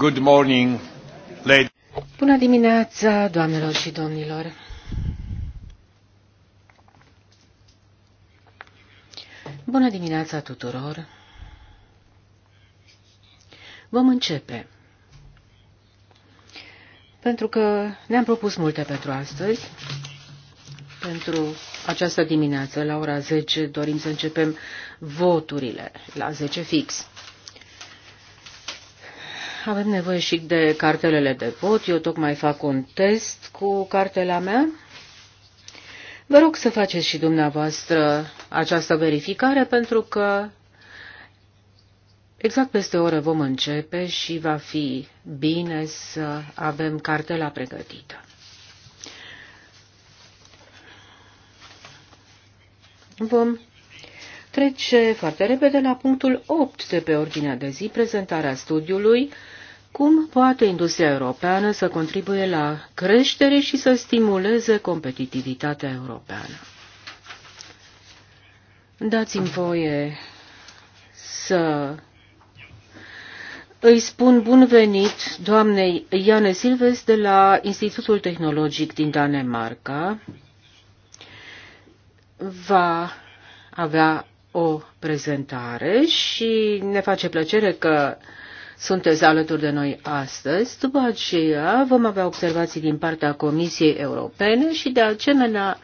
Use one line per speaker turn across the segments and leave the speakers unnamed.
Good morning, ladies. Bună dimineața, doamnelor și domnilor. Bună dimineața tuturor. Vom începe. Pentru că ne-am propus multe pentru astăzi, pentru această dimineață, la ora 10, dorim să începem voturile, la 10 fix. Avem nevoie și de cartelele de vot. Eu tocmai fac un test cu cartela mea. Vă rog să faceți și dumneavoastră această verificare pentru că exact peste o oră vom începe și va fi bine să avem cartela pregătită. Vom trece foarte repede la punctul 8 de pe ordinea de zi, prezentarea studiului cum poate industria europeană să contribuie la creștere și să stimuleze competitivitatea europeană? Dați-mi voie să îi spun bun venit doamnei Iane Silves de la Institutul Tehnologic din Danemarca. Va avea o prezentare și ne face plăcere că sunteți alături de noi astăzi. După aceea vom avea observații din partea Comisiei Europene și de asemenea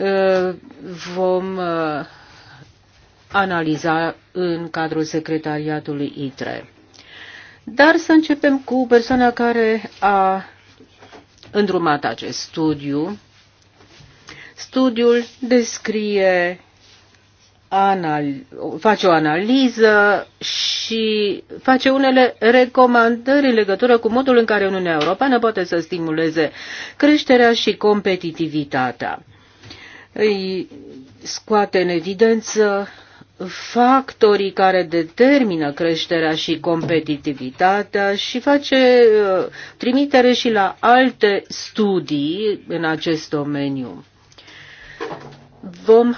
uh, vom uh, analiza în cadrul secretariatului ITRE. Dar să începem cu persoana care a îndrumat acest studiu. Studiul descrie anal- face o analiză și face unele recomandări în legătură cu modul în care Uniunea Europeană poate să stimuleze creșterea și competitivitatea. Îi scoate în evidență factorii care determină creșterea și competitivitatea și face uh, trimitere și la alte studii în acest domeniu. Vom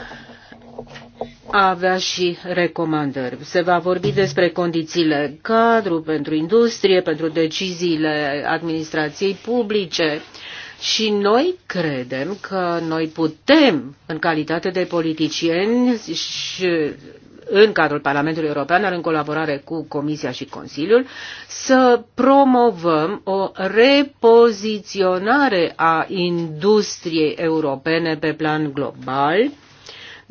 a avea și recomandări. Se va vorbi despre condițiile cadru pentru industrie, pentru deciziile administrației publice și noi credem că noi putem, în calitate de politicieni și în cadrul Parlamentului European, dar în colaborare cu Comisia și Consiliul, să promovăm o repoziționare a industriei europene pe plan global,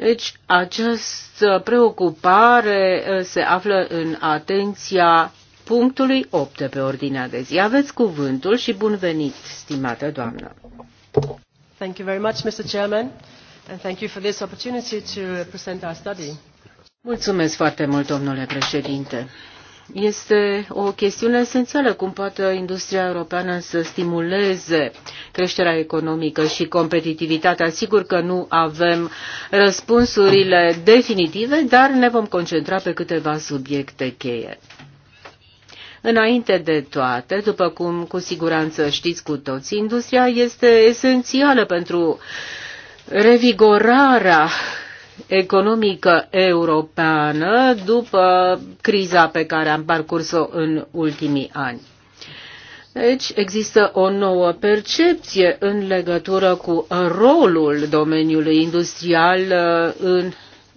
deci această preocupare uh, se află în atenția punctului 8 pe ordinea de zi. Aveți cuvântul și bun venit, stimată doamnă. Thank you very much, Mr. Chairman, and thank you for this opportunity to present our study. Mulțumesc foarte mult, domnule președinte. Este o chestiune esențială cum poate industria europeană să stimuleze creșterea economică și competitivitatea. Sigur că nu avem răspunsurile definitive, dar ne vom concentra pe câteva subiecte cheie. Înainte de toate, după cum cu siguranță știți cu toții, industria este esențială pentru revigorarea economică europeană după criza pe care am parcurs-o în ultimii ani. Deci există o nouă percepție în legătură cu rolul domeniului industrial uh, în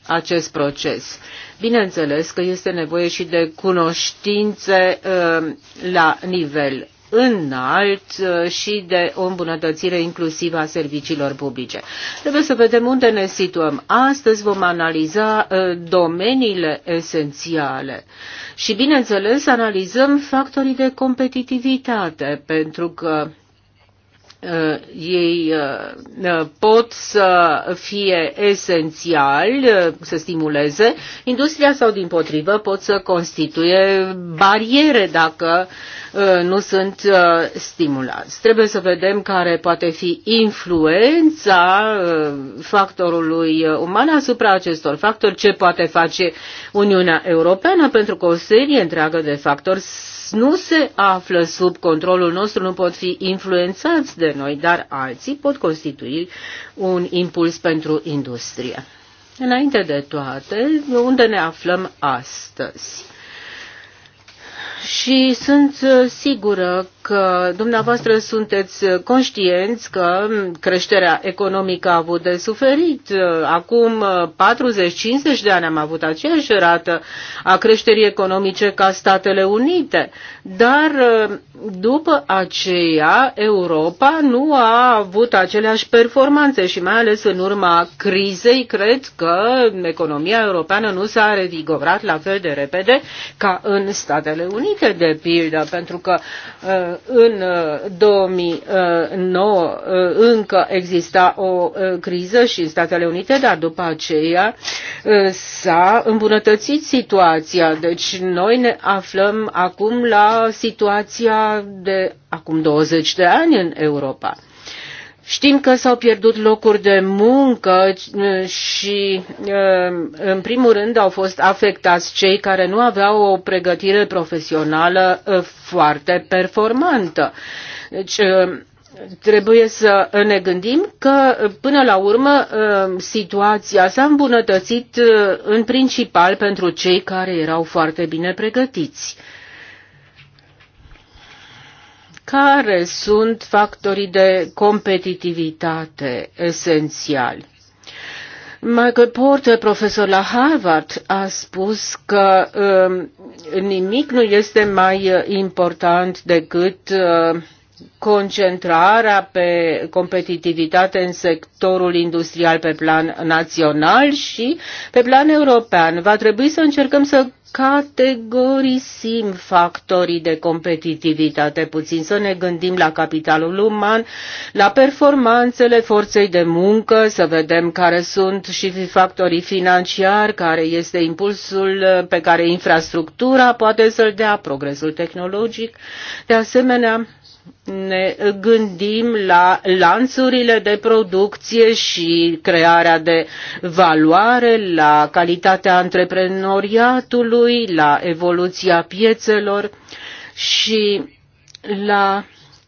acest proces. Bineînțeles că este nevoie și de cunoștințe uh, la nivel înalt uh, și de o îmbunătățire inclusivă a serviciilor publice. Trebuie să vedem unde ne situăm. Astăzi vom analiza uh, domeniile esențiale și, bineînțeles, analizăm factorii de competitivitate, pentru că Eh, ei eh, eh, pot să fie esențiali, să stimuleze industria sau din potrivă pot să constituie bariere dacă nu sunt stimulați. Trebuie să vedem care poate fi influența factorului uman asupra acestor factori, ce poate face Uniunea Europeană, pentru că o serie întreagă de factori nu se află sub controlul nostru, nu pot fi influențați de noi, dar alții pot constitui un impuls pentru industrie. Înainte de toate, unde ne aflăm astăzi? și sunt uh, sigură că dumneavoastră sunteți uh, conștienți că mm, creșterea economică a avut de suferit. Uh, acum 40-50 de ani am avut aceeași rată a creșterii economice ca Statele Unite, dar după aceea Europa nu a avut aceleași performanțe și mai ales în urma crizei cred că economia europeană nu s-a revigorat la fel de repede ca în Statele Unite. Unite, de pildă, pentru că uh, în 2009 uh, uh, încă exista o criză și în Statele Unite, dar după aceea s-a îmbunătățit situația. Deci noi ne aflăm acum la situația de acum 20 de ani în Europa. Știm că s-au pierdut locuri de muncă uh, și, uh, în primul rând, au fost afectați cei care nu aveau o pregătire profesională uh, foarte performantă. Deci, trebuie să ne gândim că, până la urmă, situația s-a îmbunătățit în principal pentru cei care erau foarte bine pregătiți care sunt factorii de competitivitate esențiali. Michael Porter, profesor la Harvard, a spus că uh, nimic nu este mai important decât uh, concentrarea pe competitivitate în sectorul industrial pe plan național și pe plan european. Va trebui să încercăm să categorisim factorii de competitivitate puțin, să ne gândim la capitalul uman, la performanțele forței de muncă, să vedem care sunt și factorii financiari, care este impulsul pe care infrastructura poate să-l dea, progresul tehnologic. De asemenea, ne gândim la lanțurile de producție și crearea de valoare, la calitatea antreprenoriatului, la evoluția piețelor și la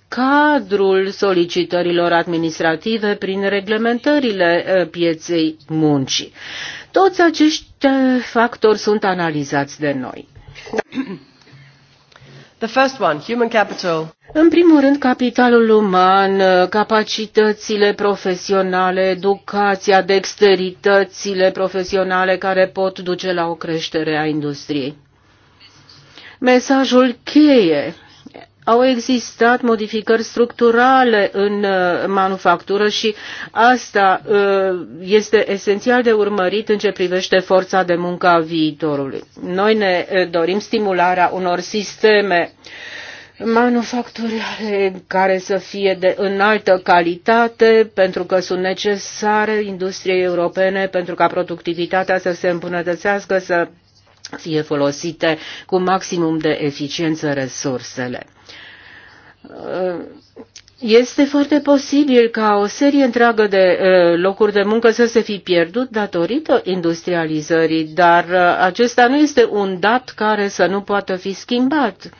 cadrul solicitărilor administrative prin reglementările eh, pieței muncii. Toți acești eh, factori sunt analizați de noi. The first one, human capital. În primul rând, capitalul uman, capacitățile profesionale, educația, dexteritățile profesionale care pot duce la o creștere a industriei. Mesajul cheie. Au existat modificări structurale în uh, manufactură și asta uh, este esențial de urmărit în ce privește forța de muncă a viitorului. Noi ne uh, dorim stimularea unor sisteme manufacturi care să fie de înaltă calitate, pentru că sunt necesare industriei europene, pentru ca productivitatea să se îmbunătățească, să fie folosite cu maximum de eficiență resursele. Este foarte posibil ca o serie întreagă de uh, locuri de muncă să se fi pierdut datorită industrializării, dar uh, acesta nu este un dat care să nu poată fi schimbat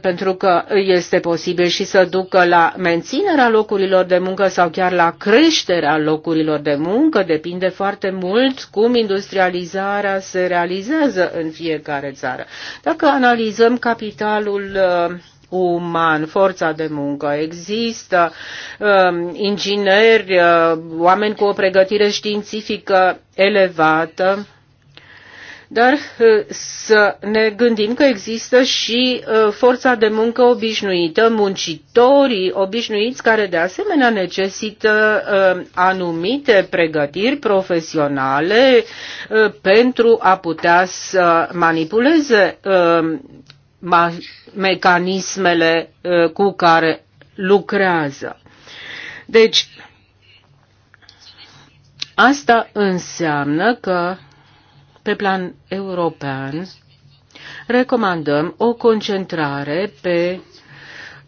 pentru că este posibil și să ducă la menținerea locurilor de muncă sau chiar la creșterea locurilor de muncă, depinde foarte mult cum industrializarea se realizează în fiecare țară. Dacă analizăm capitalul uh, uman, forța de muncă. Există um, ingineri, uh, oameni cu o pregătire științifică elevată, dar să ne gândim că există și forța de muncă obișnuită, muncitorii obișnuiți care de asemenea necesită anumite pregătiri profesionale pentru a putea să manipuleze mecanismele cu care lucrează. Deci, asta înseamnă că pe plan european, recomandăm o concentrare pe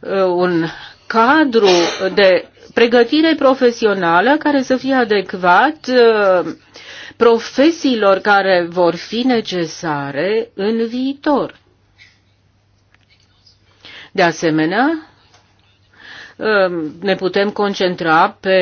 uh, un cadru de pregătire profesională care să fie adecvat uh, profesiilor care vor fi necesare în viitor. De asemenea, Ehm, ne putem concentra pe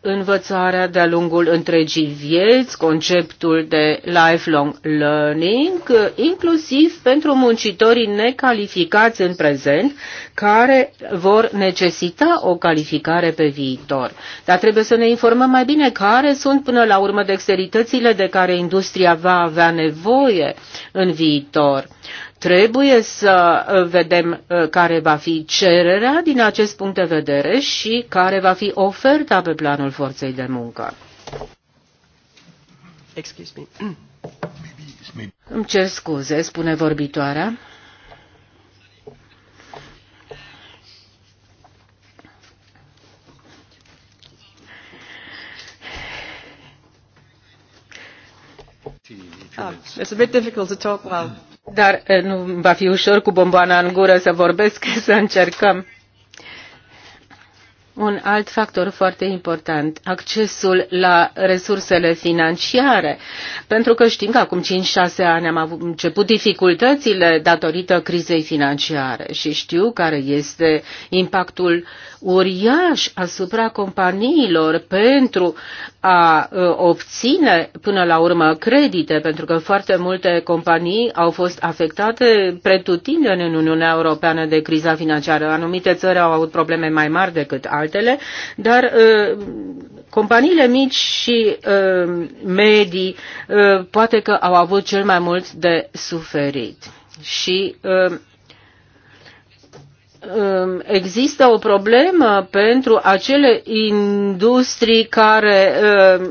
învățarea de-a lungul întregii vieți, conceptul de lifelong learning, inclusiv pentru muncitorii necalificați în prezent, care vor necesita o calificare pe viitor. Dar trebuie să ne informăm mai bine care sunt până la urmă dexteritățile de care industria va avea nevoie în viitor. Trebuie să uh, vedem uh, care va fi cererea din acest punct de vedere și care va fi oferta pe planul forței de muncă. Excuse me. Îmi cer scuze, spune vorbitoarea. Ah, it's a bit difficult to talk while dar eh, nu va fi ușor cu bomboana în gură să vorbesc, să încercăm. Un alt factor foarte important, accesul la resursele financiare, pentru că știm că acum 5-6 ani am avut, început dificultățile datorită crizei financiare și știu care este impactul uriaș asupra companiilor pentru a ă, obține până la urmă credite, pentru că foarte multe companii au fost afectate pretutindeni în Uniunea Europeană de criza financiară. Anumite țări au avut probleme mai mari decât alte altele, dar uh, companiile mici și uh, medii uh, poate că au avut cel mai mult de suferit. Și um, există o problemă pentru acele industrii care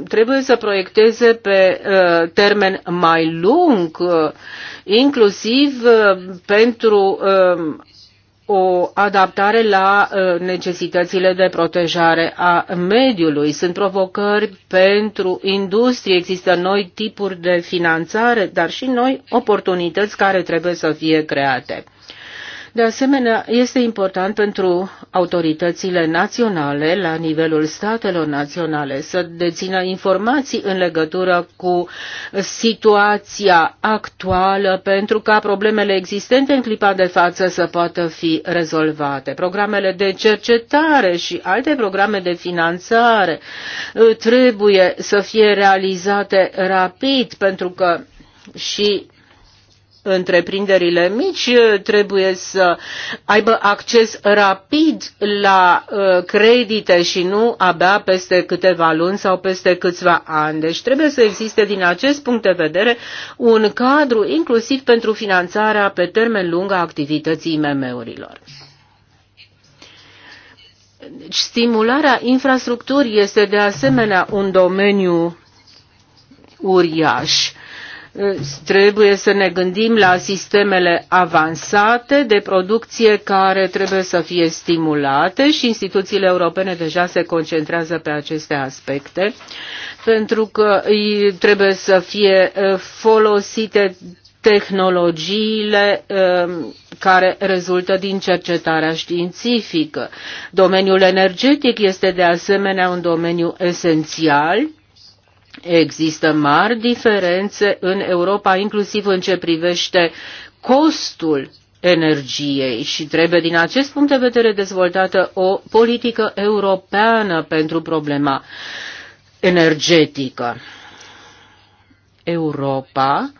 trebuie să proiecteze pe termen mai lung, inclusiv pentru um, o adaptare la ă, necesitățile de protejare a mediului. Sunt provocări pentru industrie, există noi tipuri de finanțare, dar și noi oportunități care trebuie să fie create. De asemenea, este important pentru autoritățile naționale, la nivelul statelor naționale, să dețină informații în legătură cu situația actuală pentru ca problemele existente în clipa de față să poată fi rezolvate. Programele de cercetare și alte programe de finanțare uh, trebuie să fie realizate rapid pentru că și întreprinderile mici eh, trebuie să aibă acces rapid la eh, credite și nu abia peste câteva luni sau peste câțiva ani. Deci trebuie să existe din acest punct de vedere un cadru inclusiv pentru finanțarea pe termen lung a activității IMM-urilor. Deci, stimularea infrastructurii este de asemenea un domeniu uriaș. Uh, trebuie să ne gândim la sistemele avansate de producție care trebuie să fie stimulate și instituțiile europene deja se concentrează pe aceste aspecte pentru că trebuie să fie folosite tehnologiile care rezultă din cercetarea științifică. Domeniul energetic este de asemenea un domeniu esențial Există mari diferențe în Europa, inclusiv în ce privește costul energiei și trebuie din acest punct de vedere dezvoltată o politică europeană pentru problema energetică. Europa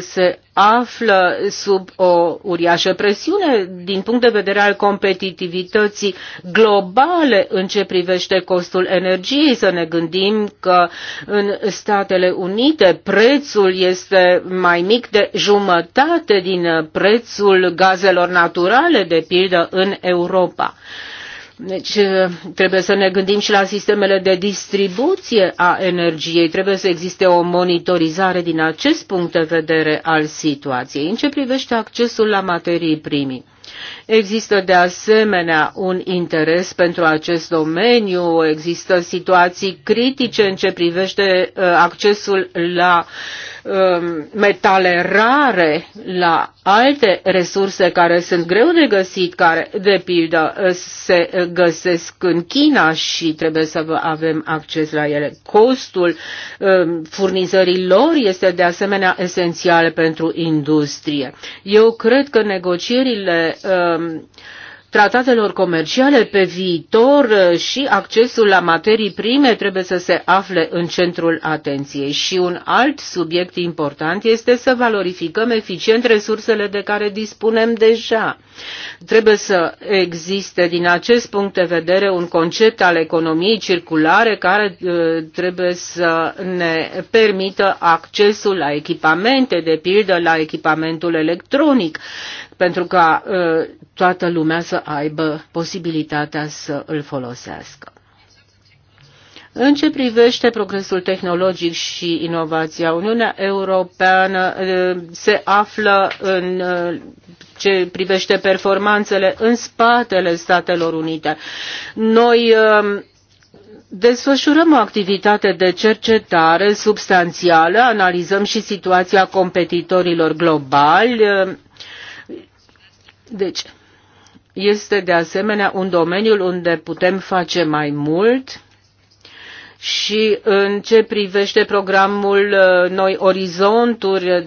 se află sub o uriașă presiune din punct de vedere al competitivității globale în ce privește costul energiei. Să ne gândim că în Statele Unite prețul este mai mic de jumătate din prețul gazelor naturale, de pildă, în Europa. Deci uh, trebuie să ne gândim și la sistemele de distribuție a energiei. Trebuie să existe o monitorizare din acest punct de vedere al situației. În ce privește accesul la materii primii? Există de asemenea un interes pentru acest domeniu, există situații critice în ce privește uh, accesul la uh, Um, metale rare la alte resurse care sunt greu de găsit, care, de pildă, se găsesc în China și trebuie să avem acces la ele. Costul um, furnizării lor este de asemenea esențial pentru industrie. Eu cred că negocierile um, tratatelor comerciale pe viitor și accesul la materii prime trebuie să se afle în centrul atenției. Și un alt subiect important este să valorificăm eficient resursele de care dispunem deja. Trebuie să existe din acest punct de vedere un concept al economiei circulare care uh, trebuie să ne permită accesul la echipamente, de pildă la echipamentul electronic, pentru că uh, toată lumea să aibă posibilitatea să îl folosească. În ce privește progresul tehnologic și inovația, Uniunea Europeană se află în ce privește performanțele în spatele Statelor Unite. Noi desfășurăm o activitate de cercetare substanțială, analizăm și situația competitorilor globali. Deci, este de asemenea un domeniu unde putem face mai mult și în ce privește programul uh, Noi Orizonturi, uh,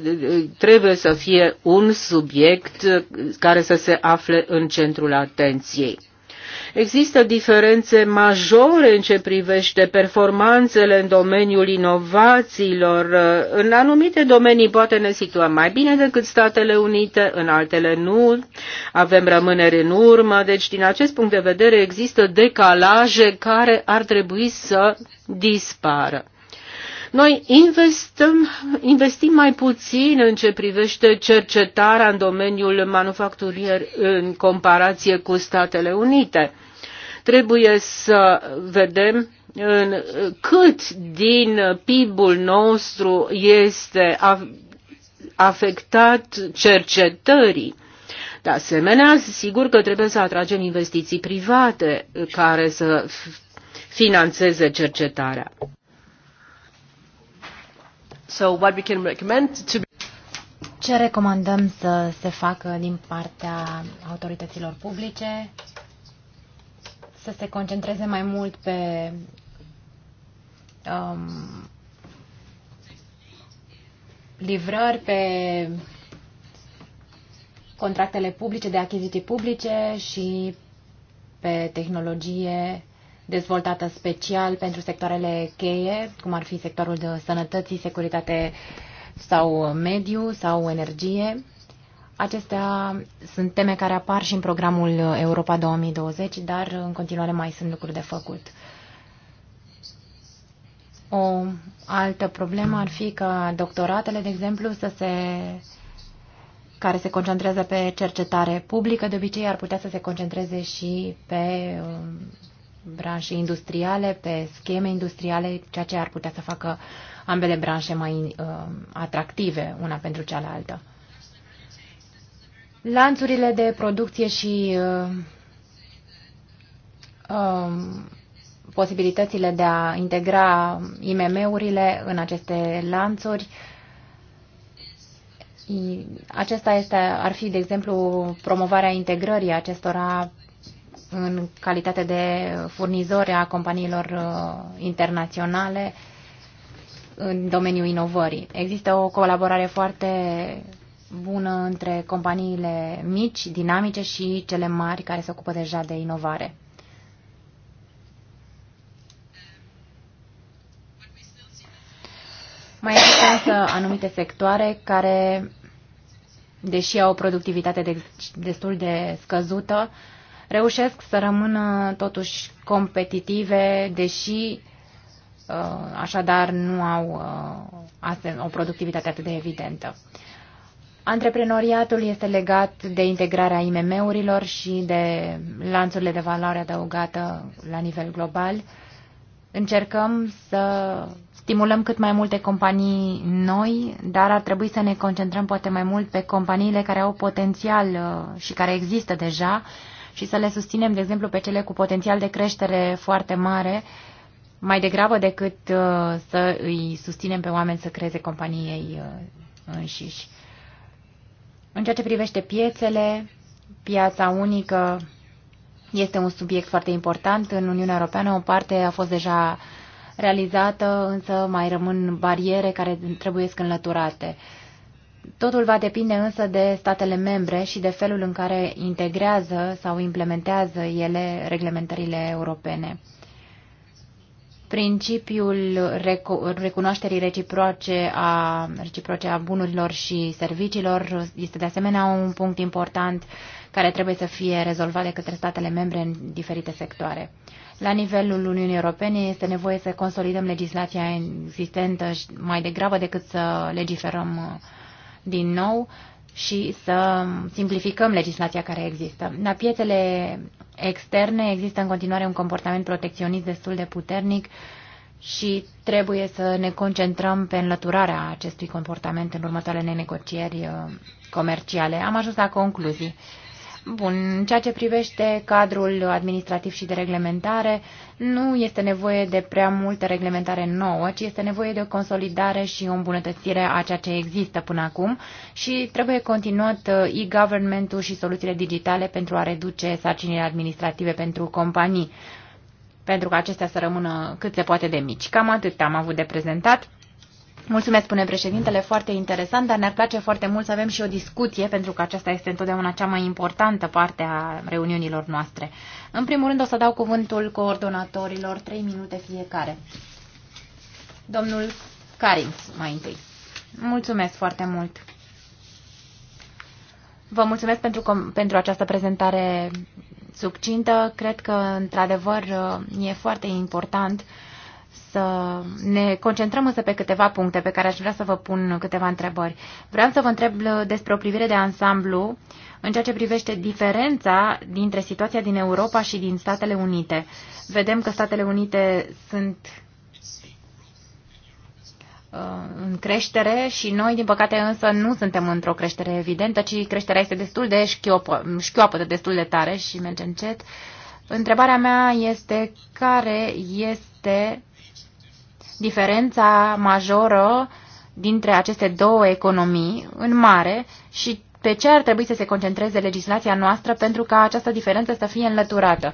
trebuie să fie un subiect uh, care să se afle în centrul atenției. Există diferențe majore în ce privește performanțele în domeniul inovațiilor. În anumite domenii poate ne situăm mai bine decât Statele Unite, în altele nu. Avem rămâneri în urmă, deci din acest punct de vedere există decalaje care ar trebui să dispară. Noi investăm, investim mai puțin în ce privește cercetarea în domeniul manufacturier în comparație cu Statele Unite. Trebuie să vedem în cât din PIB-ul nostru este afectat cercetării. De asemenea, sigur că trebuie să atragem investiții private care să financeze cercetarea. So what we can recommend
to be ce recomandăm să se facă din partea autorităților publice? Să se concentreze mai mult pe um, livrări, pe contractele publice de achiziții publice și pe tehnologie dezvoltată special pentru sectoarele cheie, cum ar fi sectorul de sănătății, securitate sau mediu sau energie. Acestea sunt teme care apar și în programul Europa 2020, dar în continuare mai sunt lucruri de făcut. O altă problemă ar fi că doctoratele, de exemplu, să se care se concentrează pe cercetare publică, de obicei ar putea să se concentreze și pe um, branșe industriale, pe scheme industriale, ceea ce ar putea să facă ambele branșe mai uh, atractive una pentru cealaltă. Lanțurile de producție și uh, uh, posibilitățile de a integra IMM-urile în aceste lanțuri acesta este, ar fi, de exemplu, promovarea integrării acestora în calitate de furnizori a companiilor uh, internaționale în domeniul inovării. Există o colaborare foarte bună între companiile mici, dinamice și cele mari care se ocupă deja de inovare. Mai există însă anumite sectoare care, deși au o productivitate de, destul de scăzută, uh, reușesc să rămână totuși competitive, deși uh, așadar nu au uh, o productivitate atât de evidentă. Antreprenoriatul este legat de integrarea IMM-urilor și de lanțurile de valoare adăugată la nivel global. Încercăm să stimulăm cât mai multe companii noi, dar ar trebui să ne concentrăm poate mai mult pe companiile care au potențial uh, și care există deja și să le susținem, de exemplu, pe cele cu potențial de creștere foarte mare, mai degrabă decât uh, să îi susținem pe oameni să creeze companiei uh, înșiși. În ceea ce privește piețele, piața unică este un subiect foarte important. În Uniunea Europeană o parte a fost deja realizată, însă mai rămân bariere care trebuie înlăturate. Totul va depinde însă de statele membre și de felul în care integrează sau implementează ele reglementările europene. Principiul recunoașterii reciproce a, reciproce a bunurilor și serviciilor este de asemenea un punct important care trebuie să fie rezolvat de către statele membre în diferite sectoare. La nivelul Uniunii Europene este nevoie să consolidăm legislația existentă mai degrabă decât să legiferăm uh, din nou și să simplificăm legislația care există. La piețele externe există în continuare un comportament protecționist destul de puternic și trebuie să ne concentrăm pe înlăturarea acestui comportament în următoarele negocieri uh, comerciale. Am ajuns la concluzii. Bun, în ceea ce privește cadrul administrativ și de reglementare, nu este nevoie de prea multă reglementare nouă, ci este nevoie de o consolidare și o îmbunătățire a ceea ce există până acum și trebuie continuat uh, e-government-ul și soluțiile digitale pentru a reduce sarcinile administrative pentru companii, pentru că acestea să rămână cât se poate de mici. Cam atât am avut de prezentat. Mulțumesc, spune președintele, foarte interesant, dar ne-ar place foarte mult să avem și o discuție, pentru că aceasta este întotdeauna cea mai importantă parte a reuniunilor noastre. În primul rând o să dau cuvântul coordonatorilor, trei minute fiecare. Domnul Carins, mai întâi. Mulțumesc foarte mult. Vă mulțumesc pentru, pentru această prezentare succintă. Cred că, într-adevăr, e foarte important uh, să ne concentrăm însă pe câteva puncte pe care aș vrea să vă pun câteva întrebări. Vreau să vă întreb uh, despre o privire de ansamblu în ceea ce privește diferența dintre situația din Europa și din Statele Unite. Vedem că Statele Unite sunt uh, în creștere și noi, din păcate, însă nu suntem într-o creștere evidentă, ci creșterea este destul de șchiopă, de destul de tare și merge încet. Întrebarea mea este care este diferența majoră dintre aceste două economii în mare și pe ce ar trebui să se concentreze legislația noastră pentru ca această diferență să fie înlăturată.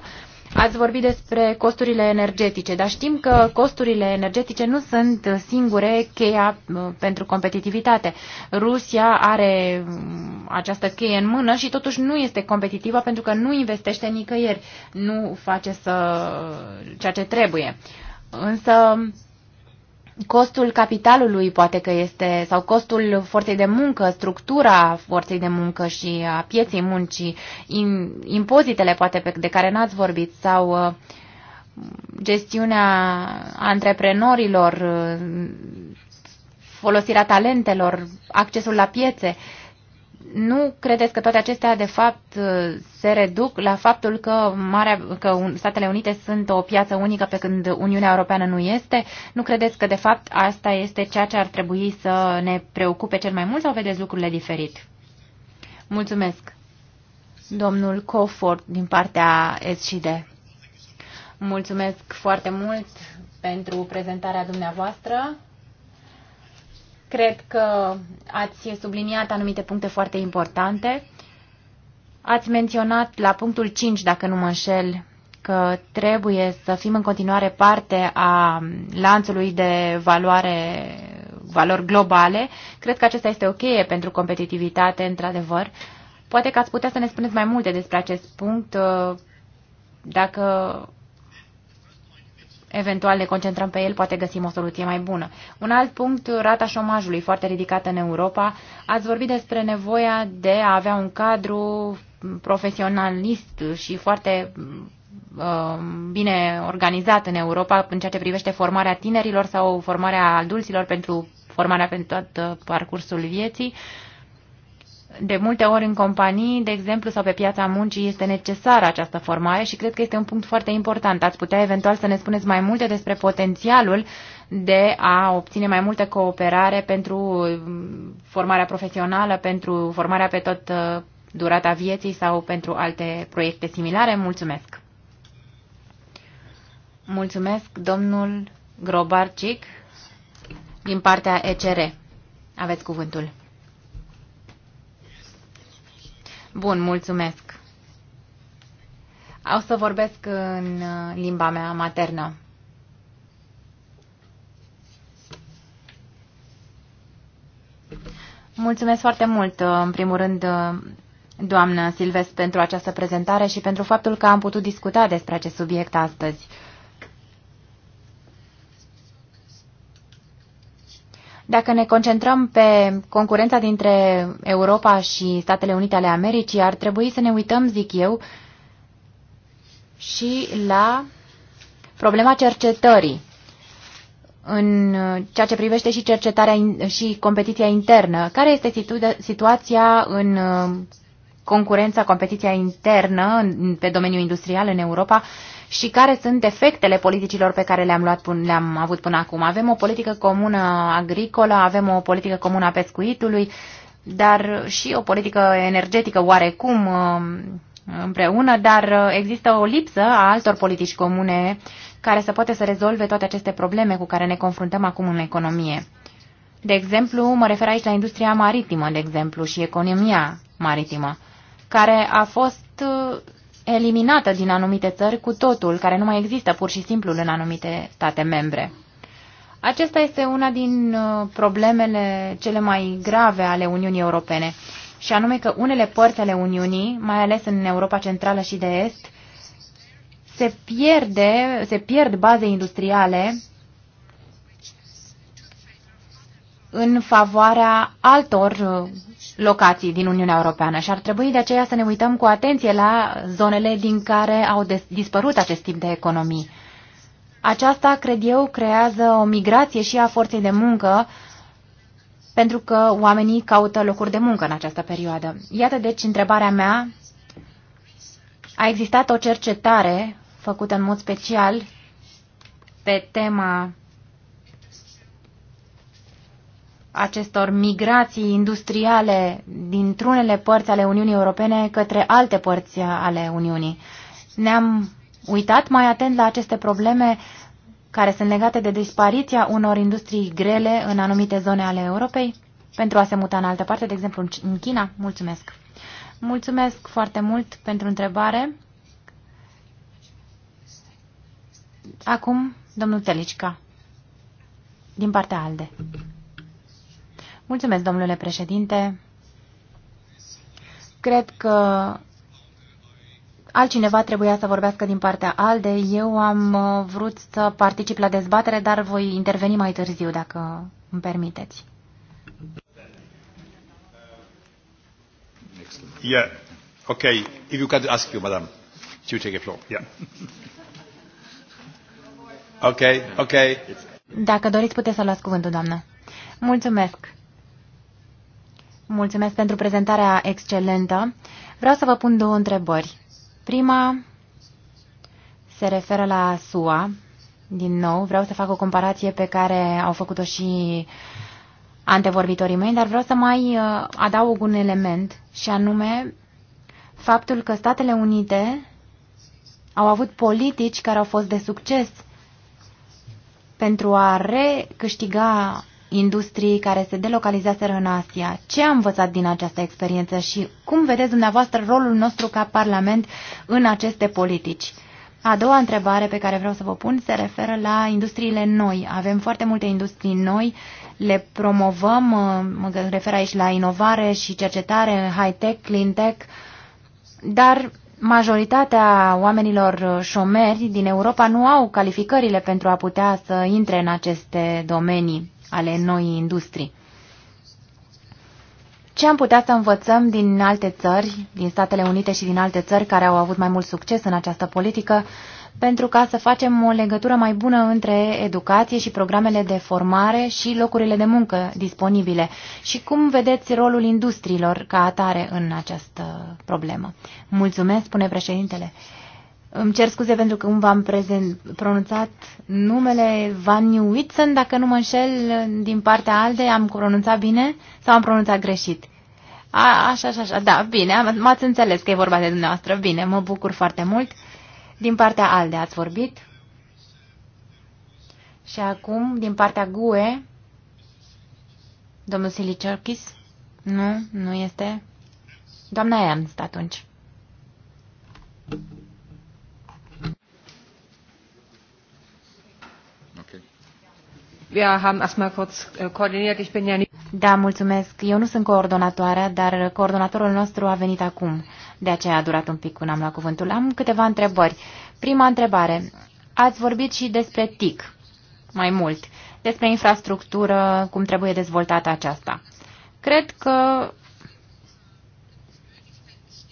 Ați vorbit despre costurile energetice, dar știm că costurile energetice nu sunt singure cheia uh, pentru competitivitate. Rusia are mm, această cheie în mână și totuși nu este competitivă pentru că nu investește nicăieri, nu face să... ceea ce trebuie. Însă costul capitalului poate că este, sau costul forței de muncă, structura forței de muncă și a pieței muncii, impozitele poate pe, de care n-ați vorbit, sau uh, gestiunea antreprenorilor, uh, folosirea talentelor, accesul la piețe nu credeți că toate acestea, de fapt, uh, se reduc la faptul că, Marea, că Statele Unite sunt o piață unică pe când Uniunea Europeană nu este? Nu credeți că, de fapt, asta este ceea ce ar trebui să ne preocupe cel mai mult sau vedeți lucrurile diferit? Mulțumesc. Domnul Cofort, din partea SCD. Mulțumesc foarte mult pentru prezentarea dumneavoastră. Cred că ați subliniat anumite puncte foarte importante. Ați menționat la punctul 5, dacă nu mă înșel, că trebuie să fim în continuare parte a lanțului de valoare, valori globale. Cred că acesta este o cheie pentru competitivitate, într-adevăr. Poate că ați putea să ne spuneți mai multe despre acest punct, dacă eventual ne concentrăm pe el, poate găsim o soluție mai bună. Un alt punct, rata șomajului foarte ridicată în Europa. Ați vorbit despre nevoia de a avea un cadru profesionalist și foarte uh, bine organizat în Europa în ceea ce privește formarea tinerilor sau formarea adulților pentru formarea pentru tot uh, parcursul vieții. Uh, de multe ori în companii, de exemplu, sau pe piața muncii este necesară această formare și cred că este un punct foarte important. Ați putea eventual să ne spuneți mai multe despre potențialul de a obține mai multă cooperare pentru mm, formarea profesională, pentru formarea pe tot uh, durata vieții sau pentru alte proiecte similare. Mulțumesc! Mulțumesc, domnul Grobarcic, din partea ECR. Aveți cuvântul. Bun, mulțumesc. O să vorbesc în uh, limba mea maternă. Mulțumesc foarte mult, uh, în primul rând, uh, doamnă Silves, pentru această prezentare și pentru faptul că am putut discuta despre acest subiect astăzi. Dacă ne concentrăm pe concurența dintre Europa și Statele Unite ale Americii, ar trebui să ne uităm, zic eu, și la problema cercetării în ceea ce privește și cercetarea și competiția internă. Care este situ situația în uh, concurența, competiția internă pe domeniul industrial în Europa și care sunt efectele politicilor pe care le-am, luat, le-am avut până acum. Avem o politică comună agricolă, avem o politică comună a pescuitului, dar și o politică energetică oarecum um, împreună, dar uh, există o lipsă a altor politici comune care să poate să rezolve toate aceste probleme cu care ne confruntăm acum în economie. De exemplu, mă refer aici la industria maritimă, de exemplu, și economia maritimă, care a fost uh, eliminată din anumite țări cu totul, care nu mai există pur și simplu în anumite state membre. Acesta este una din uh, problemele cele mai grave ale Uniunii Europene, și anume că unele părți ale Uniunii, mai ales în Europa Centrală și de Est, se, pierde, se pierd baze industriale în favoarea altor uh, locații din Uniunea Europeană și ar trebui de aceea să ne uităm cu atenție la zonele din care au dispărut acest tip de economii. Aceasta, cred eu, creează o migrație și a forței de muncă pentru că oamenii caută locuri de muncă în această perioadă. Iată deci întrebarea mea. A existat o cercetare făcută în mod special pe tema acestor migrații industriale dintr-unele părți ale Uniunii Europene către alte părți ale Uniunii. Ne-am uitat mai atent la aceste probleme care sunt legate de dispariția unor industrii grele în anumite zone ale Europei pentru a se muta în altă parte, de exemplu în China? Mulțumesc! Mulțumesc foarte mult pentru întrebare. Acum, domnul Telicica, din partea ALDE. Mulțumesc, domnule președinte. Cred că altcineva trebuia să vorbească din partea ALDE. Eu am uh, vrut să particip la dezbatere, dar voi interveni mai târziu, dacă îmi permiteți.
Yeah. ok. If you could ask you, madam, you take a floor. Yeah. Okay, okay.
Dacă doriți, puteți să luați cuvântul, doamnă. Mulțumesc. Mulțumesc pentru prezentarea excelentă. Vreau să vă pun două întrebări. Prima se referă la SUA. Din nou, vreau să fac o comparație pe care au făcut-o și antevorbitorii mei, dar vreau să mai uh, adaug un element și anume faptul că Statele Unite au avut politici care au fost de succes pentru a recâștiga industrii care se delocalizaseră în Asia. Ce a învățat din această experiență și cum vedeți dumneavoastră rolul nostru ca Parlament în aceste politici? A doua întrebare pe care vreau să vă pun se referă la industriile noi. Avem foarte multe industrii noi, le promovăm, uh, mă refer aici la inovare și cercetare, high-tech, clean-tech, dar majoritatea oamenilor uh, șomeri din Europa nu au calificările pentru a putea să intre în aceste domenii ale noii industrii. Ce am putea să învățăm din alte țări, din Statele Unite și din alte țări care au avut mai mult succes în această politică, pentru ca să facem o legătură mai bună între educație și programele de formare și locurile de muncă disponibile? Și cum vedeți rolul industriilor ca atare în această problemă? Mulțumesc, spune președintele. Îmi cer scuze pentru că nu v-am pronunțat numele Van Whitson, dacă nu mă înșel, din partea ALDE. Am pronunțat bine sau am pronunțat greșit? A, așa, așa, așa. Da, bine, m-ați înțeles că e vorba de dumneavoastră. Bine, mă bucur foarte mult. Din partea ALDE ați vorbit. Și acum, din partea GUE, domnul Silicerchis? Nu, nu este. Doamna Ernst, atunci. Äh, da, mulțumesc. Eu nu sunt coordonatoarea, dar coordonatorul nostru a venit acum. De aceea a durat un pic până am luat cuvântul. Am câteva întrebări. Prima întrebare. Ați vorbit și despre TIC mai mult, despre infrastructură, cum trebuie dezvoltată aceasta. Cred că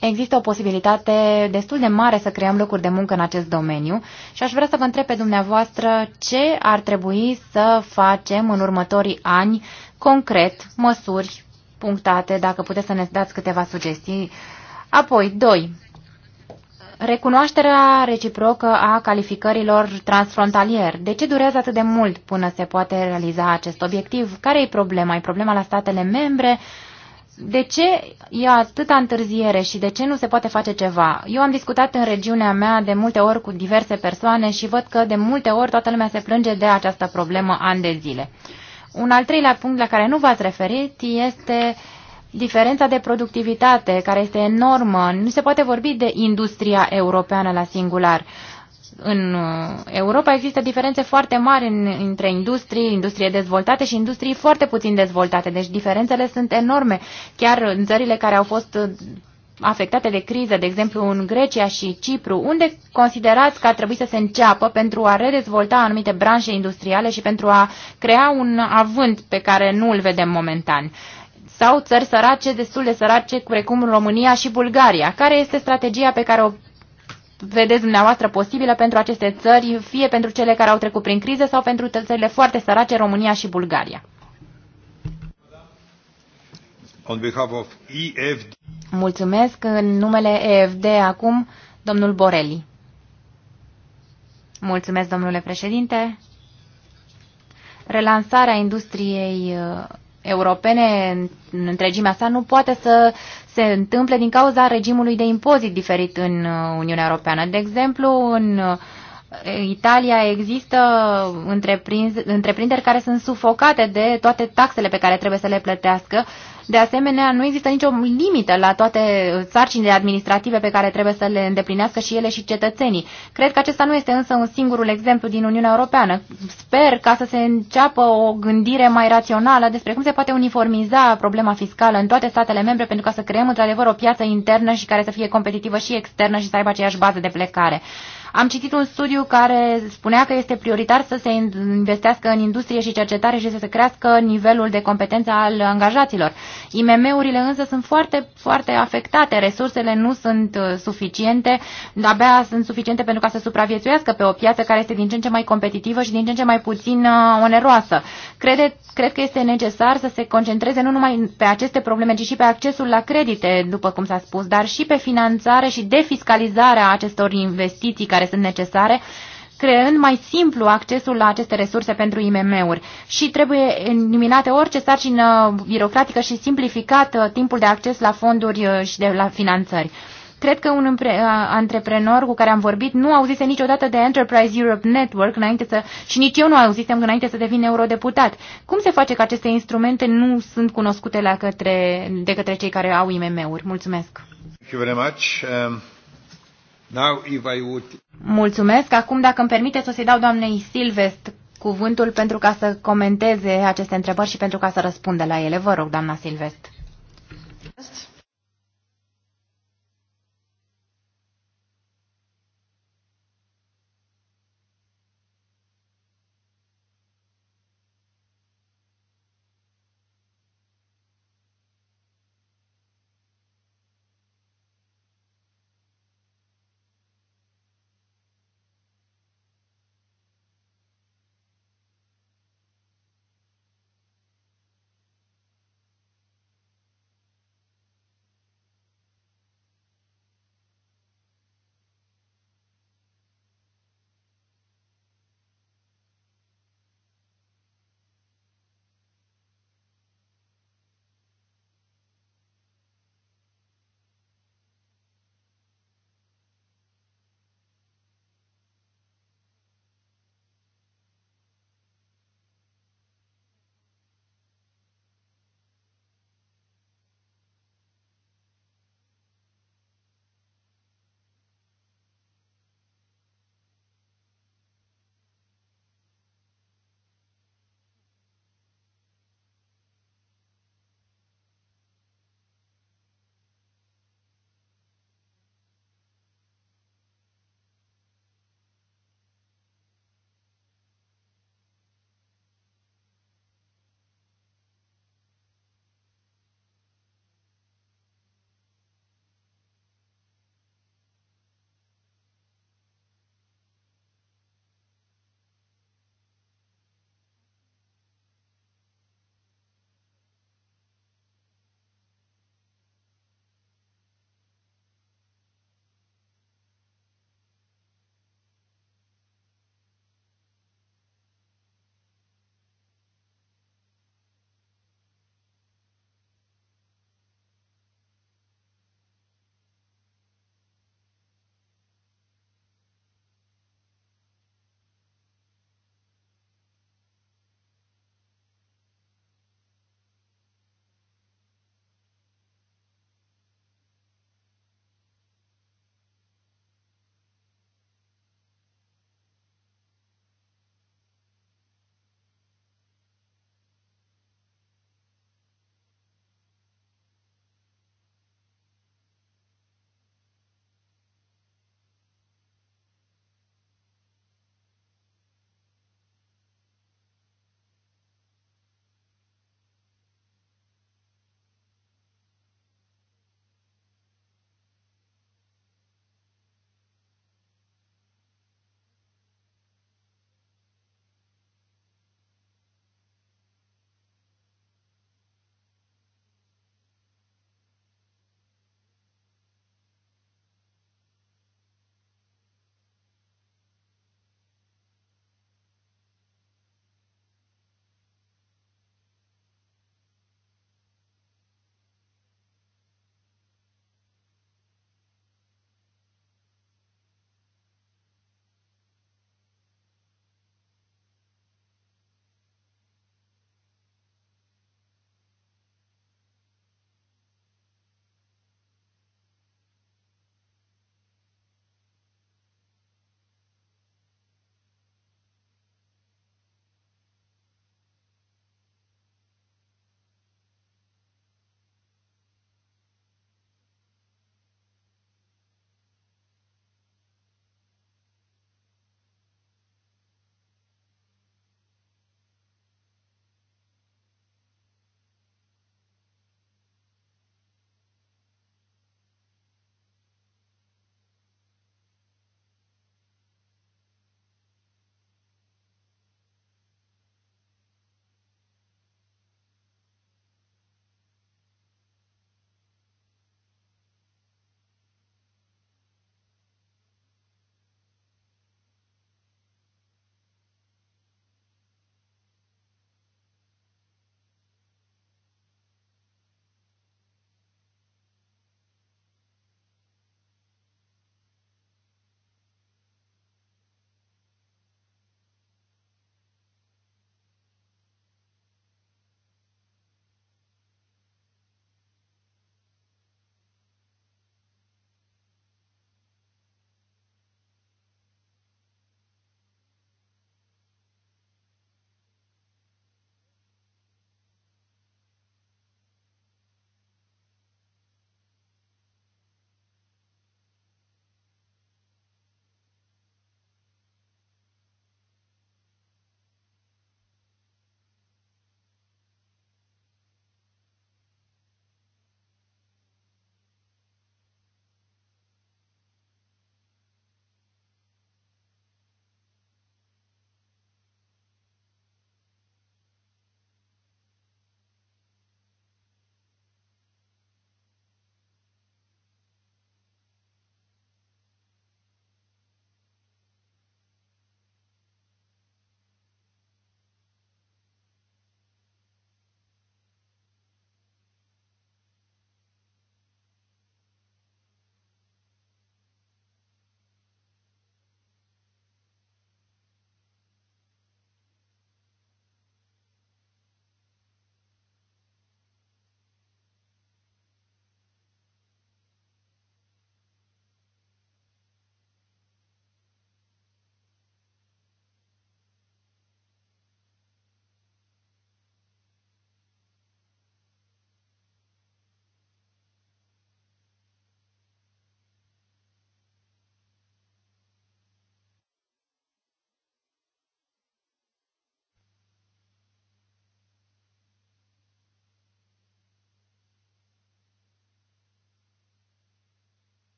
Există o posibilitate destul de mare să creăm locuri de muncă în acest domeniu și aș vrea să vă întreb pe dumneavoastră ce ar trebui să facem în următorii ani concret, măsuri punctate, dacă puteți să ne dați câteva sugestii. Apoi, doi: Recunoașterea reciprocă a calificărilor transfrontalier. De ce durează atât de mult până se poate realiza acest obiectiv? Care e problema? E problema la statele membre? de ce e atâta întârziere și de ce nu se poate face ceva? Eu am discutat în regiunea mea de multe ori cu diverse persoane și văd că de multe ori toată lumea se plânge de această problemă ani de zile. Un al treilea punct la care nu v-ați referit este diferența de productivitate, care este enormă. Nu se poate vorbi de industria europeană la singular în uh, Europa există diferențe foarte mari în, între industrii, industrie dezvoltate și industrii foarte puțin dezvoltate. Deci diferențele sunt enorme. Chiar în țările care au fost uh, afectate de criză, de exemplu în Grecia și Cipru, unde considerați că ar trebui să se înceapă pentru a redezvolta anumite branșe industriale și pentru a crea un avânt pe care nu îl vedem momentan? Sau țări sărace, destul de sărace, precum România și Bulgaria? Care este strategia pe care o vedeți dumneavoastră posibilă pentru aceste țări, fie pentru cele care au trecut prin criză sau pentru țările foarte sărace, România și Bulgaria?
On behalf of EFD.
Mulțumesc. În numele EFD acum, domnul Borelli. Mulțumesc, domnule președinte. Relansarea industriei uh, europene în întregimea sa nu poate să se întâmple din cauza regimului de impozit diferit în uh, Uniunea Europeană. De exemplu, în uh, Italia există întreprinderi care sunt sufocate de toate taxele pe care trebuie să le plătească de asemenea, nu există nicio limită la toate sarcinile administrative pe care trebuie să le îndeplinească și ele și cetățenii. Cred că acesta nu este însă un singurul exemplu din Uniunea Europeană. Sper ca să se înceapă o gândire mai rațională despre cum se poate uniformiza problema fiscală în toate statele membre pentru ca să creăm într-adevăr o piață internă și care să fie competitivă și externă și să aibă aceeași bază de plecare. Am citit un studiu care spunea că este prioritar să se investească în industrie și cercetare și să se crească nivelul de competență al angajaților. IMM-urile însă sunt foarte, foarte afectate, resursele nu sunt uh, suficiente, abia sunt suficiente pentru ca să supraviețuiască pe o piață care este din ce în ce mai competitivă și din ce în ce mai puțin uh, oneroasă. Crede, cred că este necesar să se concentreze nu numai pe aceste probleme, ci și pe accesul la credite, după cum s-a spus, dar și pe finanțare și defiscalizarea acestor investiții care care sunt necesare, creând mai simplu accesul la aceste resurse pentru IMM-uri și trebuie eliminate orice sarcină birocratică și simplificat uh, timpul de acces la fonduri uh, și de la finanțări. Cred că un uh, antreprenor cu care am vorbit nu auzise niciodată de Enterprise Europe Network înainte să, și nici eu nu auzisem înainte să devin eurodeputat. Cum se face că aceste instrumente nu sunt cunoscute la către, de către cei care au IMM-uri? Mulțumesc!
Thank you very much. Um...
Mulțumesc. Acum, dacă îmi permiteți, o să-i dau doamnei Silvest cuvântul pentru ca să comenteze aceste întrebări și pentru ca să răspundă la ele. Vă rog, doamna Silvest.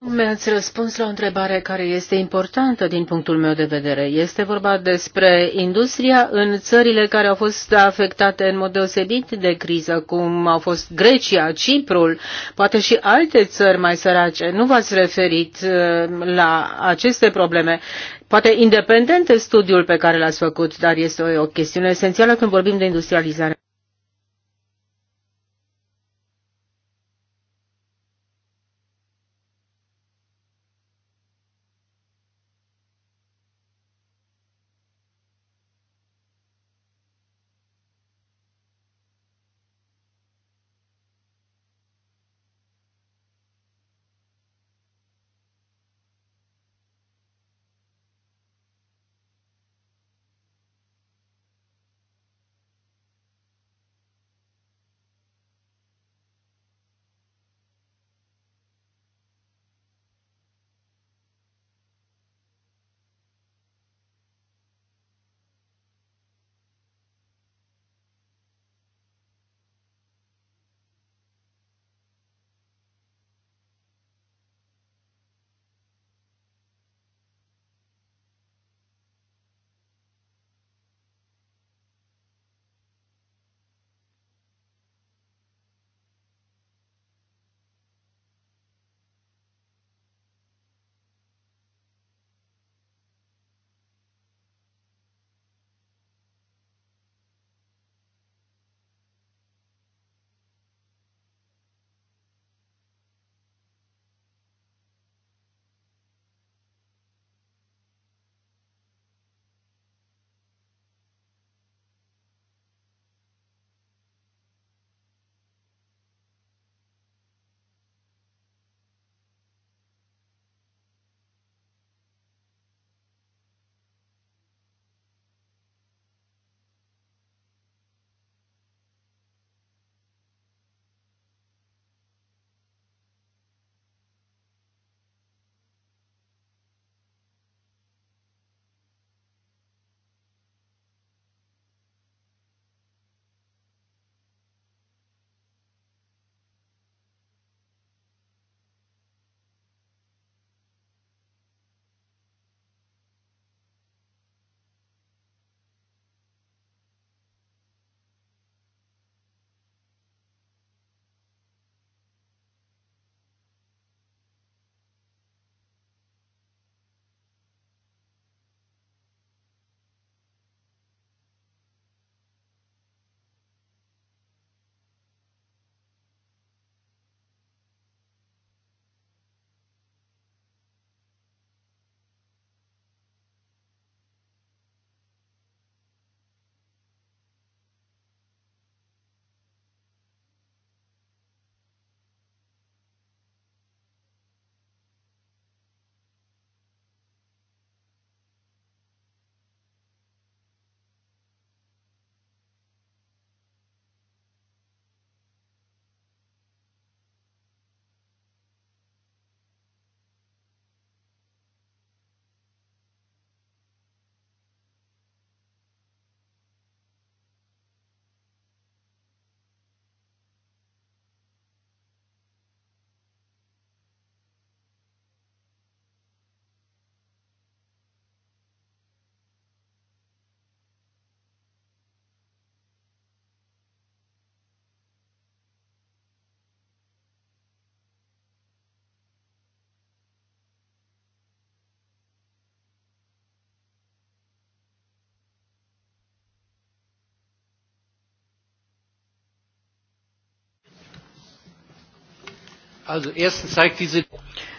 Mi-ați răspuns la o
întrebare care este importantă din punctul meu de vedere. Este vorba despre industria în țările care au fost afectate în mod deosebit de criză, cum au fost Grecia, Ciprul, poate și alte țări mai sărace. Nu v-ați referit uh, la aceste probleme. Poate independent de studiul pe care l-ați făcut, dar este o, o chestiune esențială când vorbim de industrializare.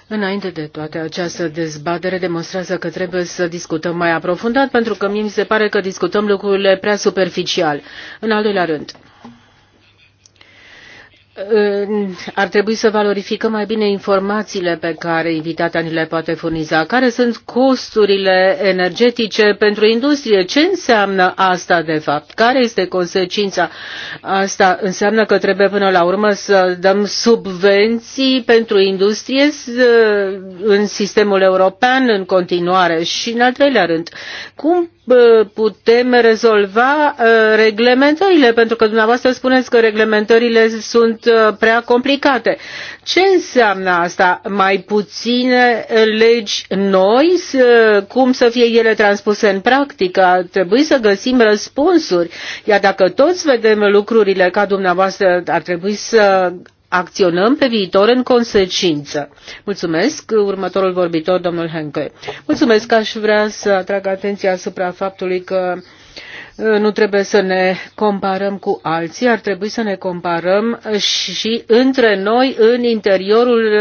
Înainte de toate, această dezbatere demonstrează că trebuie să discutăm mai aprofundat, pentru că mie mi se pare că discutăm lucrurile prea superficial. În al doilea rând, ar trebui să valorificăm mai bine informațiile pe care invitatea ni le poate furniza. Care sunt costurile energetice pentru industrie? Ce înseamnă asta de fapt? Care este consecința? Asta înseamnă că trebuie până la urmă să dăm subvenții pentru industrie în sistemul european în continuare. Și în al treilea rând, cum putem rezolva ă, reglementările? Pentru că dumneavoastră spuneți că reglementările sunt Uh, prea complicate. Ce înseamnă asta? Mai puține legi noi? Uh, cum să fie ele transpuse în practică? Trebuie să găsim răspunsuri. Iar dacă toți vedem lucrurile ca dumneavoastră, ar trebui să acționăm pe viitor în consecință. Mulțumesc, următorul vorbitor, domnul Henke. Mulțumesc, aș vrea să atrag atenția asupra faptului că nu trebuie să ne comparăm cu alții, ar trebui să ne comparăm și între noi în interiorul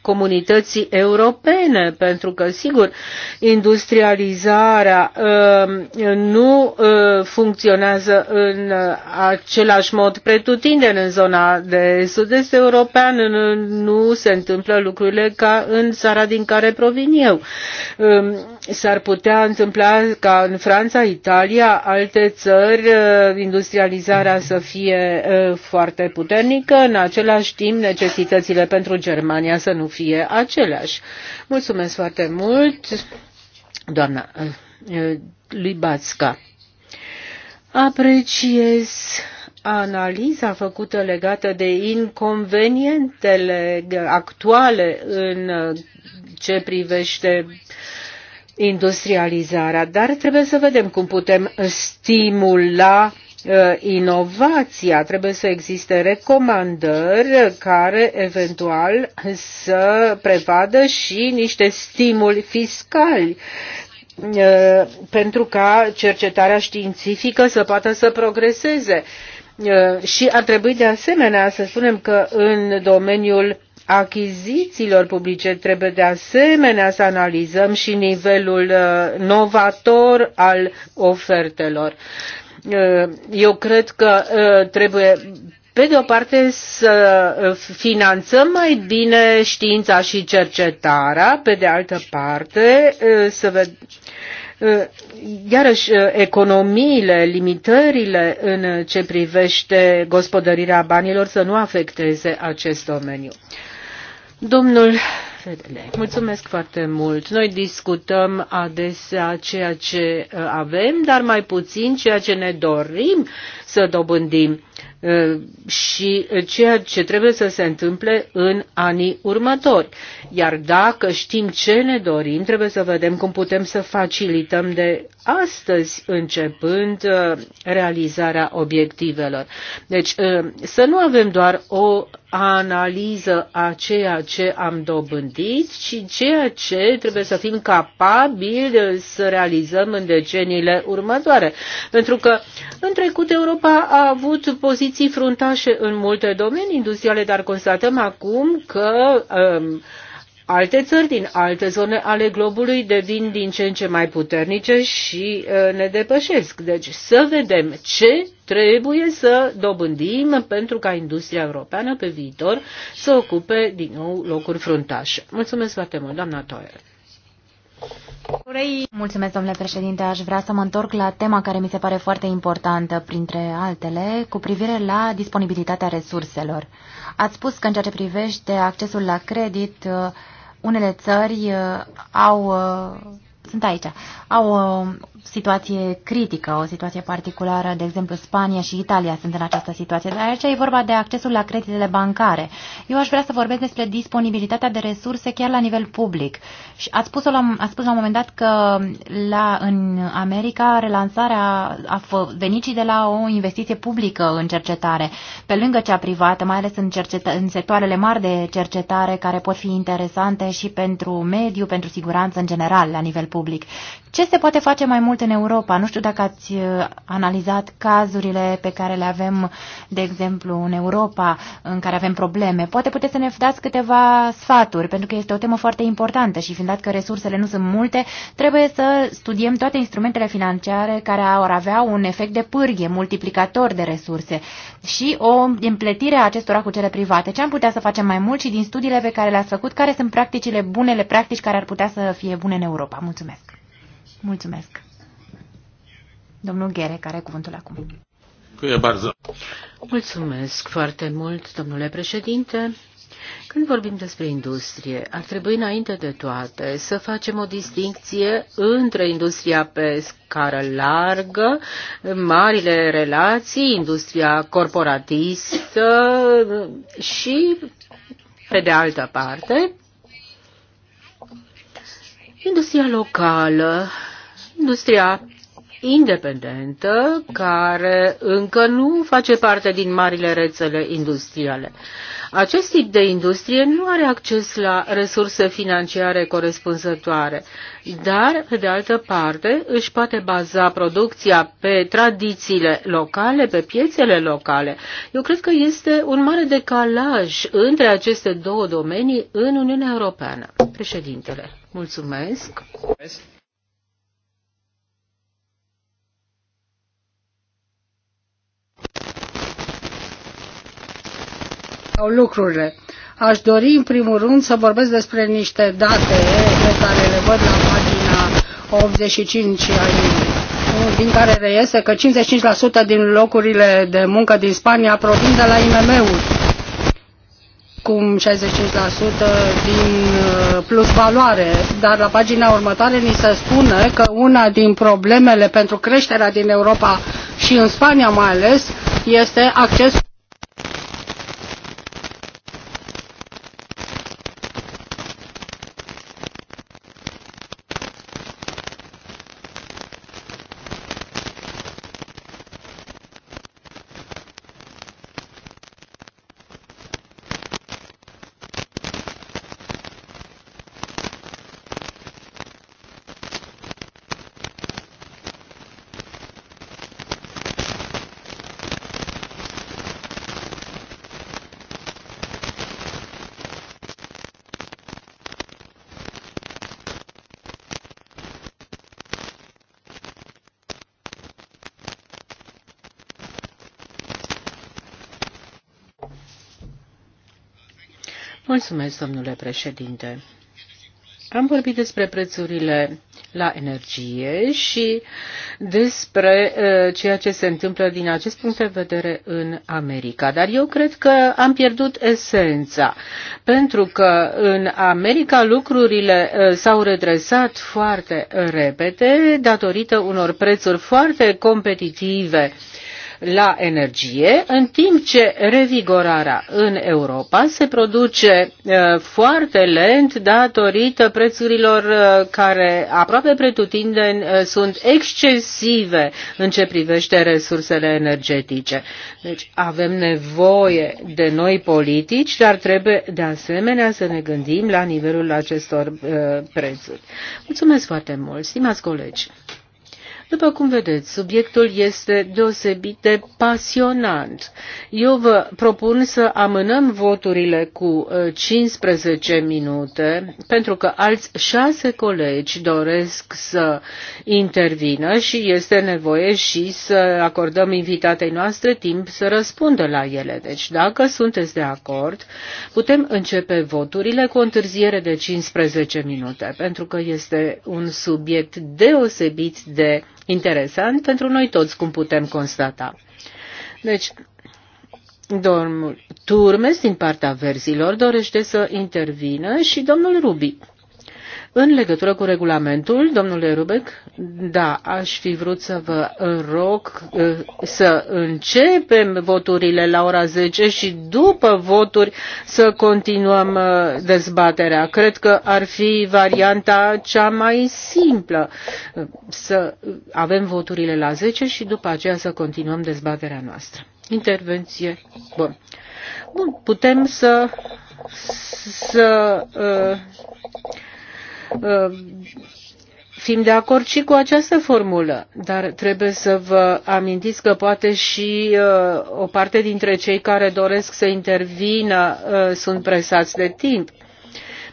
comunității europene, pentru că, sigur, industrializarea um, nu uh, funcționează în uh, același mod pretutindeni în zona de sud-est european, nu se întâmplă lucrurile ca în țara din care provin eu. Um, s-ar putea întâmpla ca în Franța, Italia, alte țări, uh, industrializarea să fie foarte puternică, în același timp necesitățile pentru Germania să nu fie aceleași. Mulțumesc foarte mult, doamna eh, Libațca. Apreciez analiza făcută legată de inconvenientele actuale în ce privește industrializarea, dar trebuie să vedem cum putem stimula Uh, inovația, trebuie să existe recomandări care eventual să prevadă și niște stimuli fiscali uh, pentru ca cercetarea științifică să poată să progreseze. Uh, și ar trebui de asemenea să spunem că în domeniul achizițiilor publice trebuie de asemenea să analizăm și nivelul novator al ofertelor. Eh, eu cred că eh, trebuie pe de o parte să finanțăm mai bine știința și cercetarea, pe de altă parte eh, să vedem iarăși economiile, limitările în ce privește gospodărirea banilor să nu afecteze acest domeniu. Domnul Fedele. Mulțumesc foarte mult. Noi discutăm adesea ceea ce uh, avem, dar mai puțin ceea ce ne dorim să dobândim uh, și uh, ceea ce trebuie să se întâmple în anii următori. Iar dacă știm ce ne dorim, trebuie să vedem cum putem să facilităm de astăzi începând uh, realizarea obiectivelor. Deci uh, să nu avem doar o analiză a ceea ce am dobândit, ci ceea ce trebuie să fim capabili să realizăm în deceniile următoare. Pentru că în trecut Europa a avut poziții fruntașe în multe domenii industriale, dar constatăm acum că um, alte țări din alte zone ale globului devin din ce în ce mai puternice și uh, ne depășesc. Deci să vedem ce trebuie să dobândim pentru ca industria europeană pe viitor să ocupe din nou locuri fruntașe. Mulțumesc foarte mult, doamna Toer.
Mulțumesc, domnule președinte. Aș vrea să mă întorc la tema care mi se pare foarte importantă, printre altele, cu privire la disponibilitatea resurselor. Ați spus că în ceea ce privește accesul la credit, uh, unele țări uh, au, uh, sunt aici, au uh, situație critică, o situație particulară, de exemplu Spania și Italia sunt în această situație, dar aici e vorba de accesul la creditele bancare. Eu aș vrea să vorbesc despre disponibilitatea de resurse chiar la nivel public. Și ați spus, la, ați spus la un moment dat că la, în America relansarea a venit și de la o investiție publică în cercetare, pe lângă cea privată, mai ales în, cerceta, în sectoarele mari de cercetare care pot fi interesante și pentru mediu, pentru siguranță în general la nivel public. Ce se poate face mai mult mult în Europa. Nu știu dacă ați uh, analizat cazurile pe care le avem, de exemplu, în Europa, în care avem probleme. Poate puteți să ne dați câteva sfaturi, pentru că este o temă foarte importantă și fiind dat că resursele nu sunt multe, trebuie să studiem toate instrumentele financiare care ar avea un efect de pârghie, multiplicator de resurse și o împletire a acestora cu cele private. Ce am putea să facem mai mult și din studiile pe care le-ați făcut, care sunt practicile bunele practici care ar putea să fie bune în Europa? Mulțumesc! Mulțumesc! Domnul Ghere, care cuvântul acum.
Mulțumesc foarte mult, domnule președinte. Când vorbim despre industrie, ar trebui înainte de toate să facem o distinție între industria pe scară largă, marile relații, industria corporatistă și, pe de altă parte, industria locală, industria independentă care încă nu face parte din marile rețele industriale. Acest tip de industrie nu are acces la resurse financiare corespunzătoare, dar, pe de altă parte, își poate baza producția pe tradițiile locale, pe piețele locale. Eu cred că este un mare decalaj între aceste două domenii în Uniunea Europeană. Președintele, mulțumesc. mulțumesc. au lucrurile. Aș dori, în primul rând, să vorbesc despre niște date pe care le văd la pagina 85 a din care reiese că 55% din locurile de muncă din Spania provin de la IMM-uri, cum 65% din uh, plus valoare. Dar la pagina următoare ni se spune că una din problemele pentru creșterea din Europa și în Spania mai ales este accesul Mulțumesc, domnule președinte. Am vorbit despre prețurile la energie și despre uh, ceea ce se întâmplă din acest punct de vedere în America. Dar eu cred că am pierdut esența, pentru că în America lucrurile uh, s-au redresat foarte repede datorită unor prețuri foarte competitive uh, la energie, în timp ce revigorarea în Europa se produce uh, foarte lent datorită prețurilor uh, care aproape pretutindeni uh, sunt excesive în ce privește resursele energetice. Deci avem nevoie de noi politici, dar trebuie de asemenea să ne gândim la nivelul acestor prețuri. Mulțumesc foarte mult, stimați colegi! După cum vedeți, subiectul este deosebit de pasionant. Eu vă propun să amânăm voturile cu 15 uh, minute, pentru că alți șase colegi doresc să intervină și este nevoie și să acordăm invitatei noastre timp să răspundă la ele. Deci, dacă sunteți de acord, putem începe voturile cu o întârziere de 15 minute, pentru că este un subiect deosebit de interesant pentru noi toți, cum putem constata. Deci, domnul Turmes din partea verzilor dorește să intervină și domnul Rubi. În legătură cu regulamentul, domnule Rubec, da, aș fi vrut să vă rog uh, să începem voturile la ora 10 și după voturi să continuăm uh, dezbaterea. Cred că ar fi varianta cea mai simplă uh, să avem voturile la 10 și după aceea să continuăm dezbaterea noastră. Intervenție. Bun. Bun, putem să să uh, Uh, fim de acord și cu această formulă, dar trebuie să vă amintiți că poate și uh, o parte dintre cei care doresc să intervină uh, sunt presați de timp.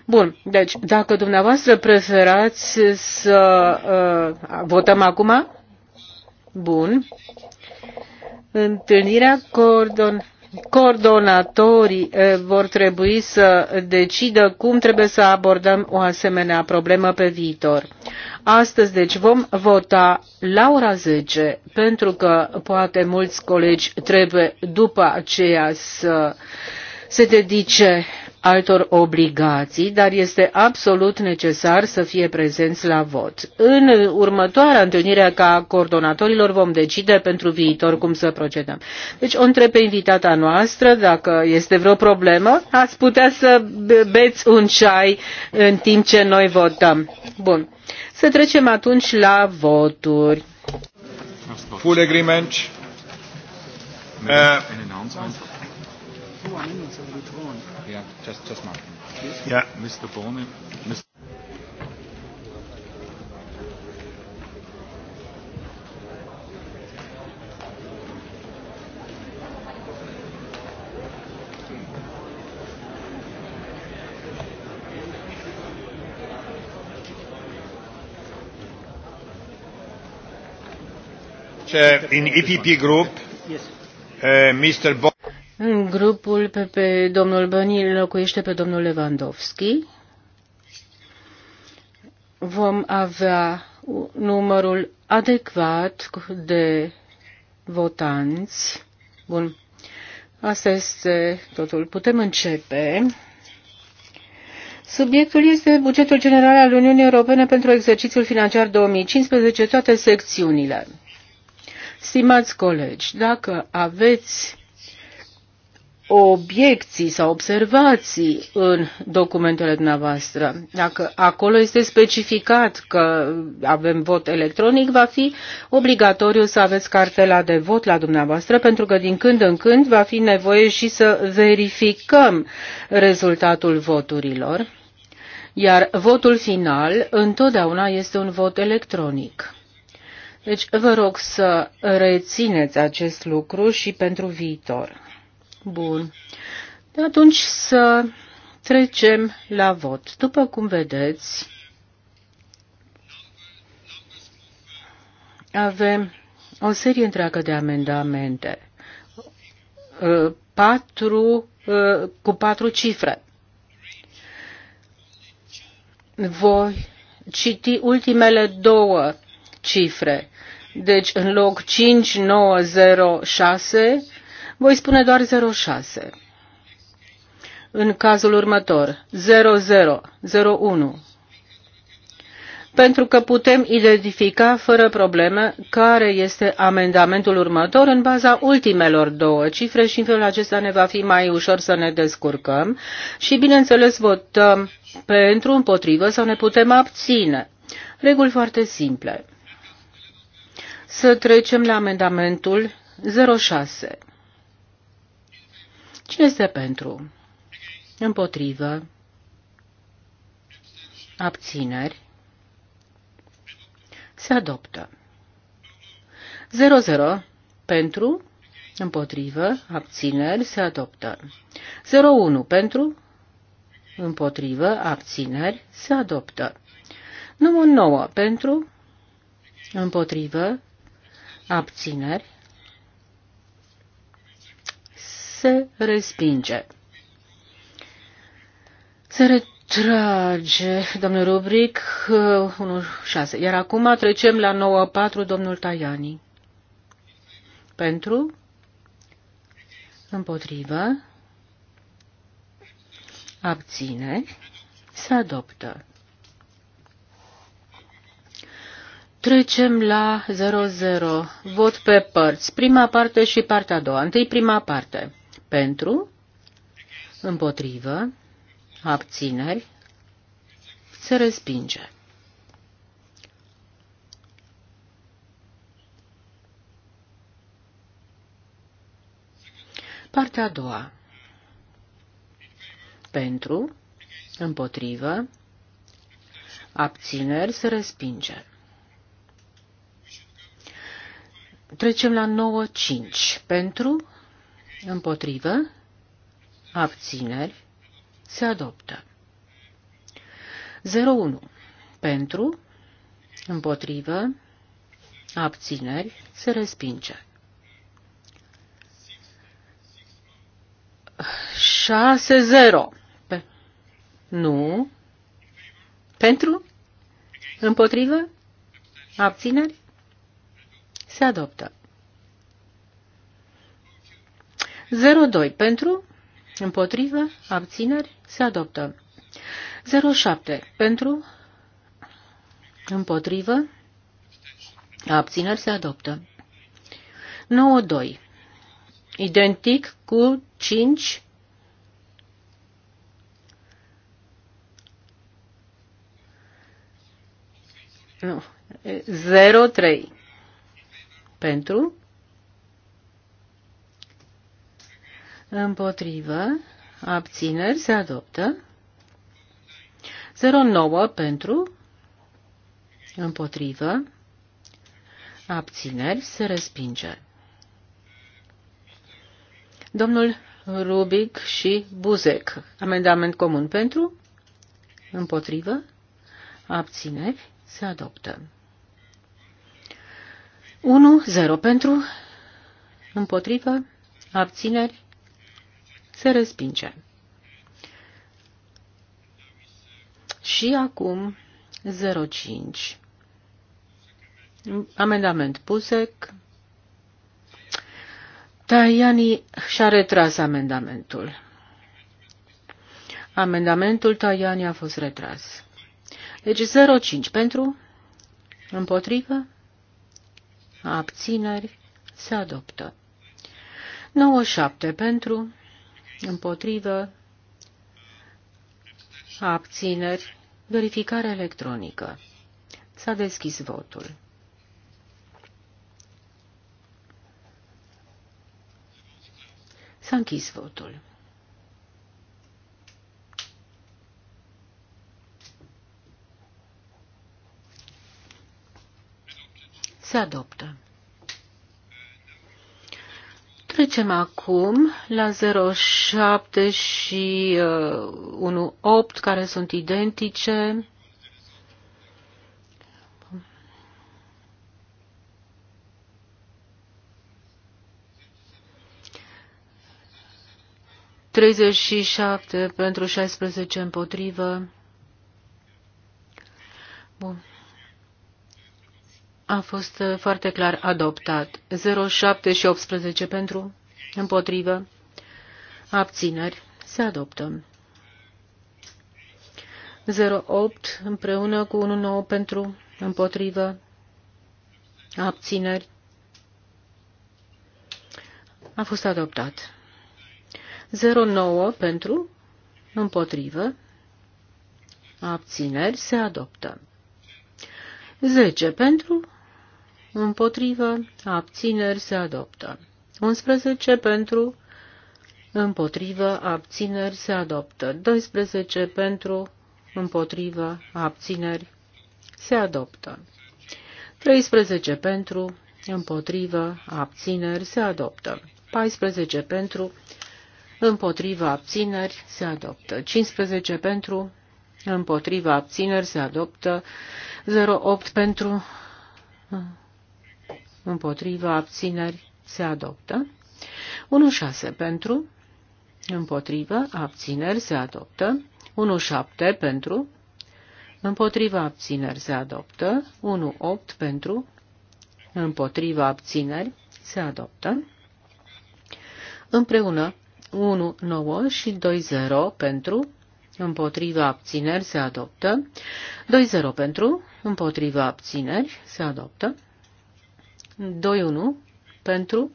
Bun, deci dacă dumneavoastră preferați să uh, votăm acum, bun. Întâlnirea coordonată coordonatorii eh, vor trebui să decidă cum trebuie să abordăm o asemenea problemă pe viitor. Astăzi, deci, vom vota la ora 10, pentru că poate mulți colegi trebuie după aceea să se dedice altor obligații, dar este absolut necesar să fie prezenți la vot. În următoarea întâlnire ca coordonatorilor vom decide pentru viitor cum să procedăm. Deci o întreb pe invitata noastră dacă este vreo problemă. Ați putea să beți un ceai în timp ce noi votăm. Bun. Să trecem atunci la voturi. Full agreement. Uh, Just, just Martin. Yeah, Mr. Boni. Mr. in EPP group, uh, Mr. Bo în grupul pe, pe domnul Băni locuiește pe domnul Lewandowski. Vom avea numărul adecvat de votanți. Bun. Asta este totul. Putem începe. Subiectul este bugetul general al Uniunii Europene pentru exercițiul financiar 2015, toate secțiunile. Stimați colegi, dacă aveți obiecții sau observații în documentele dumneavoastră. Dacă acolo este specificat că avem vot electronic, va fi obligatoriu să aveți cartela de vot la dumneavoastră, pentru că din când în când va fi nevoie și să verificăm rezultatul voturilor, iar votul final întotdeauna este un vot electronic. Deci vă rog să rețineți acest lucru și pentru viitor. Bun. De atunci să trecem la vot. După cum vedeți, avem o serie întreagă de amendamente. Uh, patru, uh, cu patru cifre. Voi citi ultimele două cifre. Deci, în loc 5906, voi spune doar 06. În cazul următor, 0001. Pentru că putem identifica fără probleme care este amendamentul următor în baza ultimelor două cifre și în felul acesta ne va fi mai ușor să ne descurcăm și, bineînțeles, votăm pentru, împotrivă sau ne putem abține. Reguli foarte simple. Să trecem la amendamentul 06. Cine este pentru? Împotrivă. Abțineri. Se adoptă. 00 pentru, împotrivă, abțineri, se adoptă. 01 pentru, împotrivă, abțineri, se adoptă. Numărul 9 pentru, împotrivă, abțineri, se respinge. Se retrage, domnul Rubric, 1-6. Uh, Iar acum trecem la 9-4, domnul Tajani. Pentru, împotrivă, abține, se adoptă. Trecem la 00. Vot pe părți. Prima parte și partea a doua. Întâi prima parte. Pentru, împotrivă, abțineri, se respinge. Partea a doua. Pentru, împotrivă, abțineri se respinge. Trecem la 9.5. Pentru, împotrivă, abțineri, se adoptă. 01. Pentru, împotrivă, abțineri, se respinge. 6-0. Pe... Nu. Pentru? Împotrivă? Abțineri? Se adoptă. 02 pentru, împotrivă, abțineri, se adoptă. 07 pentru, împotrivă, abțineri, se adoptă. 92 identic cu 5 nu, 03 pentru Împotrivă. Abțineri se adoptă. 09 pentru. Împotrivă. Abțineri se respinge. Domnul Rubic și Buzec. Amendament comun pentru? Împotrivă? Abțineri? Se adoptă. 1-0 pentru? Împotrivă? Abțineri? Se respinge. Și acum 05. Amendament Pusec. Taiani și-a retras amendamentul. Amendamentul Taiani a fost retras. Deci 05 pentru, împotrivă, abțineri, se adoptă. 97 pentru, împotrivă, abțineri, verificare electronică. S-a deschis votul. S-a închis votul. Se adoptă. Trecem acum la 07 și 18 uh, care sunt identice. Treizeci și șapte pentru șaisprezece împotrivă. Bun a fost uh, foarte clar adoptat. 07 și 18 pentru, împotrivă, abțineri, se adoptă. 08 împreună cu 19 pentru, împotrivă, abțineri, a fost adoptat. 09 pentru, împotrivă, abțineri, se adoptă. 10 pentru, împotrivă, abțineri se adoptă. 11 pentru, împotrivă, abțineri se adoptă. 12 pentru, împotrivă, abțineri se adoptă. 13 pentru, împotrivă, abțineri se adoptă. 14 pentru, împotrivă, abțineri se adoptă. 15 pentru, împotrivă, abțineri se adoptă. 08 pentru, împotriva abțineri se adoptă. 1.6 pentru, împotriva abțineri se adoptă. 1.7 pentru, împotriva abțineri se adoptă. 1.8 pentru, împotriva abțineri se adoptă. Împreună 1.9 și 2.0 pentru, împotriva abțineri se adoptă. 2.0 pentru, împotriva abțineri se adoptă. 2-1 pentru,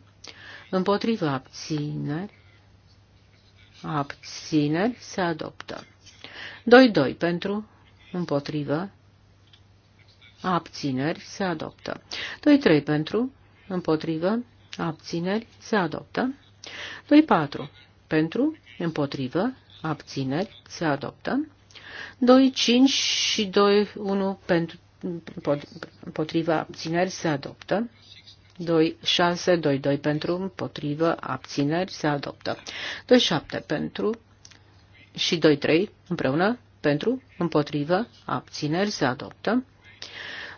împotriva abțineri, abțineri se adoptă. 2-2 pentru, împotrivă, abțineri se adoptă. 2-3 pentru, împotrivă, abțineri se adoptă. 2-4 pentru, împotrivă, abțineri se adoptă. 2-5 și 2-1 pentru, împotriva abțineri se adoptă. 2622 pentru, împotrivă, abțineri, se adoptă. 27 pentru și 23 împreună, pentru, împotrivă, abțineri, se adoptă.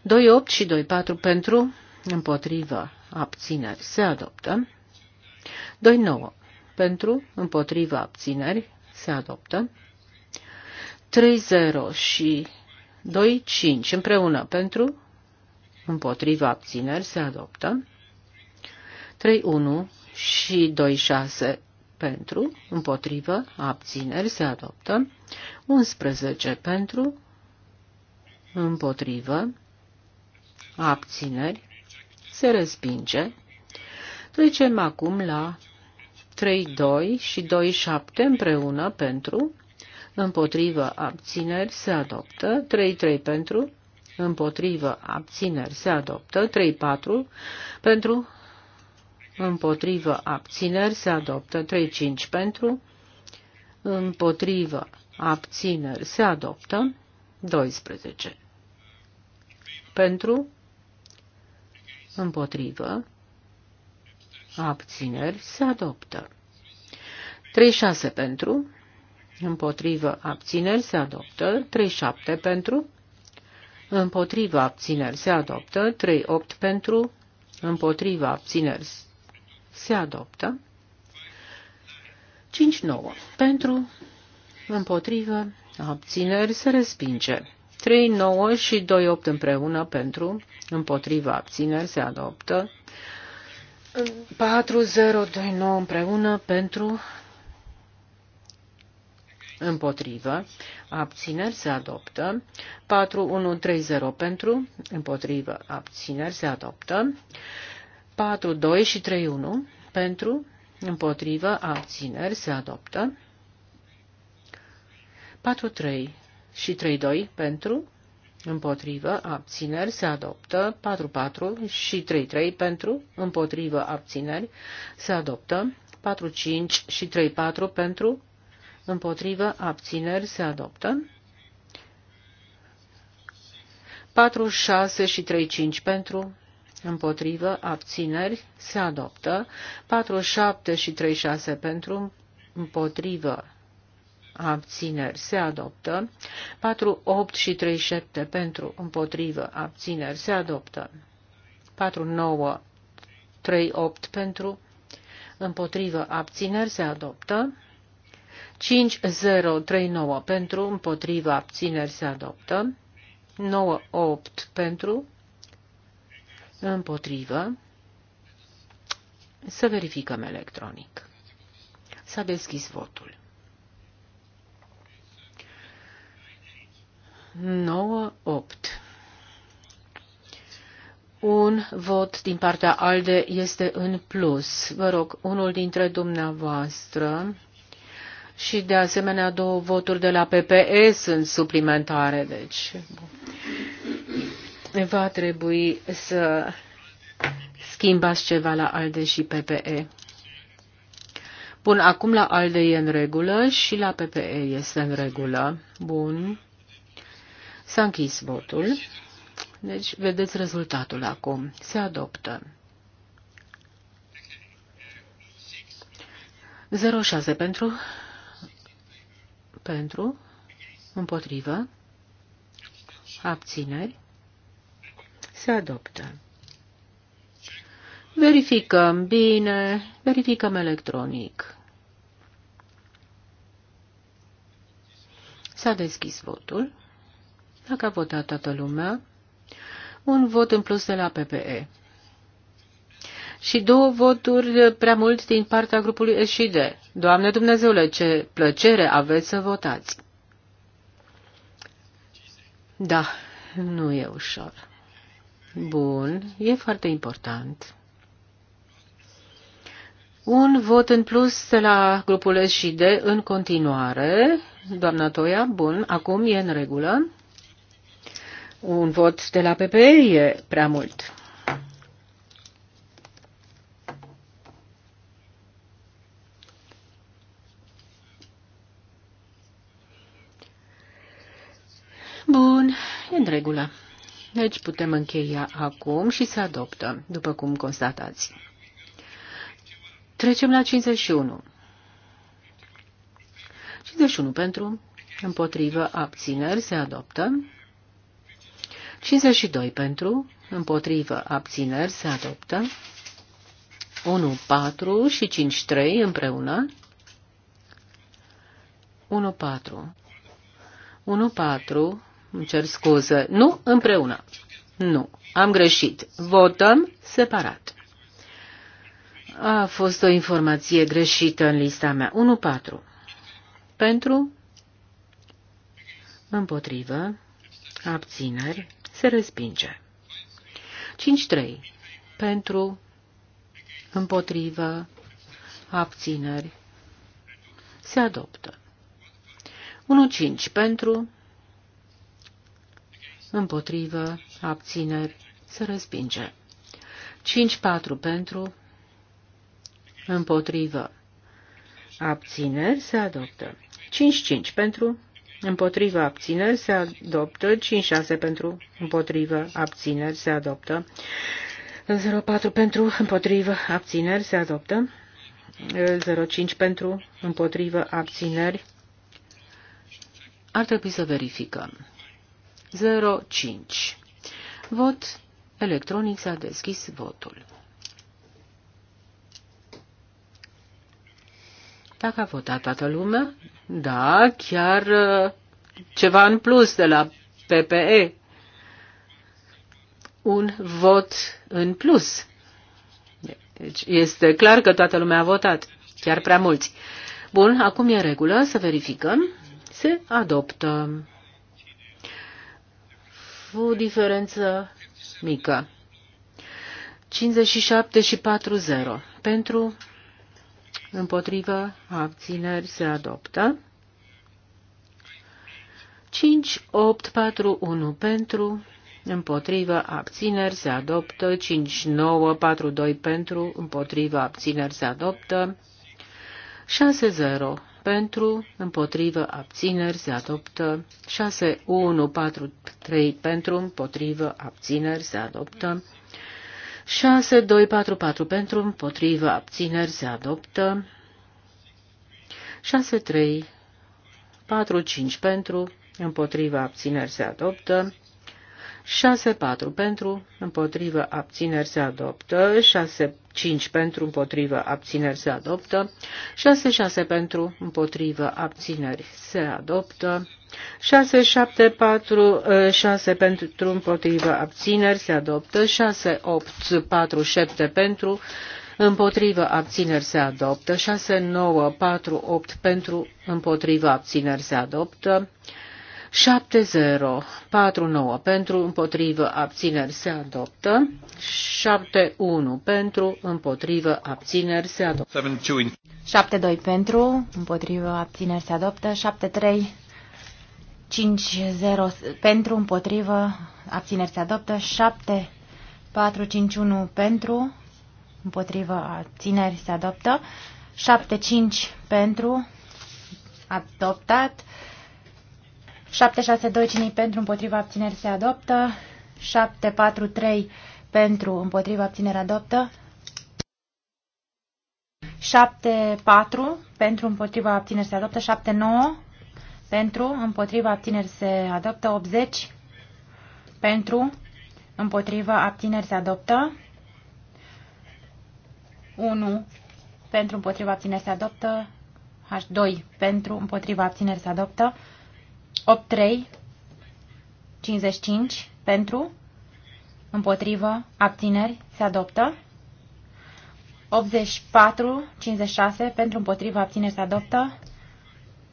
28 și 24 pentru, împotrivă, abțineri, se adoptă. 29 pentru, împotrivă, abțineri, se adoptă. 30 și 25 împreună pentru, împotriva abțineri se adoptă. 3.1 și 2.6 pentru, împotrivă, abțineri se adoptă, 11 pentru, împotrivă, abțineri se respinge. Trecem acum la 3.2 și 2.7 împreună pentru, împotrivă, abțineri se adoptă, 3.3 pentru, împotrivă, abțineri se adoptă, 3.4 pentru, împotrivă abțineri se adoptă. 35 pentru, împotrivă abțineri se adoptă. 12 pentru, împotrivă abțineri se adoptă. 36 pentru, împotrivă abțineri se adoptă. 37 pentru, împotrivă abțineri se adoptă. 38 pentru, Împotrivă abțineri se adoptă. 5-9. Pentru, împotrivă, abțineri se respinge. 3, 9 și 2, 8 împreună pentru, împotrivă, abțineri se adoptă. 4, 0, 2, 9 împreună pentru, împotrivă, abțineri se adoptă. 4, 1, 3, 0 pentru, împotrivă, abțineri se adoptă. 4, 2 și 3, 1 pentru, împotrivă, abțineri se adoptă. 4, 3 și 3, 2 pentru, împotrivă, abțineri se adoptă. 4, 4 și 3, 3 pentru, împotrivă, abțineri se adoptă. 4, 5 și 3, 4 pentru, împotrivă, abțineri se adoptă. 4, 6 și 3, 5 pentru, împotrivă, abțineri, se adoptă. 47 și 36 pentru, împotrivă, abțineri, se adoptă. 48 și 37 pentru, împotrivă, abțineri, se adoptă. 49, 38 pentru, împotrivă, abțineri, se adoptă. 5039 pentru, împotrivă, abțineri se adoptă, 9-8 pentru, împotrivă, să verificăm electronic. S-a deschis votul. 9-8. Un vot din partea ALDE este în plus. Vă rog, unul dintre dumneavoastră și de asemenea două voturi de la PPE sunt suplimentare, deci va trebui să schimbați ceva la ALDE și PPE. Bun, acum la ALDE e în regulă și la PPE este în regulă. Bun. S-a închis votul. Deci, vedeți rezultatul acum. Se adoptă. 06 pentru pentru împotrivă abțineri se adoptă. Verificăm bine, verificăm electronic. S-a deschis votul. Dacă a votat toată lumea, un vot în plus de la PPE. Și două voturi prea mult din partea grupului SID. Doamne Dumnezeule, ce plăcere aveți să votați! Da, nu e ușor. Bun, e foarte important. Un vot în plus la grupul SID în continuare. Doamna Toia, bun, acum e în regulă. Un vot de la PP e prea mult. Bun, e în regulă. Deci putem încheia acum și să adoptăm după cum constatați. Trecem la 51. 51 pentru, împotrivă, abțineri, se adoptă. 52 pentru, împotrivă, abțineri, se adoptă. 1, 4 și 5, 3 împreună. 1, 4. 1, 4 îmi cer scuze. Nu împreună. Nu. Am greșit. Votăm separat. A fost o informație greșită în lista mea. 1-4. Pentru? Împotrivă. Abțineri. Se respinge. 5-3. Pentru? Împotrivă. Abțineri. Se adoptă. 1-5. Pentru? împotrivă, abțineri, se respinge. 5-4 pentru, împotrivă, abțineri, se adoptă. 5-5 pentru, împotrivă, abțineri, se adoptă. 5-6 pentru, împotrivă, abțineri, se adoptă. 0-4 pentru, împotrivă, abțineri, se adoptă. 05 pentru, împotrivă, abțineri. Ar trebui să verificăm. 05. Vot electronic s-a deschis votul. Dacă a votat toată lumea, da, chiar uh, ceva în plus de la PPE. Un vot în plus. Deci este clar că toată lumea a votat, chiar prea mulți. Bun, acum e regulă, să verificăm. Se adoptă cu diferență mică. 57 și 40. Pentru, împotrivă, abțineri se adoptă. 5, 8, 4, 1 pentru, împotrivă, abțineri se adoptă. 5, 9, 4, 2 pentru, împotrivă, abțineri se adoptă. 6, 0 pentru, împotrivă, abțineri, se adoptă. 6, 1, 4, 3, pentru, împotrivă, abțineri, se adoptă. 6, 2, 4, 4, pentru, împotrivă, abțineri, se adoptă. 6, 3, 4, 5, pentru, împotrivă, abțineri, se adoptă. 6-4 pentru, împotrivă, abțineri se adoptă, 6-5 pentru, împotrivă, abțineri se adoptă, 6-6 pentru, împotrivă, abțineri se adoptă, 6-7-4, 6 eh, pentru, împotrivă, abțineri se adoptă, 6-8-4-7 pentru, împotrivă, abțineri se adoptă, 6-9-4-8 pentru, împotrivă, abțineri se adoptă, 6, 9, 4, 8, pentru, 7049 pentru împotrivă abțineri se adoptă. 71 pentru împotrivă abțineri se adoptă.
72 pentru împotrivă abțineri se adoptă. 73 50 pentru împotrivă abțineri se adoptă. 7451 pentru împotrivă abțineri se adoptă. 75 pentru adoptat. 762 cine pentru împotriva abțineri se adoptă. 743 pentru împotriva abțineri adoptă. 74 pentru împotriva abțineri se adoptă. 79 pentru împotriva abțineri se adoptă. 80 pentru împotriva abțineri se adoptă. 1 pentru împotriva abțineri se adoptă. H2 pentru împotriva abțineri se adoptă. 8, 3, 55 pentru, împotrivă, abțineri, se adoptă. 84, 56 pentru, împotrivă, abțineri, se adoptă.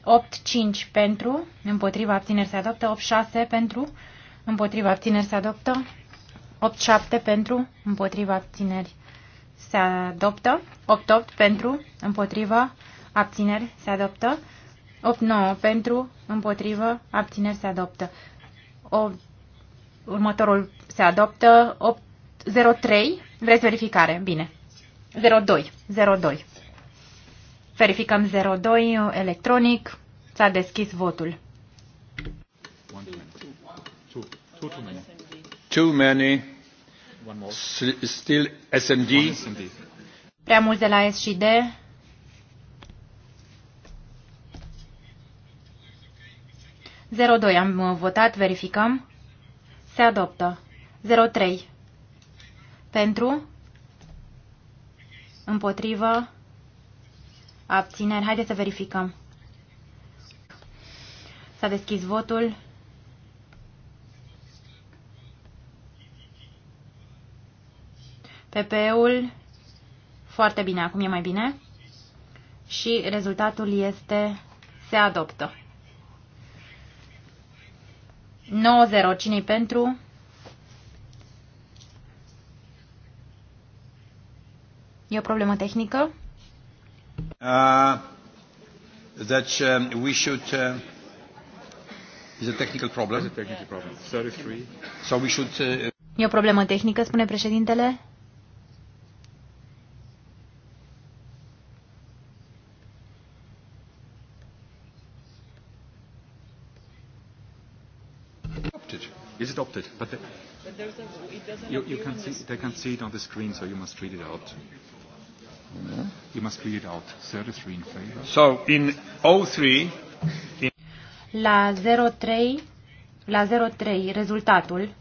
8, 5, pentru, împotrivă, abțineri, se adoptă. 8, 6, pentru, împotrivă, abțineri, se adoptă. 8, 7, pentru, împotrivă, abțineri, se adoptă. 8, 8, pentru, împotrivă, abțineri, se adoptă. 8-9 pentru, împotrivă, abțineri se adoptă. O, următorul se adoptă 8, 03. Vreți verificare? Bine. 02. 02. Verificăm 02 electronic. S-a deschis votul.
Too many. Still SMD.
Prea mulți de la S și D. 02 am uh, votat, verificăm. Se adoptă. 03 pentru, împotrivă, abțineri. Haideți să verificăm. S-a deschis votul. PP-ul, foarte bine, acum e mai bine. Și rezultatul este, se adoptă. 9-0. cine pentru? E o problemă tehnică?
Uh, that um, we should... Uh, is a technical problem. Is a technical problem. 33. So we should... Uh,
e o problemă tehnică, spune președintele?
is adopted, but, the, but there's a, it doesn't you, you can see, the they can
see it on the screen, so you must read it out. Yeah. You must read it out. 33 in favor.
So in 03, in
la 03, la 03, rezultatul.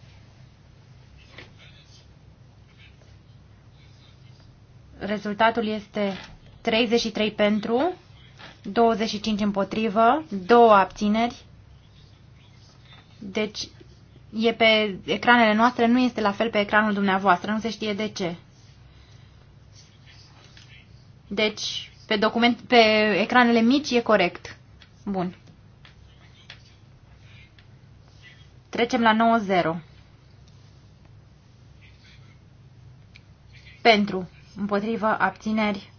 Rezultatul este 33 pentru, 25 împotrivă, 2 abțineri. Deci e pe ecranele noastre, nu este la fel pe ecranul dumneavoastră, nu se știe de ce. Deci, pe, document, pe ecranele mici e corect. Bun. Trecem la 9-0. Pentru, împotrivă, abțineri,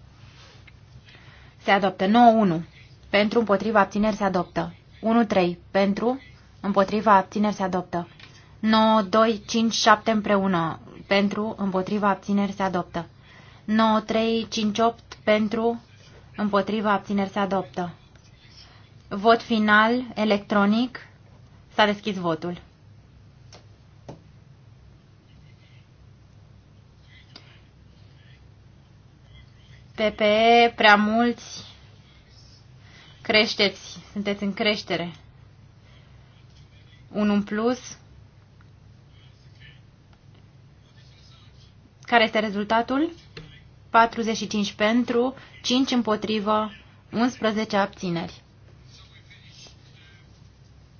se adoptă. 9-1. Pentru, împotrivă, abțineri, se adoptă. 1-3. Pentru, împotrivă, abțineri, se adoptă. 9, 2, 5, 7 împreună. Pentru, împotriva, abțineri se adoptă. 9, 3, 5, 8 pentru, împotriva, abțineri se adoptă. Vot final, electronic. S-a deschis votul. PPE, prea mulți. Creșteți, sunteți în creștere. Unul în plus. Care este rezultatul? 45 pentru, 5 împotrivă, 11 abțineri.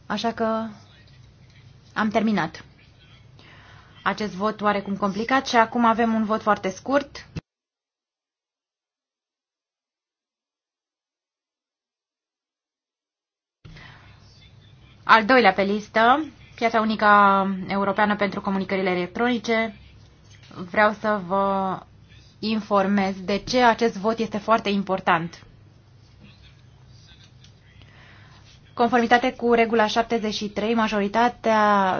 Așa că am terminat acest vot oarecum complicat și acum avem un vot foarte scurt. Al doilea pe listă, piața unică europeană pentru comunicările electronice, vreau să vă informez de ce acest vot este foarte important. Conformitate cu regula 73, majoritatea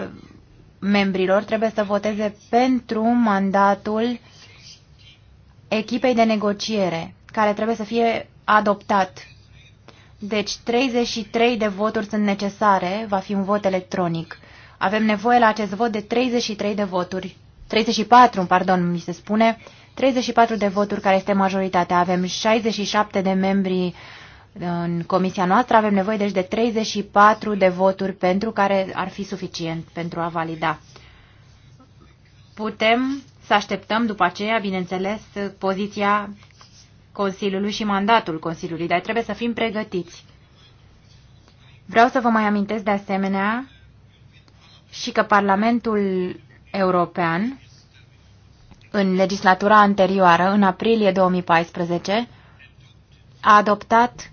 membrilor trebuie să voteze pentru mandatul echipei de negociere, care trebuie să fie adoptat. Deci 33 de voturi sunt necesare, va fi un vot electronic. Avem nevoie la acest vot de 33 de voturi. 34, pardon, mi se spune, 34 de voturi care este majoritatea. Avem 67 de membri în comisia noastră, avem nevoie deci de 34 de voturi pentru care ar fi suficient pentru a valida. Putem să așteptăm după aceea, bineînțeles, poziția Consiliului și mandatul Consiliului, dar trebuie să fim pregătiți. Vreau să vă mai amintesc de asemenea și că Parlamentul European în legislatura anterioară, în aprilie 2014, a adoptat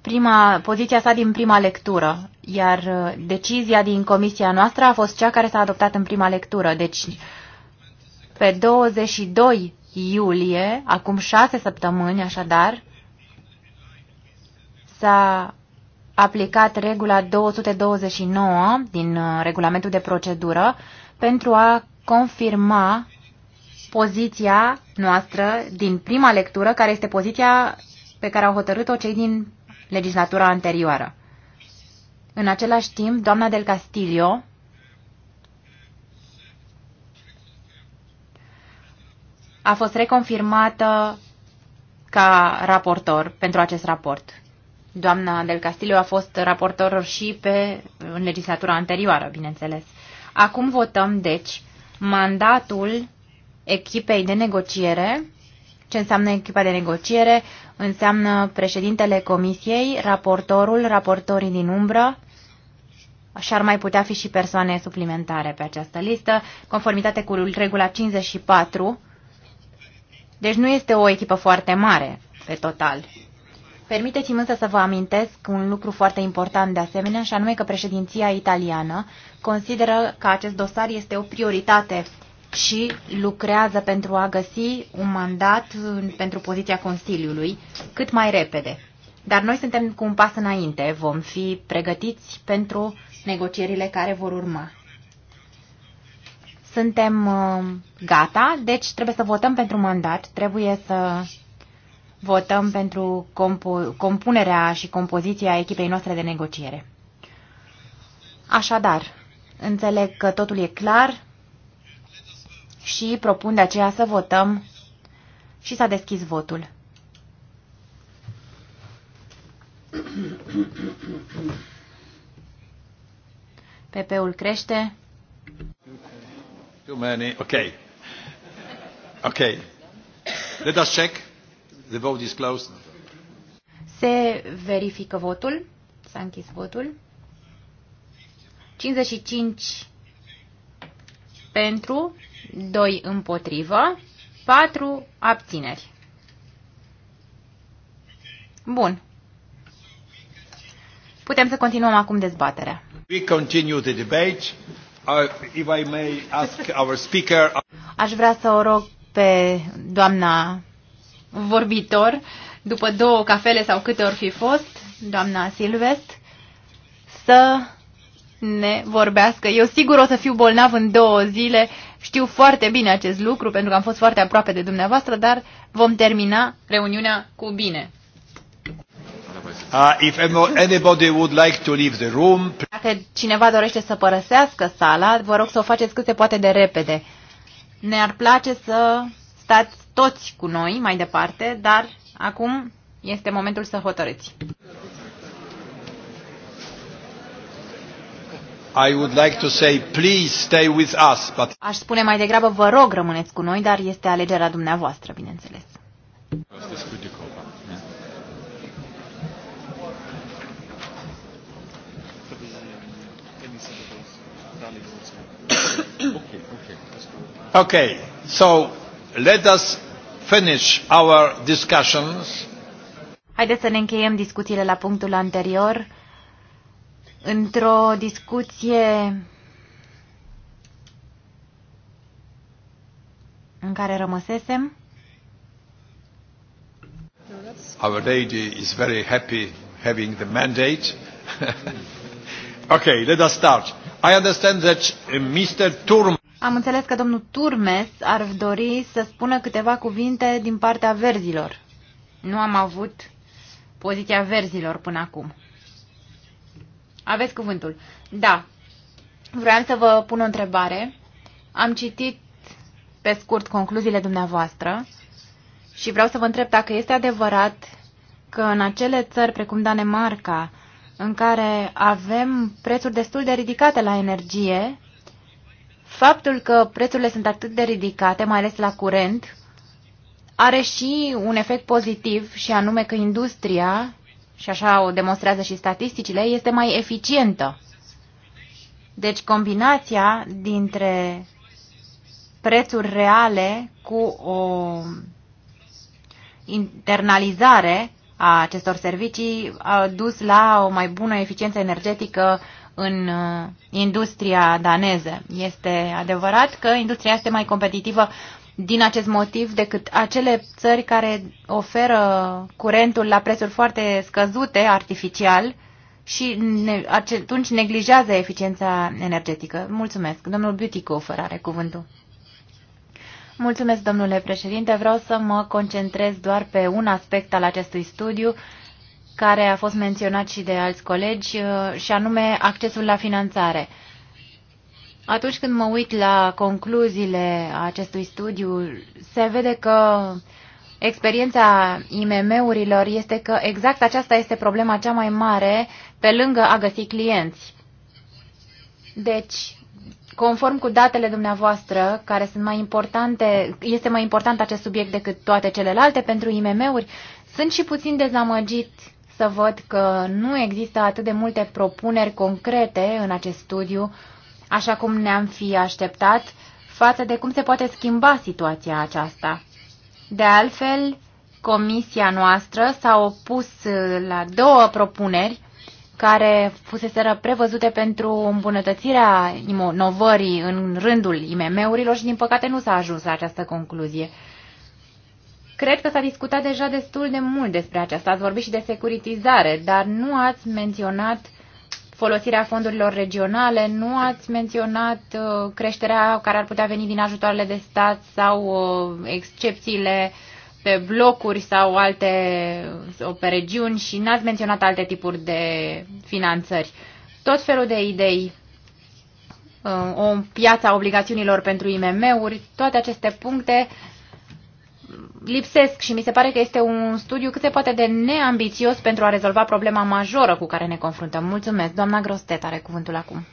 prima, poziția sa din prima lectură, iar uh, decizia din comisia noastră a fost cea care s-a adoptat în prima lectură. Deci, pe 22 iulie, acum șase săptămâni, așadar, s-a aplicat regula 229 din uh, regulamentul de procedură, pentru a confirma poziția noastră din prima lectură, care este poziția pe care au hotărât-o cei din legislatura anterioară. În același timp, doamna del Castillo a fost reconfirmată ca raportor pentru acest raport. Doamna del Castillo a fost raportor și pe, în legislatura anterioară, bineînțeles. Acum votăm, deci, mandatul echipei de negociere. Ce înseamnă echipa de negociere? Înseamnă președintele comisiei, raportorul, raportorii din umbră și ar mai putea fi și persoane suplimentare pe această listă, conformitate cu regula 54. Deci nu este o echipă foarte mare pe total. Permiteți-mi însă să vă amintesc un lucru foarte important de asemenea, și anume că președinția italiană consideră că acest dosar este o prioritate și lucrează pentru a găsi un mandat pentru poziția Consiliului cât mai repede. Dar noi suntem cu un pas înainte, vom fi pregătiți pentru negocierile care vor urma. Suntem uh, gata, deci trebuie să votăm pentru mandat, trebuie să votăm pentru compu compunerea și compoziția echipei noastre de negociere. Așadar, înțeleg că totul e clar și propun de aceea să votăm și s-a deschis votul. PP-ul crește.
Too many. Okay. Okay. Let us check. The vote is closed.
Se verifică votul. S-a închis votul. 55 pentru, 2 împotrivă, 4 abțineri. Bun. Putem să continuăm acum dezbaterea.
We continue the debate. Uh, if I may ask our speaker...
Aș vrea să o rog pe doamna vorbitor, după două cafele sau câte ori fi fost, doamna Silvest, să ne vorbească. Eu sigur o să fiu bolnav în două zile, știu foarte bine acest lucru pentru că am fost foarte aproape de dumneavoastră, dar vom termina reuniunea cu bine.
Uh, if anybody would like to leave the room,
Dacă cineva dorește să părăsească sala, vă rog să o faceți cât se poate de repede. Ne-ar place să stați toți cu noi mai departe, dar acum este momentul să hotărâți.
I would like to say, please stay with us, but...
Aș spune mai degrabă, vă rog, rămâneți cu noi, dar este alegerea dumneavoastră, bineînțeles.
Okay, okay. So Let us finish our discussions.
Haideți să ne încheiem discuțiile la punctul anterior într-o discuție în care rămăsesem.
Our lady is very happy having the mandate. okay, let us start. I understand that uh, Mr. Turm
am înțeles că domnul Turmes ar dori să spună câteva cuvinte din partea verzilor. Nu am avut poziția verzilor până acum. Aveți cuvântul. Da. Vreau să vă pun o întrebare. Am citit pe scurt concluziile dumneavoastră și vreau să vă întreb dacă este adevărat că în acele țări precum Danemarca, în care avem prețuri destul de ridicate la energie, Faptul că prețurile sunt atât de ridicate, mai ales la curent, are și un efect pozitiv și anume că industria, și așa o demonstrează și statisticile, este mai eficientă. Deci combinația dintre prețuri reale cu o internalizare a acestor servicii a dus la o mai bună eficiență energetică în uh, industria daneză. Este adevărat că industria este mai competitivă din acest motiv decât acele țări care oferă curentul la prețuri foarte scăzute artificial și ne, atunci neglijează eficiența energetică. Mulțumesc. Domnul Beautycofer are cuvântul. Mulțumesc, domnule președinte. Vreau să mă concentrez doar pe un aspect al acestui studiu care a fost menționat și de alți colegi, uh, și anume accesul la finanțare. Atunci când mă uit la concluziile acestui studiu, se vede că experiența IMM-urilor este că exact aceasta este problema cea mai mare pe lângă a găsi clienți. Deci, conform cu datele dumneavoastră, care sunt mai importante, este mai important acest subiect decât toate celelalte pentru IMM-uri, sunt și puțin dezamăgit să văd că nu există atât de multe propuneri concrete în acest studiu, așa cum ne-am fi așteptat, față de cum se poate schimba situația aceasta. De altfel, comisia noastră s-a opus la două propuneri care fuseseră prevăzute pentru îmbunătățirea inovării în rândul IMM-urilor și, din păcate, nu s-a ajuns la această concluzie. Cred că s-a discutat deja destul de mult despre aceasta. Ați vorbit și de securitizare, dar nu ați menționat folosirea fondurilor regionale, nu ați menționat uh, creșterea care ar putea veni din ajutoarele de stat sau uh, excepțiile pe blocuri sau alte sau pe regiuni și n-ați menționat alte tipuri de finanțări. Tot felul de idei, uh, o piață a obligațiunilor pentru IMM-uri, toate aceste puncte lipsesc și mi se pare că este un studiu cât se poate de neambițios pentru a rezolva problema majoră cu care ne confruntăm. Mulțumesc. Doamna Grostet are cuvântul acum.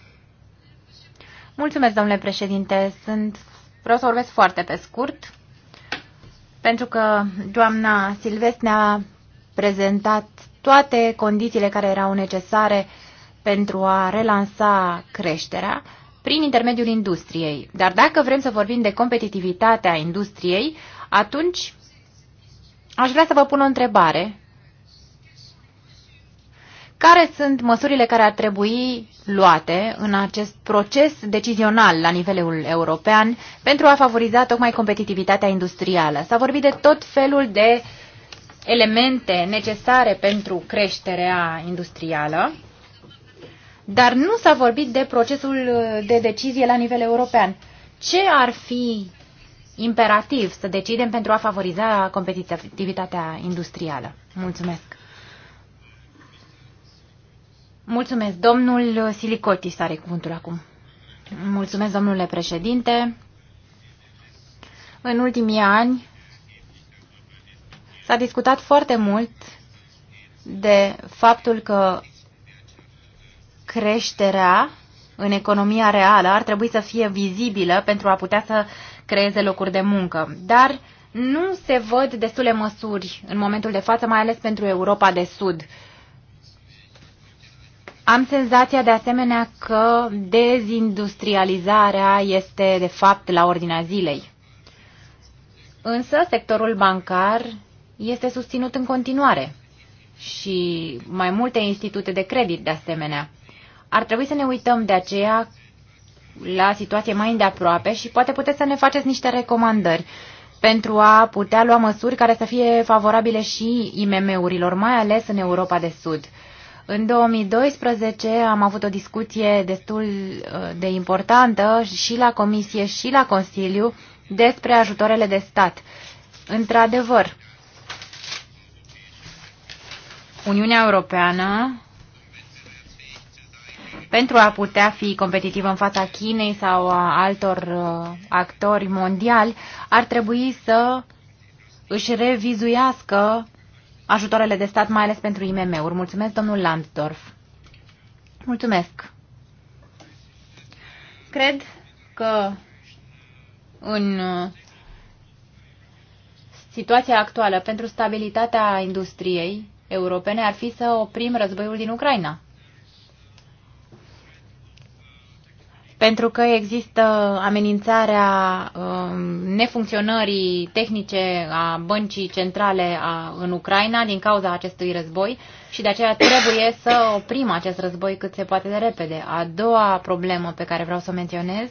Mulțumesc, domnule președinte. Sunt... Vreau să vorbesc foarte pe scurt, pentru că doamna Silvest ne-a prezentat toate condițiile care erau necesare pentru a relansa creșterea prin intermediul industriei. Dar dacă vrem să vorbim de competitivitatea industriei, atunci Aș vrea să vă pun o întrebare. Care sunt măsurile care ar trebui luate în acest proces decizional la nivelul european pentru a favoriza tocmai competitivitatea industrială? S-a vorbit de tot felul de elemente necesare pentru creșterea industrială, dar nu s-a vorbit de procesul de decizie la nivel european. Ce ar fi imperativ să decidem pentru a favoriza competitivitatea industrială. Mulțumesc! Mulțumesc. Domnul Silicotis are cuvântul acum. Mulțumesc, domnule președinte. În ultimii ani s-a discutat foarte mult de faptul că creșterea în economia reală ar trebui să fie vizibilă pentru a putea să creeze locuri de muncă. Dar nu se văd destule măsuri în momentul de față, mai ales pentru Europa de Sud. Am senzația de asemenea că dezindustrializarea este de fapt la ordinea zilei. Însă sectorul bancar este susținut în continuare și mai multe institute de credit de asemenea. Ar trebui să ne uităm de aceea la situație mai îndeaproape și poate puteți să ne faceți niște recomandări pentru a putea lua măsuri care să fie favorabile și IMM-urilor, mai ales în Europa de Sud. În 2012 am avut o discuție destul uh, de importantă și la Comisie și la Consiliu despre ajutoarele de stat. Într-adevăr, Uniunea Europeană pentru a putea fi competitiv în fața Chinei sau a altor uh, actori mondiali, ar trebui să își revizuiască ajutoarele de stat, mai ales pentru IMM-uri. Mulțumesc, domnul Landdorf. Mulțumesc. Cred că în uh, situația actuală pentru stabilitatea industriei europene ar fi să oprim războiul din Ucraina. pentru că există amenințarea um, nefuncționării tehnice a băncii centrale a, în Ucraina din cauza acestui război și de aceea trebuie să oprim acest război cât se poate de repede. A doua problemă pe care vreau să o menționez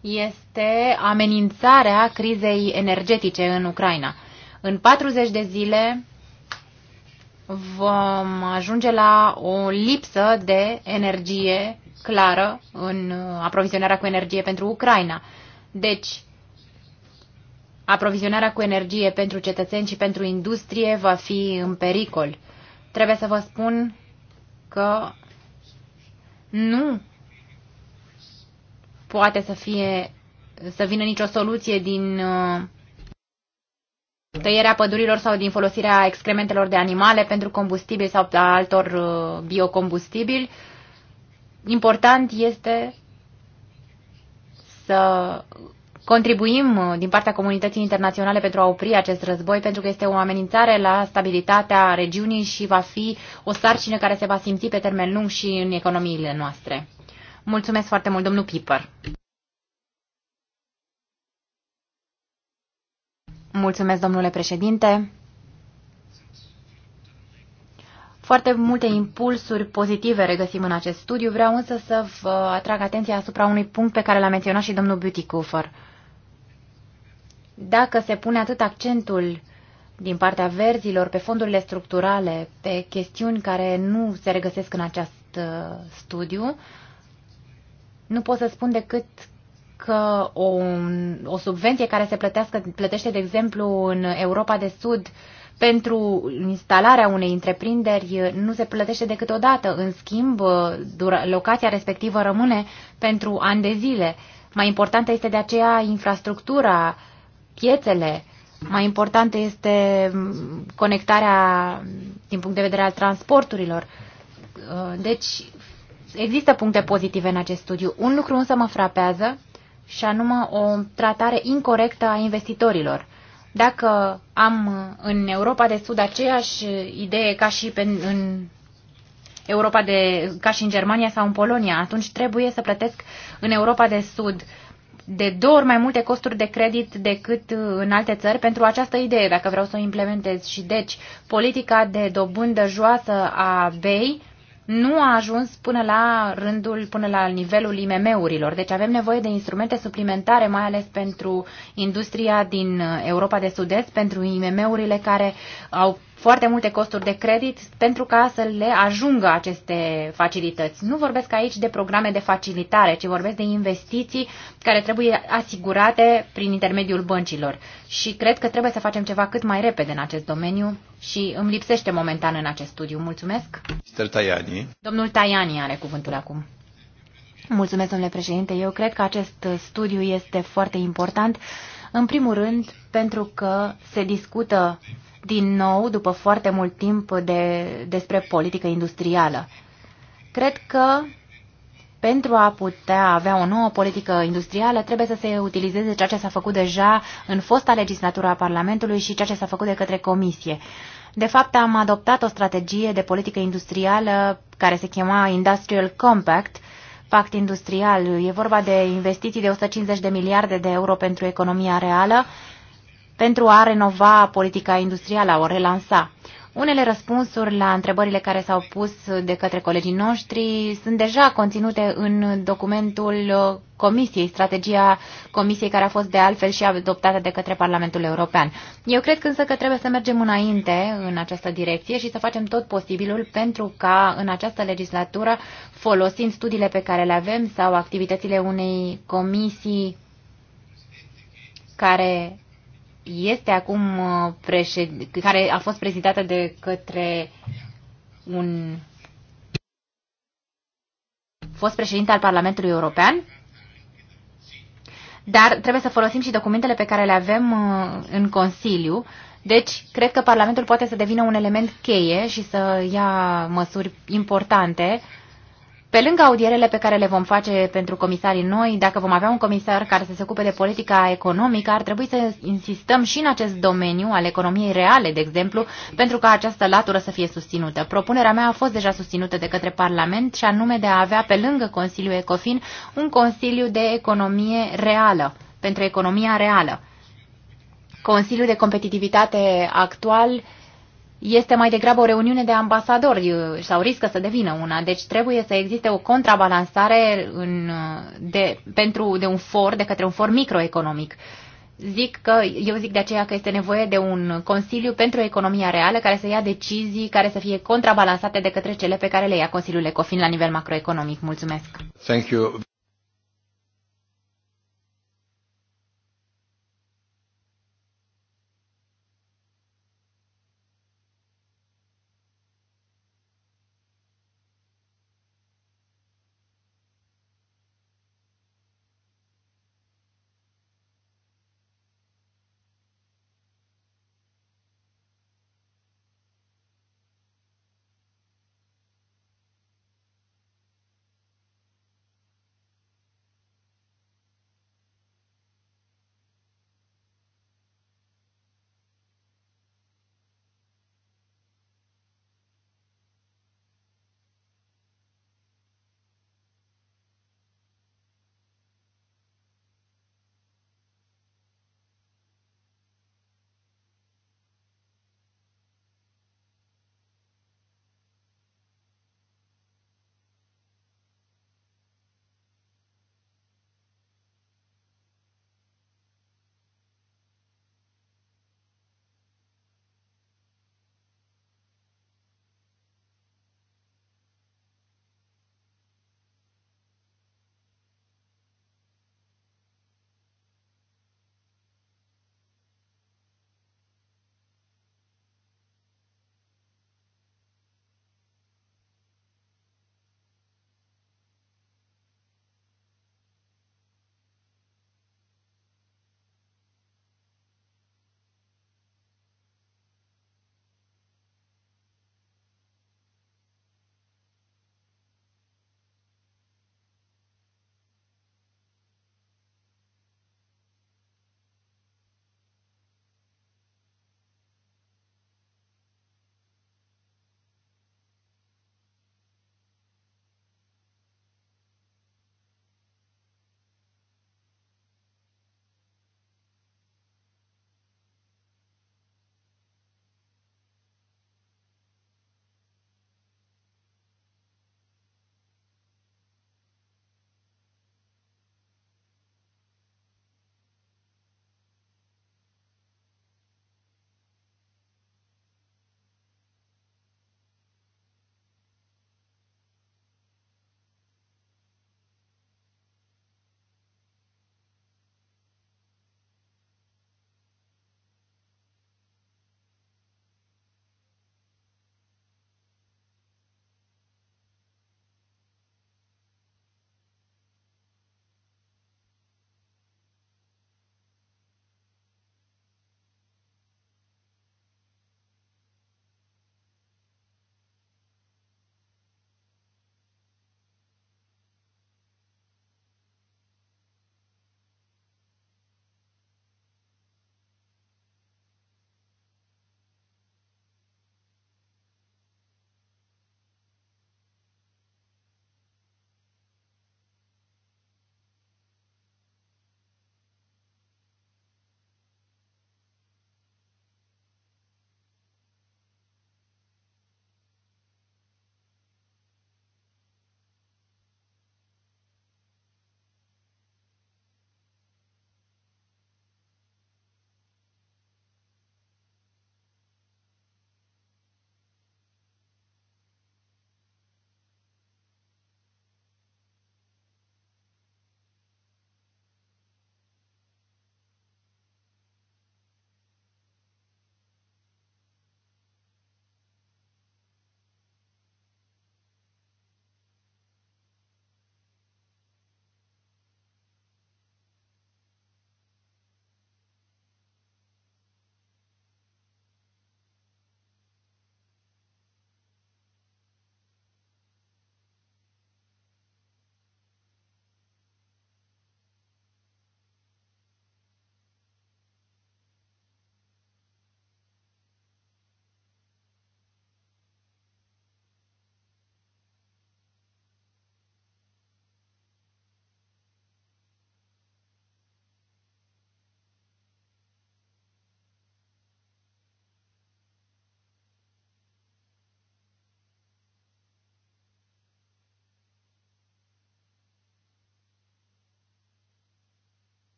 este amenințarea crizei energetice în Ucraina. În 40 de zile, vom ajunge la o lipsă de energie clară în uh, aprovizionarea cu energie pentru Ucraina. Deci, aprovizionarea cu energie pentru cetățeni și pentru industrie va fi în pericol. Trebuie să vă spun că nu poate să fie să vină nicio soluție din uh, tăierea pădurilor sau din folosirea excrementelor de animale pentru combustibil sau altor uh, biocombustibili. Important este să contribuim uh, din partea comunității internaționale pentru a opri acest război, pentru că este o amenințare la stabilitatea regiunii și va fi o sarcină care se va simți pe termen lung și în economiile noastre. Mulțumesc foarte mult, domnul Piper. Mulțumesc, domnule președinte. Foarte multe impulsuri pozitive regăsim în acest studiu. Vreau însă să vă atrag atenția asupra unui punct pe care l-a menționat și domnul Beautycoofer. Dacă se pune atât accentul din partea verzilor pe fondurile structurale, pe chestiuni care nu se regăsesc în acest uh, studiu, nu pot să spun decât că o, o subvenție care se plătească, plătește, de exemplu, în Europa de Sud pentru instalarea unei întreprinderi nu se plătește decât o dată. În schimb, locația respectivă rămâne pentru ani de zile. Mai importantă este de aceea infrastructura, piețele, mai importantă este conectarea din punct de vedere al transporturilor. Deci, există puncte pozitive în acest studiu. Un lucru însă mă frapează și anume o tratare incorrectă a investitorilor. Dacă am în Europa de Sud aceeași idee ca și pe, în Europa de, ca și în Germania sau în Polonia, atunci trebuie să plătesc în Europa de Sud de două ori mai multe costuri de credit decât în alte țări pentru această idee, dacă vreau să o implementez. Și deci, politica de dobândă joasă a BEI nu a ajuns până la rândul, până la nivelul IMM-urilor. Deci avem nevoie de instrumente suplimentare, mai ales pentru industria din Europa de Sud-Est, pentru IMM-urile care au foarte multe costuri de credit pentru ca să le ajungă aceste facilități. Nu vorbesc aici de programe de facilitare, ci vorbesc de investiții care trebuie asigurate prin intermediul băncilor. Și cred că trebuie să facem ceva cât mai repede în acest domeniu și îmi lipsește momentan în acest studiu. Mulțumesc. Mr. Tajani. Domnul Tajani are cuvântul acum. Mulțumesc, domnule președinte. Eu cred că acest studiu este foarte important. În primul rând, pentru că se discută din nou, după foarte mult timp, de, despre politică industrială. Cred că pentru a putea avea o nouă politică industrială, trebuie să se utilizeze ceea ce s-a făcut deja în fosta legislatură a Parlamentului și ceea ce s-a făcut de către Comisie. De fapt, am adoptat o strategie de politică industrială care se chema Industrial Compact, pact industrial. E vorba de investiții de 150 de miliarde de euro pentru economia reală pentru a renova politica industrială, a o relansa. Unele răspunsuri la întrebările care s-au pus de către colegii noștri sunt deja conținute în documentul Comisiei, strategia Comisiei care a fost de altfel și adoptată de către Parlamentul European. Eu cred însă că trebuie să mergem înainte în această direcție și să facem tot posibilul pentru ca în această legislatură, folosind studiile pe care le avem sau activitățile unei comisii care este acum uh, președ... care a fost prezentată de către un fost președinte al Parlamentului European, dar trebuie să folosim și documentele pe care le avem uh, în Consiliu. Deci, cred că Parlamentul poate să devină un element cheie și să ia măsuri importante uh, pe lângă audierele pe care le vom face pentru comisarii noi, dacă vom avea un comisar care să se ocupe de politica economică, ar trebui să insistăm și în acest domeniu al economiei reale, de exemplu, pentru ca această latură să fie susținută. Propunerea mea a fost deja susținută de către Parlament și anume de a avea pe lângă Consiliul Ecofin un Consiliu de Economie Reală, pentru economia reală. Consiliul de Competitivitate actual uh, este mai degrabă o reuniune de ambasadori uh, sau riscă să devină una. Deci trebuie să existe o contrabalansare în, uh, de, pentru, de un for, de către un for microeconomic. Zic că, eu zic de aceea că este nevoie de un Consiliu pentru economia reală care să ia decizii care să fie contrabalansate de către cele pe care le ia Consiliul Ecofin la nivel macroeconomic. Mulțumesc! Thank you.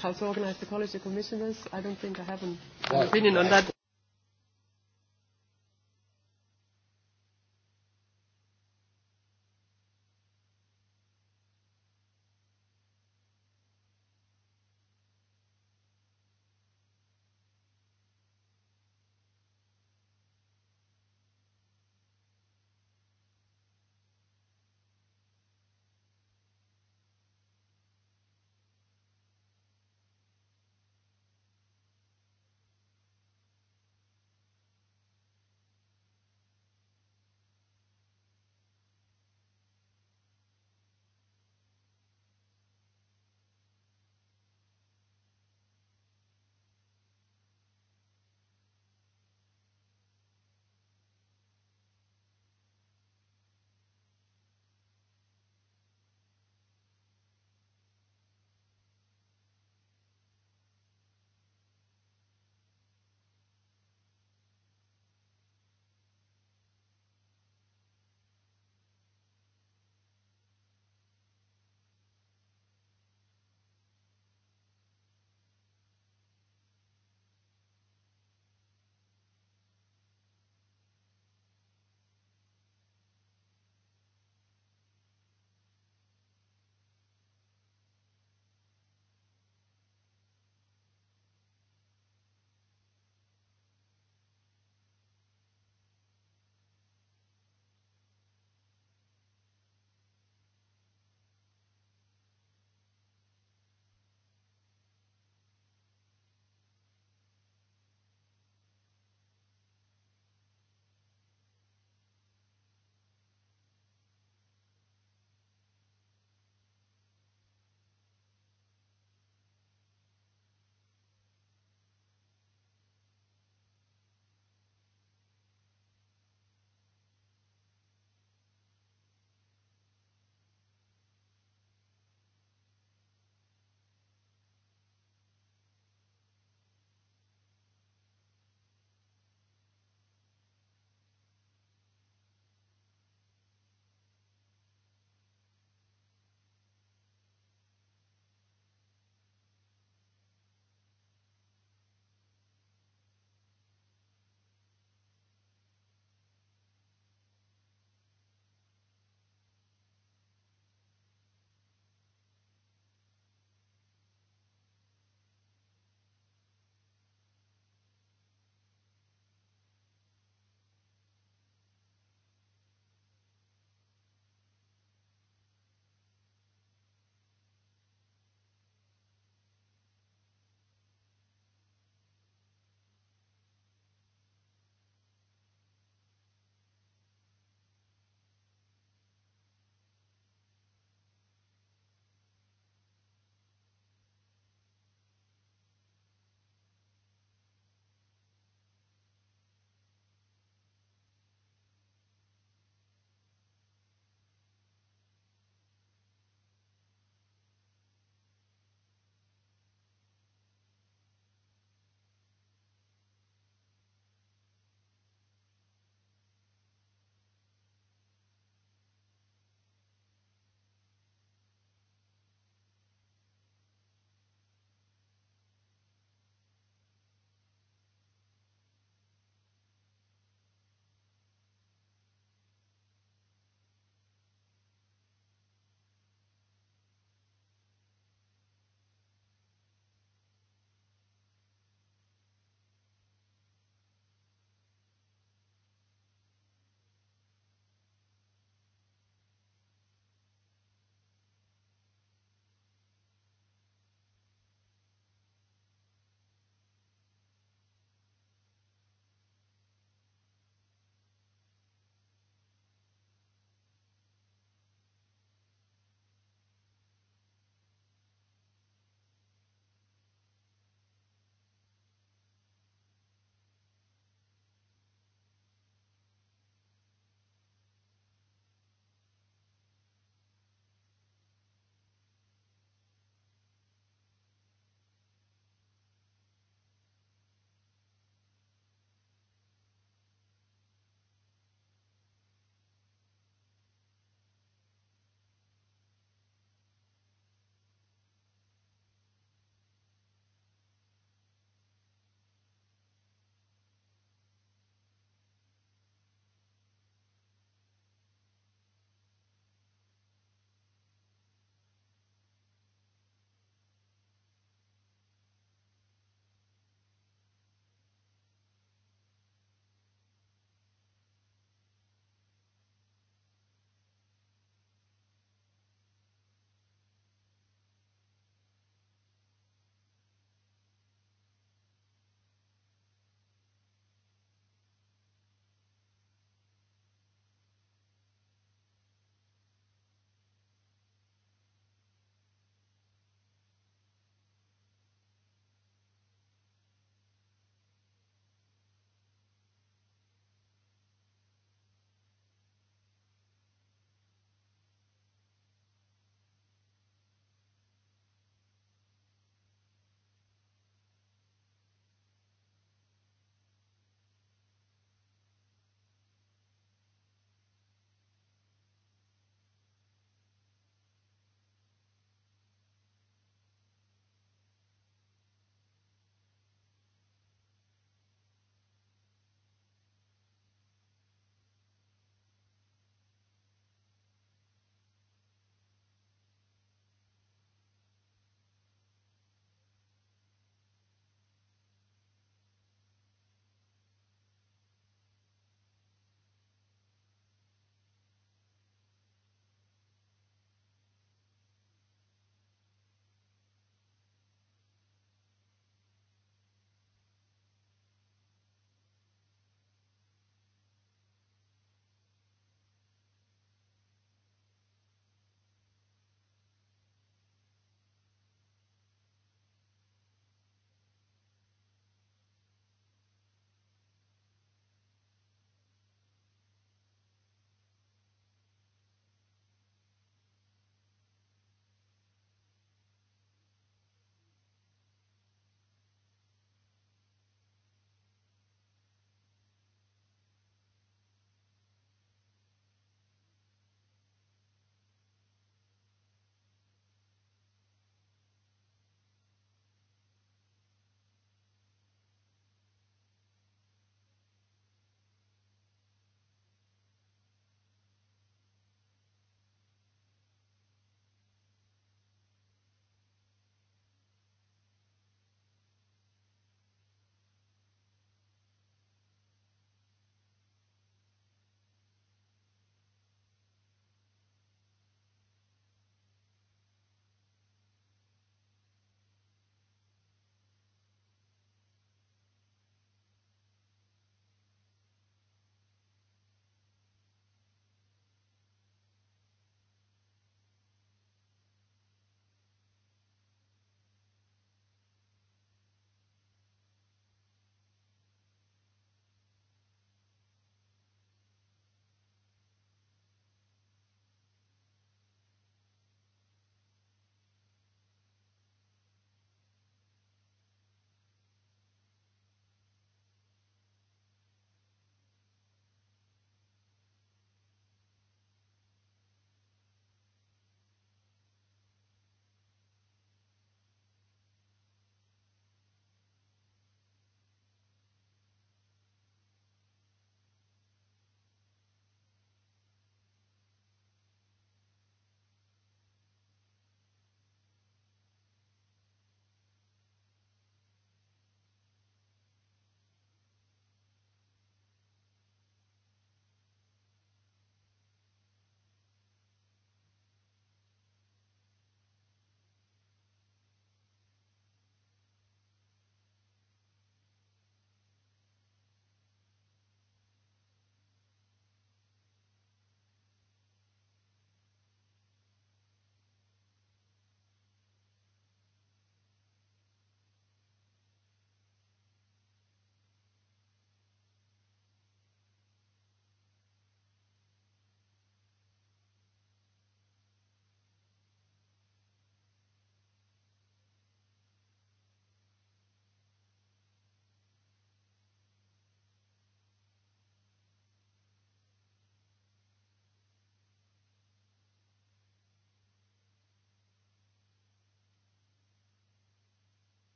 House organized the College of Commissioners. I don't think I have an opinion on that.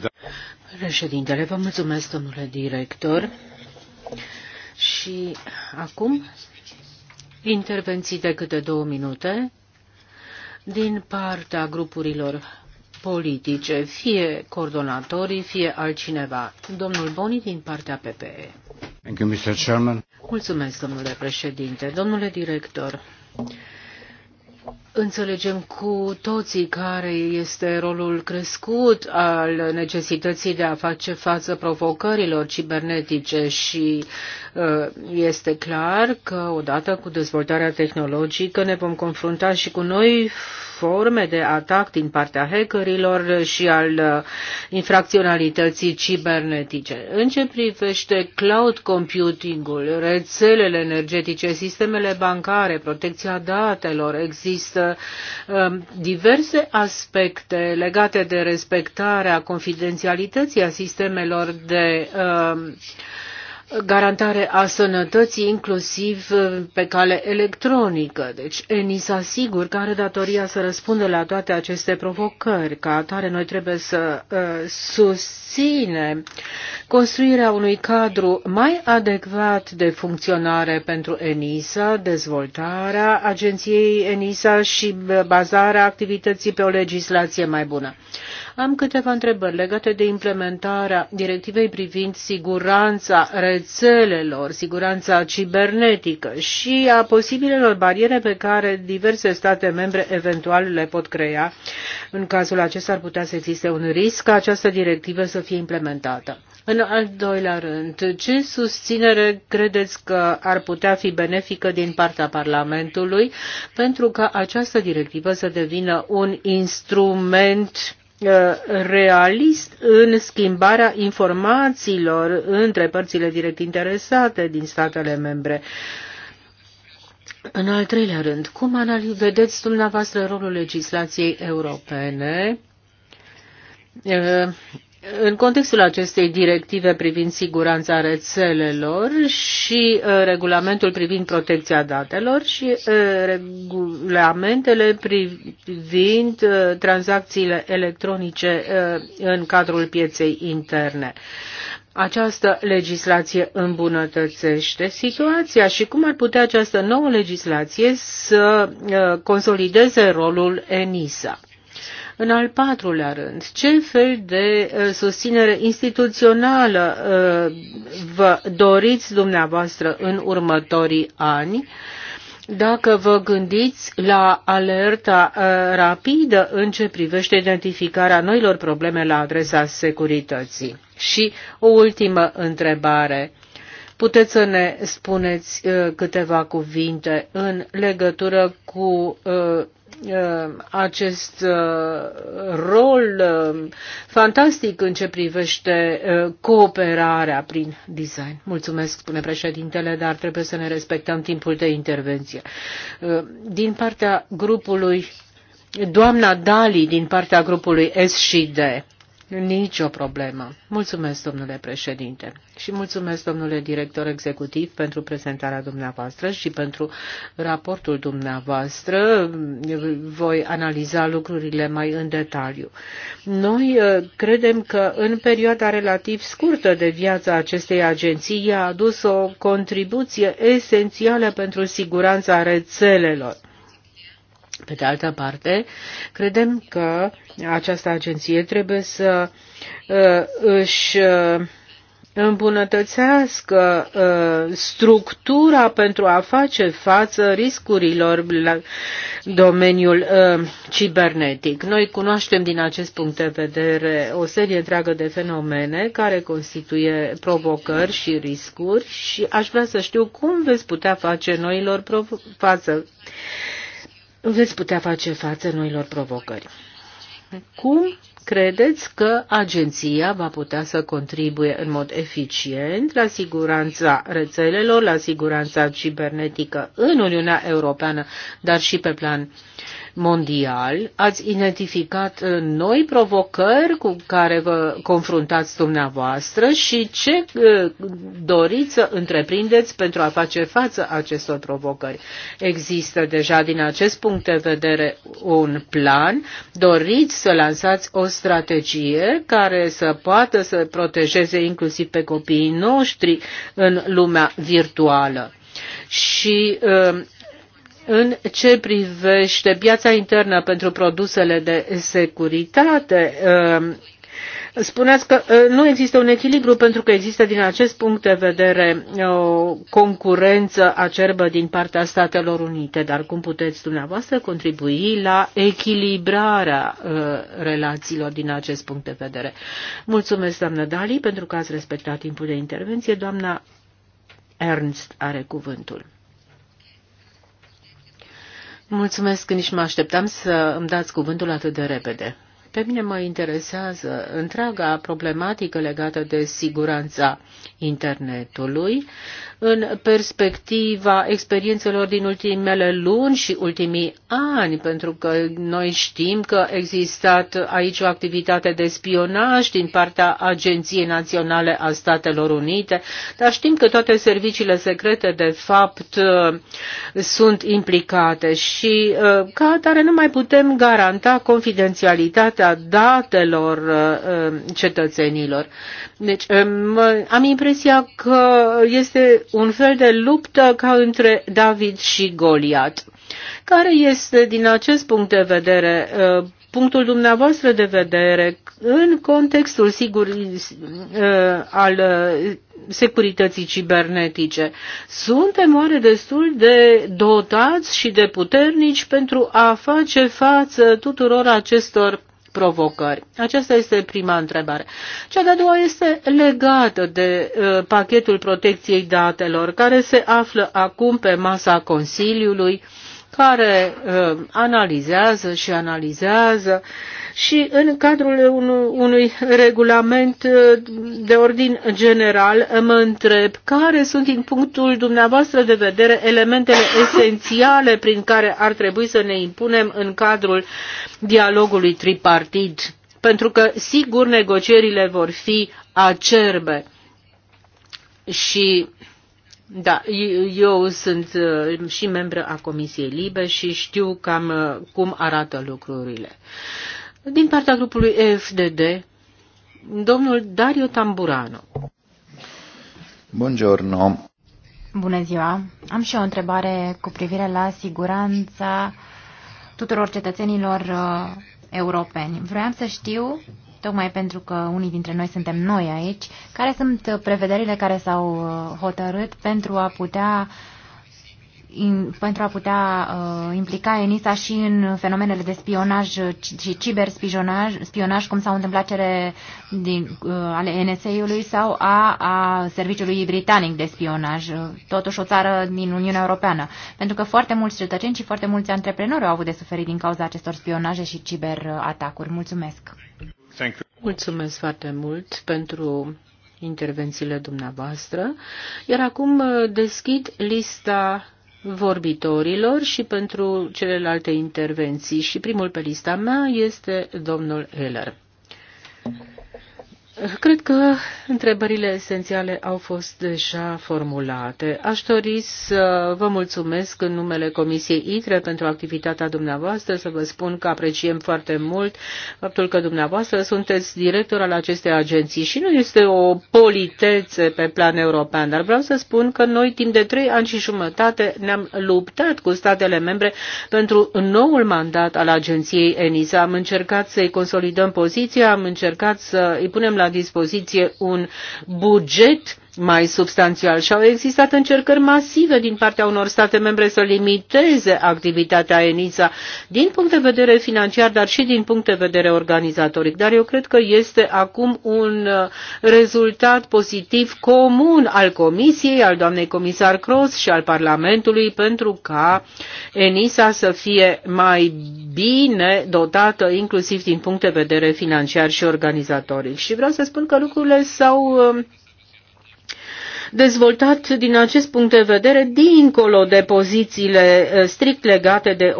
Da- Președintele, vă mulțumesc, domnule director. Și acum, intervenții de câte două minute din partea grupurilor politice, fie coordonatorii, fie altcineva. Domnul Boni din partea PPE.
Thank you, Mr. Chairman.
Mulțumesc, domnule președinte. Domnule director, Înțelegem cu toții care este rolul crescut al necesității de a face față provocărilor cibernetice și uh, este clar că odată cu dezvoltarea tehnologică ne vom confrunta și cu noi forme de atac din partea hackerilor și al uh, infracționalității cibernetice. În ce privește cloud computing-ul, rețelele energetice, sistemele bancare, protecția datelor, există um, diverse aspecte legate de respectarea confidențialității a sistemelor de um, garantare a sănătății inclusiv uh, pe cale electronică. Deci ENIS asigur că are datoria să răspundă la toate aceste provocări. Ca atare noi trebuie să uh, susținem construirea unui cadru mai adecvat de funcționare pentru ENISA, dezvoltarea agenției ENISA și uh, bazarea activității pe o legislație mai bună. Am câteva întrebări legate de implementarea directivei privind siguranța rețelelor, siguranța cibernetică și a posibilelor bariere pe care diverse state membre eventual le pot crea. În cazul acesta ar putea să existe un risc ca această directivă să fie implementată. În al doilea rând, ce susținere credeți că ar putea fi benefică din partea Parlamentului pentru ca această directivă să devină un instrument Uh, realist în schimbarea informațiilor între părțile direct interesate din statele membre. În al treilea rând, cum vedeți dumneavoastră rolul legislației europene uh, în contextul acestei directive privind siguranța rețelelor și uh, regulamentul privind protecția datelor și uh, regulamentele privind uh, tranzacțiile electronice în cadrul pieței interne. Această legislație îmbunătățește situația și cum ar putea această nouă legislație să consolideze rolul ENISA. În al patrulea rând, ce fel de uh, susținere instituțională uh, vă doriți dumneavoastră în următorii ani? Dacă vă gândiți la alerta uh, rapidă în ce privește identificarea noilor probleme la adresa securității. Și o ultimă întrebare. Puteți să ne spuneți câteva cuvinte în legătură cu Uh, acest uh, rol uh, fantastic în ce privește cooperarea prin design. Mulțumesc, spune președintele, dar trebuie să ne respectăm timpul de intervenție. Din partea grupului, doamna Dali, din partea grupului S și D nici o problemă. Mulțumesc, domnule președinte, și mulțumesc, domnule director executiv, pentru prezentarea dumneavoastră și pentru raportul dumneavoastră. Voi analiza lucrurile mai în detaliu. Noi uh, credem că în perioada relativ scurtă de viață acestei agenții a adus o contribuție esențială pentru siguranța rețelelor. Pe de altă parte, credem că această agenție trebuie să uh, își uh, îmbunătățească uh, structura pentru a face față riscurilor la domeniul cibernetic. Noi cunoaștem din acest punct de vedere o serie întreagă de fenomene care constituie provocări și riscuri și aș vrea să știu cum veți putea face noilor față veți putea face față noilor provocări. Cum credeți că agenția va putea să contribuie în mod eficient la siguranța rețelelor, la siguranța cibernetică în Uniunea Europeană, dar și pe plan mondial, ați identificat uh, noi provocări cu care vă confruntați dumneavoastră și ce uh, doriți să întreprindeți pentru a face față acestor provocări. Există deja din acest punct de vedere un plan, doriți să lansați o strategie care să poată să protejeze inclusiv pe copiii noștri în lumea virtuală. Și uh, în ce privește piața internă pentru produsele de securitate, um, Spuneați că uh, nu există un echilibru pentru că există din acest punct de vedere uh, o concurență acerbă din partea Statelor Unite, dar cum puteți dumneavoastră contribui la echilibrarea uh, relațiilor din acest punct de vedere? Mulțumesc, doamnă Dali, pentru că ați respectat timpul de intervenție. Doamna Ernst are cuvântul. Mulțumesc, nici mă așteptam să îmi dați cuvântul atât de repede. Pe mine mă interesează întreaga problematică legată de siguranța internetului, în perspectiva experiențelor din ultimele luni și ultimii ani, pentru că noi știm că a existat aici o activitate de spionaj din partea Agenției Naționale a Statelor Unite, dar știm că toate serviciile secrete, de fapt, sunt implicate și, ca atare, nu mai putem garanta confidențialitatea datelor cetățenilor. Deci, am impresia că este un fel de luptă ca între David și Goliat. Care este, din acest punct de vedere, uh, punctul dumneavoastră de vedere în contextul sigur uh, al uh, securității cibernetice. Suntem oare destul de dotați și de puternici pentru a face față tuturor acestor provocări? Aceasta este prima întrebare. Cea de-a doua este legată de uh, pachetul protecției datelor, care se află acum pe masa Consiliului, care uh, analizează și analizează uh, și în cadrul unui regulament uh, de ordin general mă întreb care sunt din punctul dumneavoastră de vedere elementele esențiale prin care ar trebui să ne impunem în cadrul dialogului tripartit pentru că sigur negocierile vor fi acerbe și da, eu sunt uh, și membră a Comisiei Libe și știu cam uh, cum arată lucrurile. Din partea grupului EFDD, domnul Dario Tamburano. Buongiorno.
Bună ziua. Am și o întrebare cu privire la siguranța tuturor cetățenilor uh, europeni. Vreau să știu, tocmai pentru că unii dintre noi suntem noi aici, care sunt prevederile care s-au uh, hotărât pentru a putea uh, in, pentru a putea uh, implica ENISA și în fenomenele de spionaj și ciberspionaj, spionaj, cum s-au întâmplat cele din, uh, ale NSA-ului sau a, a Serviciului Britanic de Spionaj, uh, totuși o țară din Uniunea Europeană. Pentru că foarte mulți cetățeni și foarte mulți antreprenori au avut de suferit din cauza acestor spionaje și ciberatacuri. Mulțumesc!
Mulțumesc foarte mult pentru intervențiile dumneavoastră, iar acum uh, deschid lista vorbitorilor și pentru celelalte intervenții. Și primul pe lista mea este domnul Heller. Cred că întrebările esențiale au fost deja formulate. Aș dori să vă mulțumesc în numele Comisiei ITRE pentru activitatea dumneavoastră, să vă spun că apreciem foarte mult faptul că dumneavoastră sunteți director al acestei agenții și nu este o politețe pe plan european, dar vreau să spun că noi timp de trei ani și jumătate ne-am luptat cu statele membre pentru noul mandat al agenției ENISA. Am încercat să-i consolidăm poziția, am încercat să îi punem la la dispoziție un buget mai substanțial și au existat încercări masive din partea unor state membre să limiteze activitatea ENISA din punct de vedere financiar, dar și din punct de vedere organizatoric. Dar eu cred că este acum un uh, rezultat pozitiv comun al Comisiei, al doamnei comisar Cross și al Parlamentului pentru ca ENISA să fie mai bine dotată inclusiv din punct de vedere financiar și organizatoric. Și vreau să spun că lucrurile s-au uh, dezvoltat din acest punct de vedere dincolo de pozițiile eh, strict legate de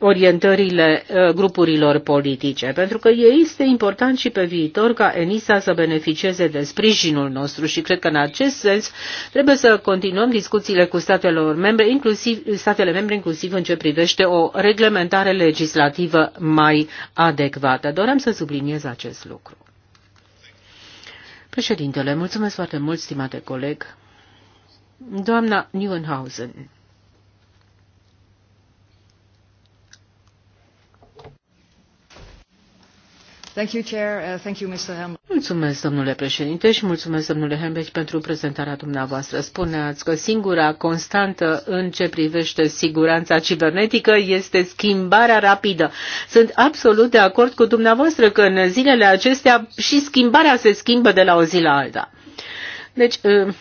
orientările eh, grupurilor politice, pentru că este important și pe viitor ca ENISA să beneficieze de sprijinul nostru și cred că în acest sens trebuie să continuăm discuțiile cu statelor membre, inclusiv, statele membre, inclusiv în ce privește o reglementare legislativă mai adecvată. Doream să subliniez acest lucru. Președintele, mulțumesc foarte mult, stimate coleg. Doamna Neuenhausen, Uh, mulțumesc, domnule președinte, și mulțumesc, domnule Helmreich, pentru prezentarea dumneavoastră. Spuneați că singura constantă în ce privește siguranța cibernetică este schimbarea rapidă. Sunt absolut de acord cu dumneavoastră că în zilele acestea și schimbarea se schimbă de la o zi la alta. Deci, uh,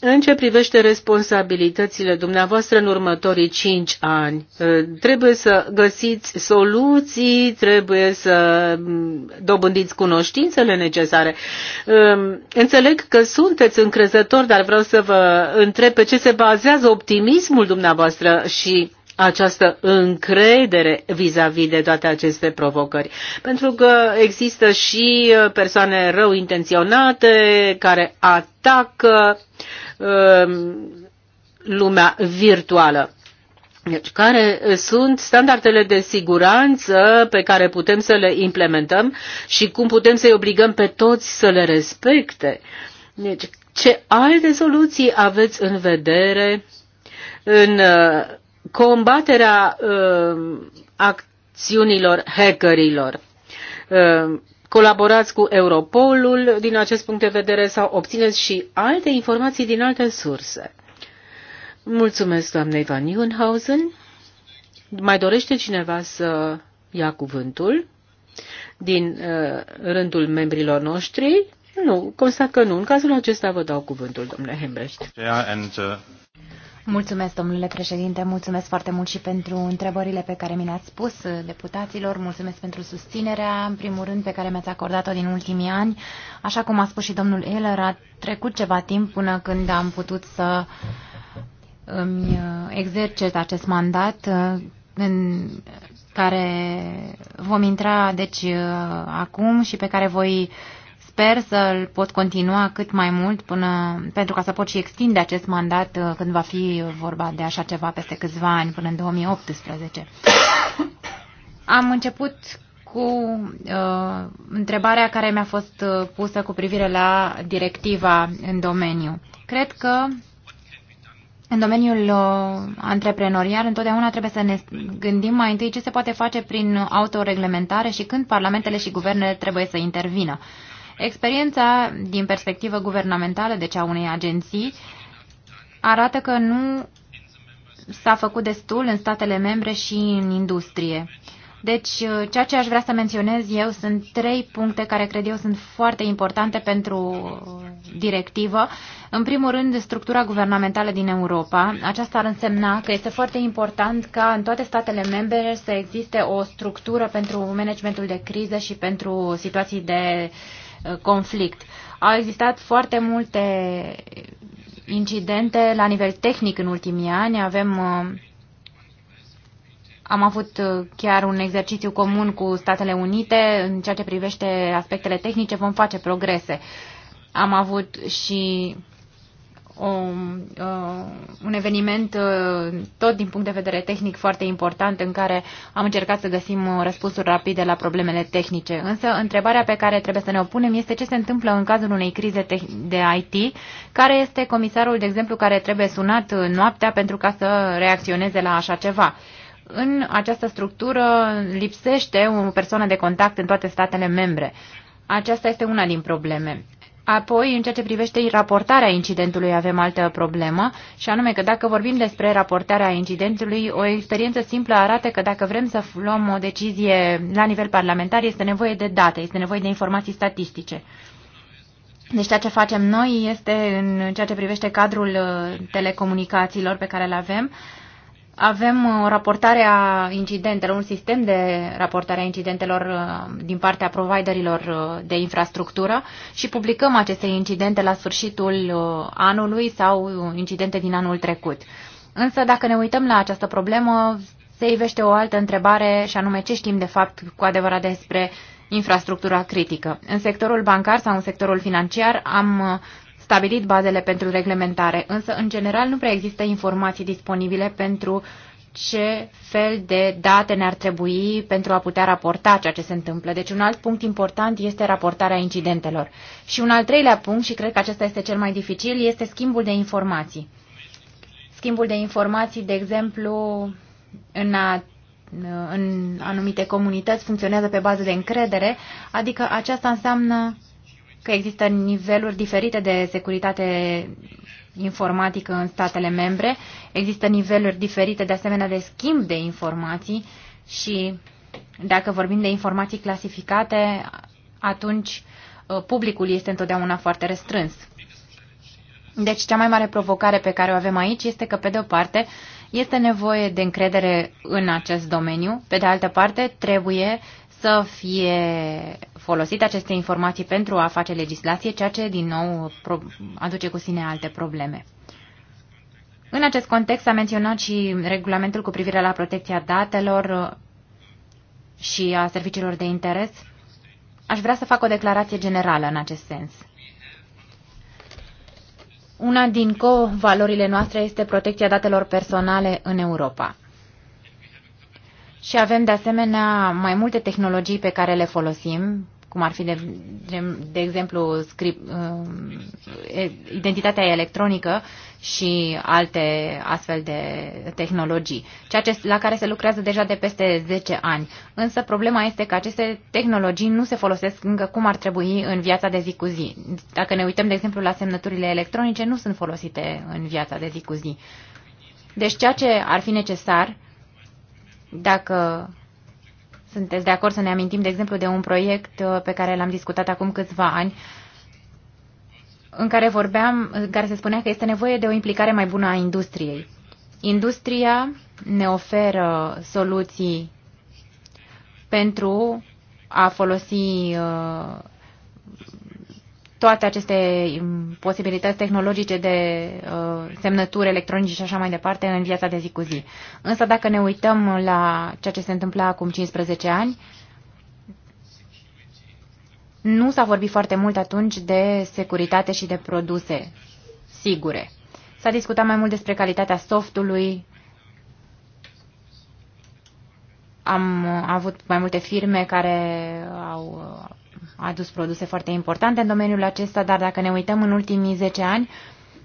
în ce privește responsabilitățile dumneavoastră în următorii cinci ani, ă, trebuie să găsiți soluții, trebuie să dobândiți cunoștințele necesare. Ă, înțeleg că sunteți încrezători, dar vreau să vă întreb pe ce se bazează optimismul dumneavoastră și această încredere vis-a-vis -vis de toate aceste provocări. Pentru că există și ă, persoane rău intenționate care atacă uh, Um, lumea virtuală. Deci, care sunt standardele de siguranță pe care putem să le implementăm și cum putem să-i obligăm pe toți să le respecte? Deci, ce alte soluții aveți în vedere în uh, combaterea uh, acțiunilor hackerilor? Uh, colaborați cu Europolul din acest punct de vedere sau obțineți și alte informații din alte surse. Mulțumesc doamnei Van Nieuwenhausen. Mai dorește cineva să ia cuvântul din uh, rândul membrilor noștri? Nu, constat că
nu. În cazul acesta vă dau cuvântul,
domnule Hembrecht.
Mulțumesc, domnule președinte, mulțumesc foarte mult și pentru întrebările pe care mi le-ați spus uh, deputaților, mulțumesc pentru susținerea, în primul rând, pe care mi-ați acordat-o din ultimii ani. Așa cum a spus și domnul Eller, a trecut ceva timp până când am putut să îmi uh, exercet acest mandat uh, în care vom intra, deci, acum și pe care voi Sper să-l pot continua cât mai mult până, pentru ca să pot și extinde acest mandat uh, când va fi vorba de așa ceva peste câțiva ani, până în 2018. Am început cu uh, întrebarea care mi-a fost uh, pusă cu privire la directiva în domeniu. Cred că în domeniul uh, antreprenorial întotdeauna trebuie să ne gândim mai întâi ce se poate face prin autoreglementare și când parlamentele și guvernele trebuie să intervină. Uh, Experiența din perspectivă guvernamentală, deci a unei agenții, arată că nu s-a făcut destul în statele membre și în industrie. Deci, ceea ce aș vrea să menționez eu sunt trei puncte care cred eu sunt foarte importante pentru directivă. În primul rând, structura guvernamentală din Europa. Aceasta ar însemna că este foarte important ca în toate statele membre să existe o structură pentru managementul de criză și pentru situații de uh, Uh, conflict. Au existat foarte multe incidente la nivel tehnic în ultimii ani. Avem uh, am avut uh, chiar un exercițiu comun cu Statele Unite în ceea ce privește aspectele tehnice, vom face progrese. Am avut și o, un eveniment uh, tot din punct de vedere tehnic foarte important în care am încercat să găsim uh, răspunsuri rapide la problemele tehnice. Însă întrebarea pe care trebuie să ne opunem este ce se întâmplă în cazul unei crize de IT, care este comisarul, de exemplu, care trebuie sunat uh, noaptea pentru ca să reacționeze la așa ceva. În această structură lipsește o persoană de contact în toate statele membre. Aceasta este una din probleme. Apoi, în ceea ce privește raportarea incidentului, avem altă problemă, și anume că dacă vorbim despre raportarea incidentului, o experiență simplă arată că dacă vrem să luăm o decizie la nivel parlamentar, este nevoie de date, este nevoie de informații statistice. Deci ceea ce facem noi este, în ceea ce privește cadrul uh, telecomunicațiilor pe care îl avem, uh, avem o uh, raportare a incidentelor, un sistem de raportare a incidentelor uh, din partea providerilor uh, de infrastructură și publicăm aceste incidente la sfârșitul anului sau incidente din anul trecut. Însă, dacă ne uităm la această problemă, se ivește o altă întrebare și anume ce știm de fapt cu adevărat despre infrastructura critică. În sectorul bancar sau în sectorul financiar am stabilit bazele pentru reglementare, însă în general nu prea există informații disponibile pentru ce fel de date ne-ar trebui pentru a putea raporta ceea ce se întâmplă. Deci un alt punct important este raportarea incidentelor. Și un al treilea punct, și cred că acesta este cel mai dificil, este schimbul de informații. Schimbul de informații, de exemplu, în, a, în anumite comunități funcționează pe bază de încredere, adică aceasta înseamnă că există niveluri diferite de securitate informatică în statele membre, există niveluri diferite de asemenea de schimb de informații și dacă vorbim de informații clasificate, atunci uh, publicul este întotdeauna foarte restrâns. Deci cea mai mare provocare pe care o avem aici este că, pe de o parte, este nevoie de încredere în acest domeniu, pe de altă parte, trebuie să fie folosite aceste informații pentru a face legislație, ceea ce din nou aduce cu sine alte probleme. În acest context s-a menționat și regulamentul cu privire la protecția datelor uh, și a serviciilor de interes. Aș vrea să fac o declarație generală în acest sens. Una din co-valorile noastre este protecția datelor personale în Europa. Și avem de asemenea mai multe tehnologii pe care le folosim, cum ar fi, de, de, de exemplu, script, uh, um, identitatea electronică și alte astfel de tehnologii, ceea ce, la care se lucrează deja de peste 10 ani. Însă problema este că aceste tehnologii nu se folosesc încă cum ar trebui în viața de zi cu zi. Dacă ne uităm, de exemplu, la semnăturile electronice, nu sunt folosite în viața de zi cu zi. Deci ceea ce ar fi necesar dacă sunteți de acord să ne amintim, de exemplu, de un proiect uh, pe care l-am discutat acum câțiva ani, în care vorbeam, în care se spunea că este nevoie de o implicare mai bună a industriei. Industria ne oferă soluții pentru a folosi uh, toate aceste mm, posibilități tehnologice de uh, semnături electronice și așa mai departe în viața de zi cu zi. Însă dacă ne uităm la ceea ce se întâmpla acum 15 ani, nu s-a vorbit foarte mult atunci de securitate și de produse sigure. S-a discutat mai mult despre calitatea softului. Am avut mai multe firme care au adus produse foarte importante în domeniul acesta, dar dacă ne uităm în ultimii 10 ani,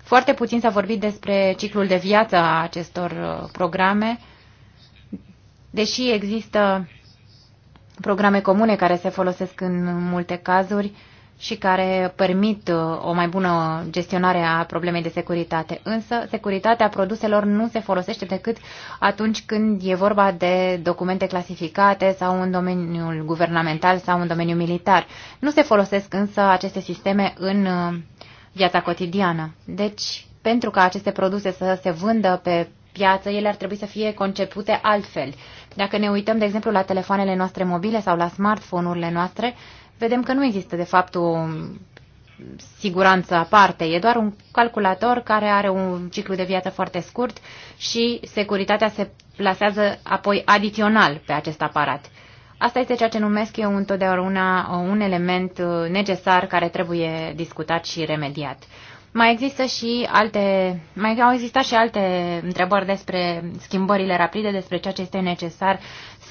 foarte puțin s-a vorbit despre ciclul de viață a acestor uh, programe, deși există programe comune care se folosesc în multe cazuri, și care permit uh, o mai bună gestionare a problemei de securitate. Însă, securitatea produselor nu se folosește decât atunci când e vorba de documente clasificate sau în domeniul guvernamental sau în domeniul militar. Nu se folosesc însă aceste sisteme în uh, viața cotidiană. Deci, pentru ca aceste produse să se vândă pe piață, ele ar trebui să fie concepute altfel. Dacă ne uităm, de exemplu, la telefoanele noastre mobile sau la smartphone-urile noastre, vedem că nu există de fapt o siguranță aparte. E doar un calculator care are un ciclu de viață foarte scurt și securitatea se plasează apoi adițional pe acest aparat. Asta este ceea ce numesc eu întotdeauna un element necesar care trebuie discutat și remediat. Mai există și alte, mai au existat și alte întrebări despre schimbările rapide, despre ceea ce este necesar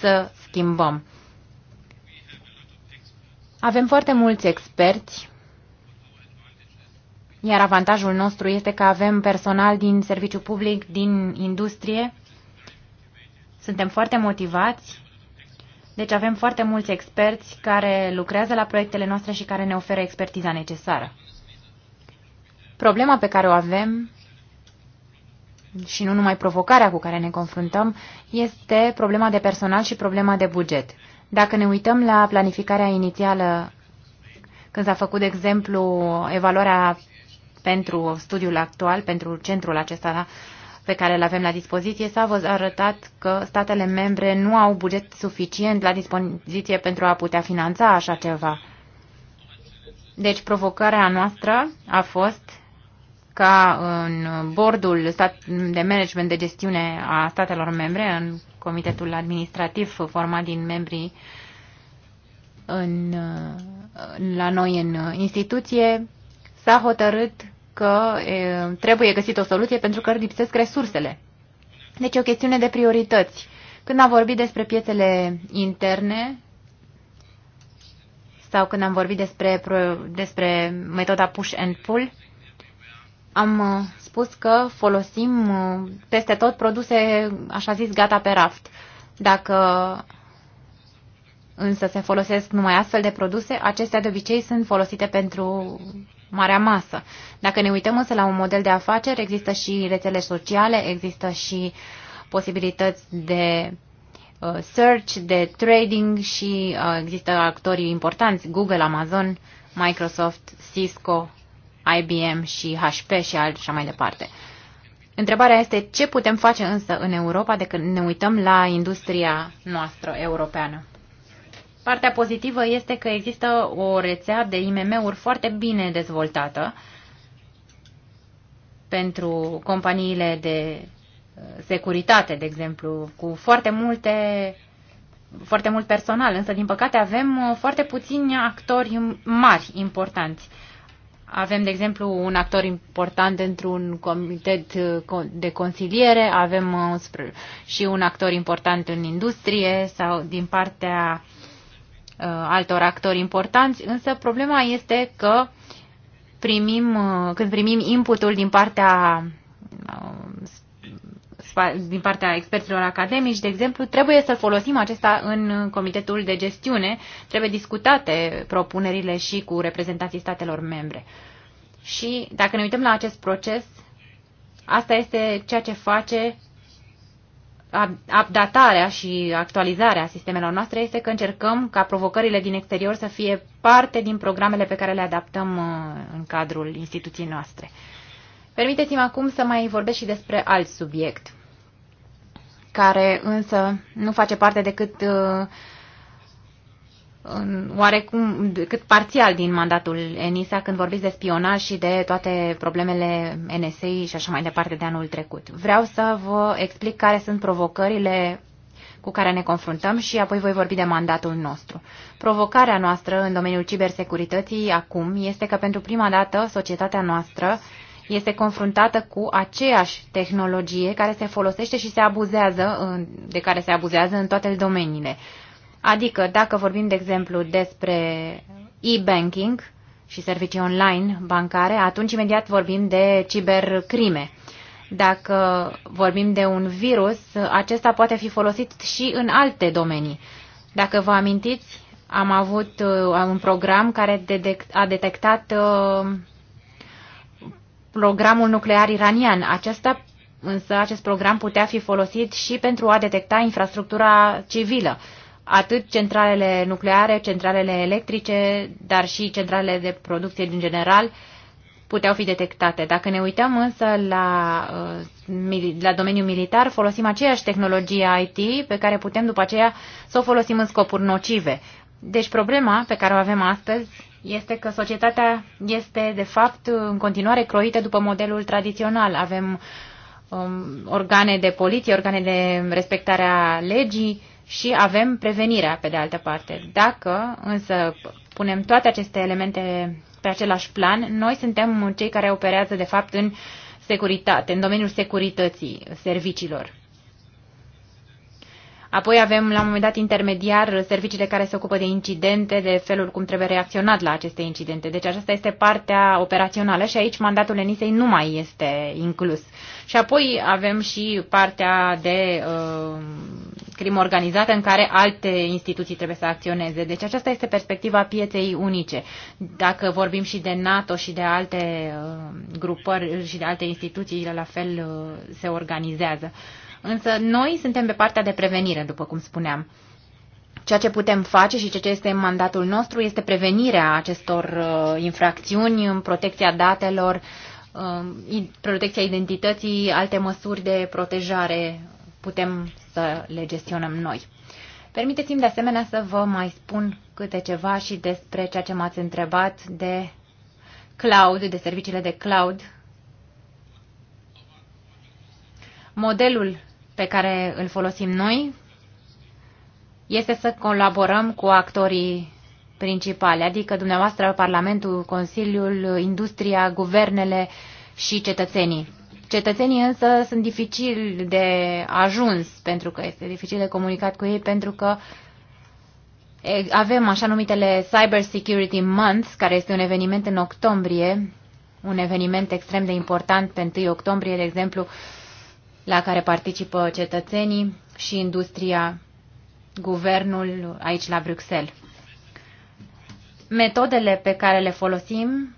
să schimbăm. Avem foarte mulți experți, iar avantajul nostru este că avem personal din serviciu public, din industrie. Suntem foarte motivați, deci avem foarte mulți experți care lucrează la proiectele noastre și care ne oferă expertiza necesară. Problema pe care o avem și nu numai provocarea cu care ne confruntăm, este problema de personal și problema de buget. Dacă ne uităm la planificarea inițială, când s-a făcut, de exemplu, evaluarea pentru studiul actual, pentru centrul acesta pe care îl avem la dispoziție, s-a arătat că statele membre nu au buget suficient la dispoziție pentru a putea finanța așa ceva. Deci provocarea noastră a fost ca în bordul de management de gestiune a statelor membre, în comitetul administrativ format din membrii în, la noi în instituție, s-a hotărât că e, trebuie găsit o soluție pentru că lipsesc resursele. Deci e o chestiune de priorități. Când am vorbit despre piețele interne sau când am vorbit despre, despre metoda push and pull, am uh, spus că folosim uh, peste tot produse, așa zis, gata pe raft. Dacă însă se folosesc numai astfel de produse, acestea de obicei sunt folosite pentru marea masă. Dacă ne uităm însă la un model de afaceri, există și rețele sociale, există și posibilități de uh, search, de trading și există actorii importanți, Google, Amazon, Microsoft, Cisco, IBM și HP și așa mai departe. Întrebarea este ce putem face însă în Europa de când ne uităm la industria noastră europeană. Partea pozitivă este că există o rețea de IMM-uri foarte bine dezvoltată pentru companiile de uh, securitate, de exemplu, cu foarte multe foarte mult personal, însă din păcate avem uh, foarte puțini actori mari, importanți. Avem, de exemplu, un actor important într-un comitet uh, de consiliere, avem uh, și un actor important în industrie sau din partea uh, altor actori importanți, însă problema este că primim, când primim inputul din partea din partea experților academici, de exemplu, trebuie să folosim acesta în comitetul de gestiune, trebuie discutate propunerile și cu reprezentanții statelor membre. Și dacă ne uităm la acest proces, asta este ceea ce face updatarea și actualizarea sistemelor noastre este că încercăm ca provocările din exterior să fie parte din programele pe care le adaptăm uh, în cadrul instituției noastre. Permiteți-mi acum să mai vorbesc și despre alt subiect care însă nu face parte decât uh, oarecum, decât parțial din mandatul ENISA când vorbiți de spionaj și de toate problemele NSA și așa mai departe de anul trecut. Vreau să vă explic care sunt provocările cu care ne confruntăm și apoi voi vorbi de mandatul nostru. Provocarea noastră în domeniul cibersecurității acum este că pentru prima dată societatea noastră este confruntată cu aceeași tehnologie care se folosește și se abuzează, de care se abuzează în toate domeniile. Adică, dacă vorbim, de exemplu, despre e-banking și servicii online bancare, atunci imediat vorbim de cibercrime. Dacă vorbim de un virus, acesta poate fi folosit și în alte domenii. Dacă vă amintiți, am avut uh, un program care a detectat uh, programul nuclear iranian. Acesta, însă acest program putea fi folosit și pentru a detecta infrastructura civilă, atât centralele nucleare, centralele electrice, dar și centralele de producție în general puteau fi detectate. Dacă ne uităm însă la, uh, la domeniul militar, folosim aceeași tehnologie IT pe care putem după aceea să o folosim în scopuri nocive. Deci problema pe care o avem astăzi este că societatea este de fapt în continuare croită după modelul tradițional. Avem um, organe de poliție, organe de respectare a legii și avem prevenirea pe de altă parte. Dacă însă punem toate aceste elemente pe același plan, noi suntem cei care operează de fapt în securitate, în domeniul securității serviciilor. Apoi avem la un moment dat intermediar serviciile care se ocupă de incidente, de felul cum trebuie reacționat la aceste incidente. Deci aceasta este partea operațională și aici mandatul ENISEI nu mai este inclus. Și apoi avem și partea de uh, crimă organizată în care alte instituții trebuie să acționeze. Deci aceasta este perspectiva pieței unice. Dacă vorbim și de NATO și de alte uh, grupări și de alte instituții, la fel uh, se organizează. Uh, Însă noi suntem pe partea de prevenire, după cum spuneam. Ceea ce putem face și ceea ce este mandatul nostru este prevenirea acestor uh, infracțiuni, protecția datelor, uh, protecția identității, alte măsuri de protejare putem să le gestionăm noi. Permiteți-mi de asemenea să vă mai spun câte ceva și despre ceea ce m-ați întrebat de cloud, de serviciile de cloud. Modelul pe care îl folosim noi este să colaborăm cu actorii principale, adică dumneavoastră, Parlamentul, Consiliul, industria, guvernele și cetățenii. Cetățenii însă sunt dificil de ajuns, pentru că este dificil de comunicat cu ei, pentru că avem așa numitele Cyber Security Month, care este un eveniment în octombrie, un eveniment extrem de important pe 1 octombrie, de exemplu, la care participă cetățenii și industria, guvernul aici la Bruxelles. Metodele pe care le folosim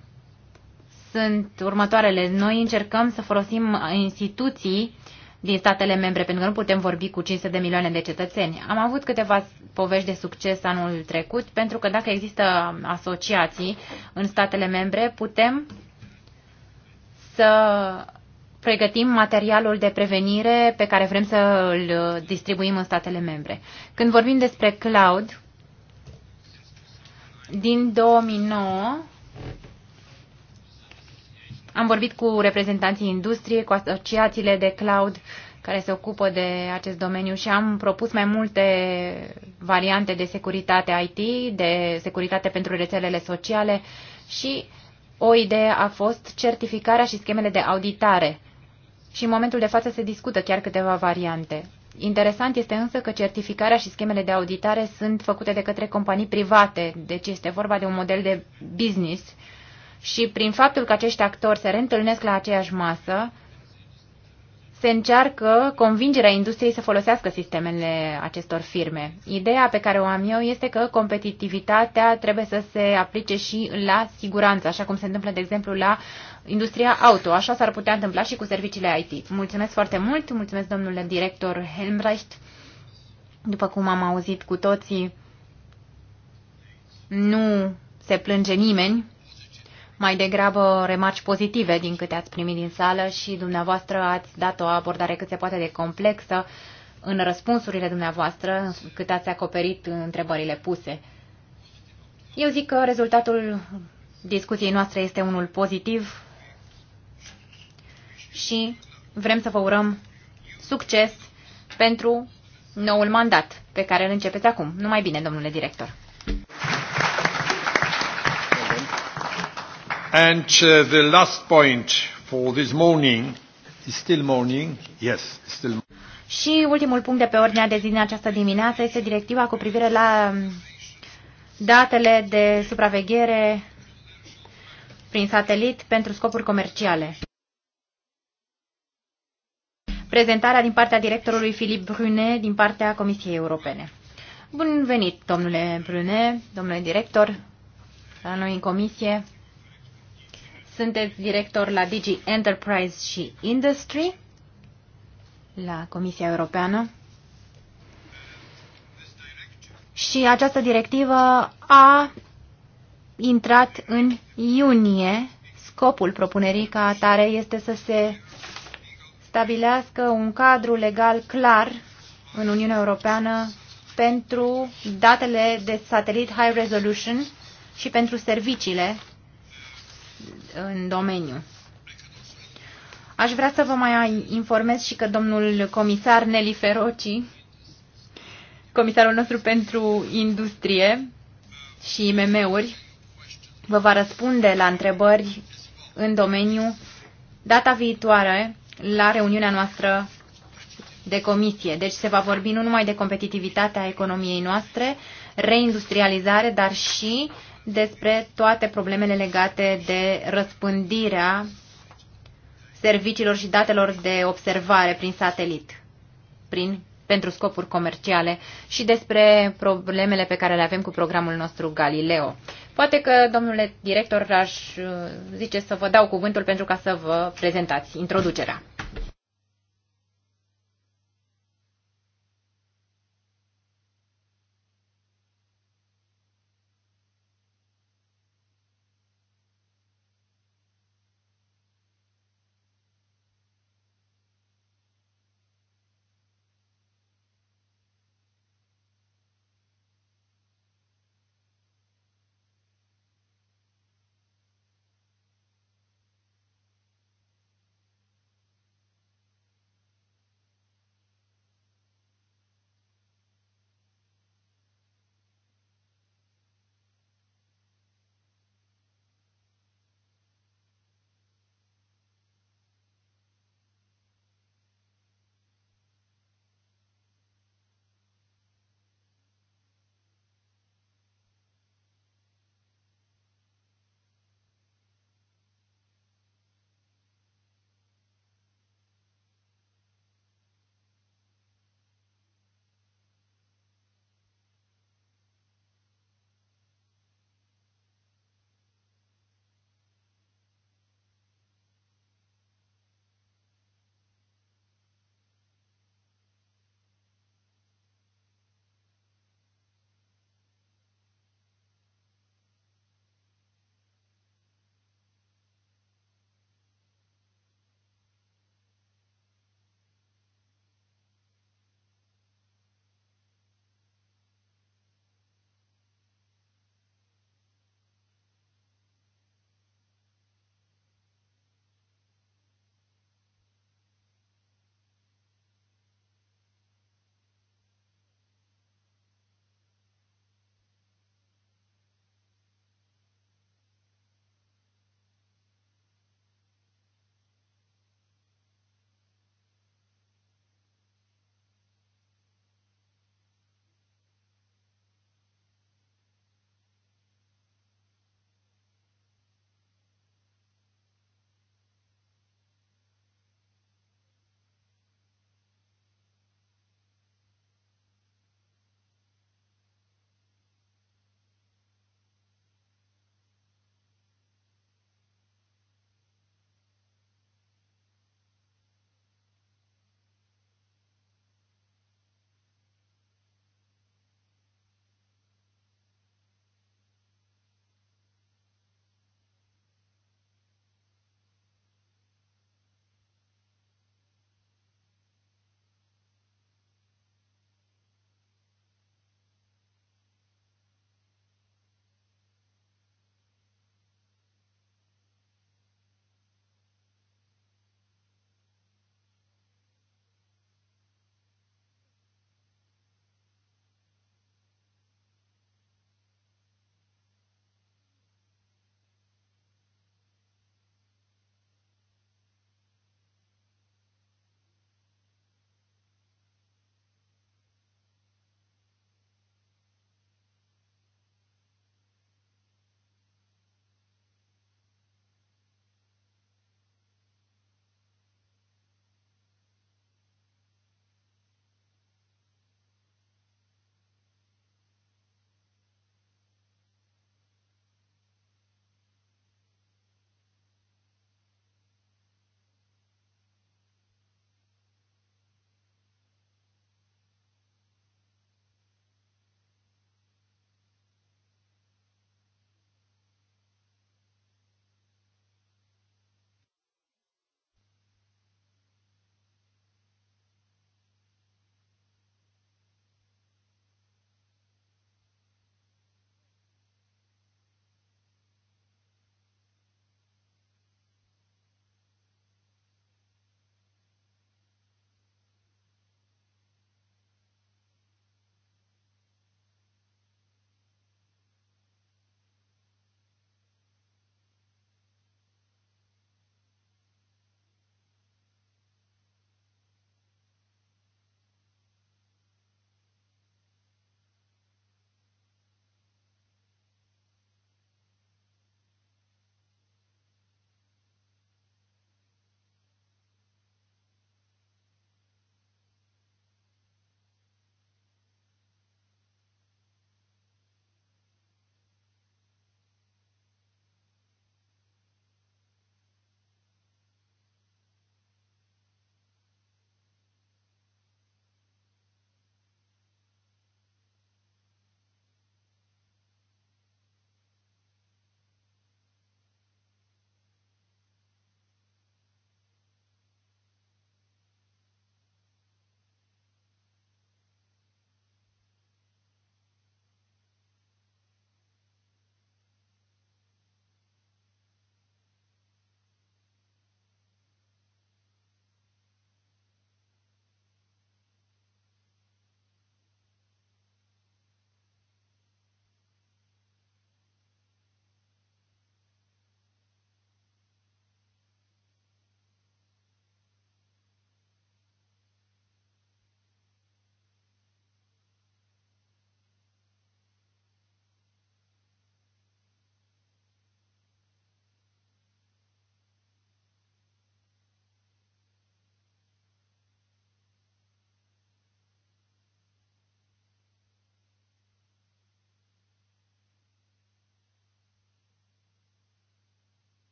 sunt următoarele. Noi încercăm să folosim instituții din statele membre, pentru că nu putem vorbi cu 500 de milioane de cetățeni. Am avut câteva povești de succes anul trecut, pentru că dacă există asociații în statele membre, putem să pregătim materialul de prevenire pe care vrem să îl uh, distribuim în statele membre. Când vorbim despre cloud, din 2009 am vorbit cu reprezentanții industriei, cu asociațiile de cloud care se ocupă de acest domeniu și am propus mai multe variante de securitate IT, de securitate pentru rețelele sociale și o idee a fost certificarea și schemele de auditare și în momentul de față se discută chiar câteva variante. Interesant este însă că certificarea și schemele de auditare sunt făcute de către companii private, deci este vorba de un model de business și prin faptul că acești actori se reîntâlnesc la aceeași masă, se încearcă convingerea industriei să folosească sistemele acestor firme. Ideea pe care o am eu este că competitivitatea trebuie să se aplice și la siguranță, așa cum se întâmplă, de exemplu, la industria auto. Așa s-ar putea întâmpla și cu serviciile IT. Mulțumesc foarte mult, mulțumesc domnule director Helmbrecht. După cum am auzit cu toții, nu se plânge nimeni, mai degrabă remarci pozitive din câte ați primit din sală și dumneavoastră ați dat o abordare cât se poate de complexă în răspunsurile dumneavoastră, cât ați acoperit întrebările puse. Eu zic că rezultatul discuției noastre este unul pozitiv și vrem să vă urăm succes pentru noul mandat pe care îl începeți acum. Numai bine, domnule director!
And uh, the last point for this morning is still morning. Yes, still.
Și ultimul punct de pe ordinea de zi din această dimineață este directiva cu privire la um, datele de supraveghere prin satelit pentru scopuri comerciale prezentarea din partea directorului Filip Brune din partea Comisiei Europene. Bun venit, domnule Brune, domnule director, la noi în comisie. Sunteți director la Digi Enterprise și Industry, la Comisia Europeană. Și această directivă a intrat în iunie. Scopul propunerii ca atare este să se stabilească un cadru legal clar în Uniunea Europeană pentru datele de satelit high resolution și pentru serviciile în domeniu. Aș vrea să vă mai informez și că domnul comisar Nelly Feroci, comisarul nostru pentru industrie și IMM-uri, vă va răspunde la întrebări în domeniu data viitoare la reuniunea noastră de comisie. Deci se va vorbi nu numai de competitivitatea economiei noastre, reindustrializare, dar și despre toate problemele legate de răspândirea serviciilor și datelor de observare prin satelit, prin, pentru scopuri comerciale și despre problemele pe care le avem cu programul nostru Galileo. Poate că, domnule director, aș uh, zice să vă dau cuvântul pentru ca să vă prezentați introducerea.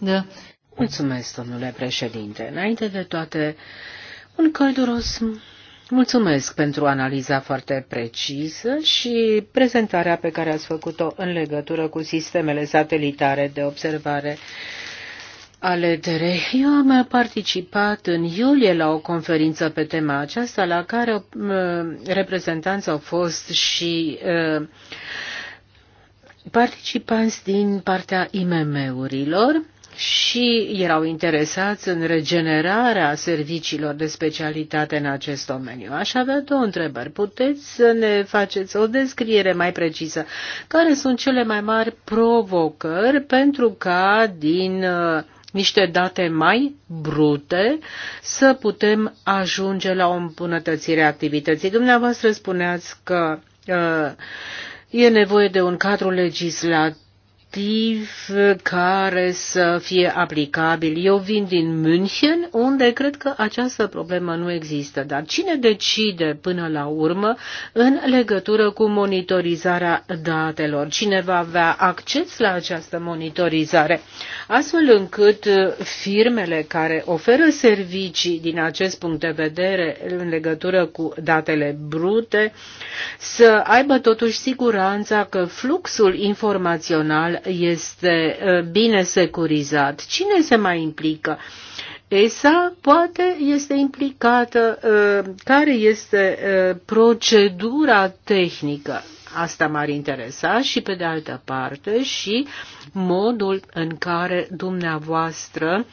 Da. Mulțumesc, domnule președinte. Înainte de toate, un călduros mulțumesc pentru analiza foarte precisă și prezentarea pe care ați făcut-o în legătură cu sistemele satelitare de observare ale DRE. Eu am participat în iulie la o conferință pe tema aceasta, la care uh, reprezentanți au fost și uh, participanți din partea IMM-urilor și erau interesați în regenerarea serviciilor de specialitate în acest domeniu. Aș avea două întrebări. Puteți să ne faceți o descriere mai precisă? Care sunt cele mai mari provocări pentru ca din uh, niște date mai brute să putem ajunge la o îmbunătățire a activității? Dumneavoastră spuneați că uh, E nevoie de un cadru legislat normativ care să fie aplicabil. Eu vin din München, unde cred că această problemă nu există. Dar cine decide până la urmă în legătură cu monitorizarea datelor? Cine va avea acces la această monitorizare? Astfel încât firmele care oferă servicii din acest punct de vedere în legătură cu datele brute să aibă totuși siguranța că fluxul informațional este bine securizat? Cine se mai implică? ESA poate este implicată. Care este procedura tehnică? Asta m-ar interesa și pe de altă parte și modul în care dumneavoastră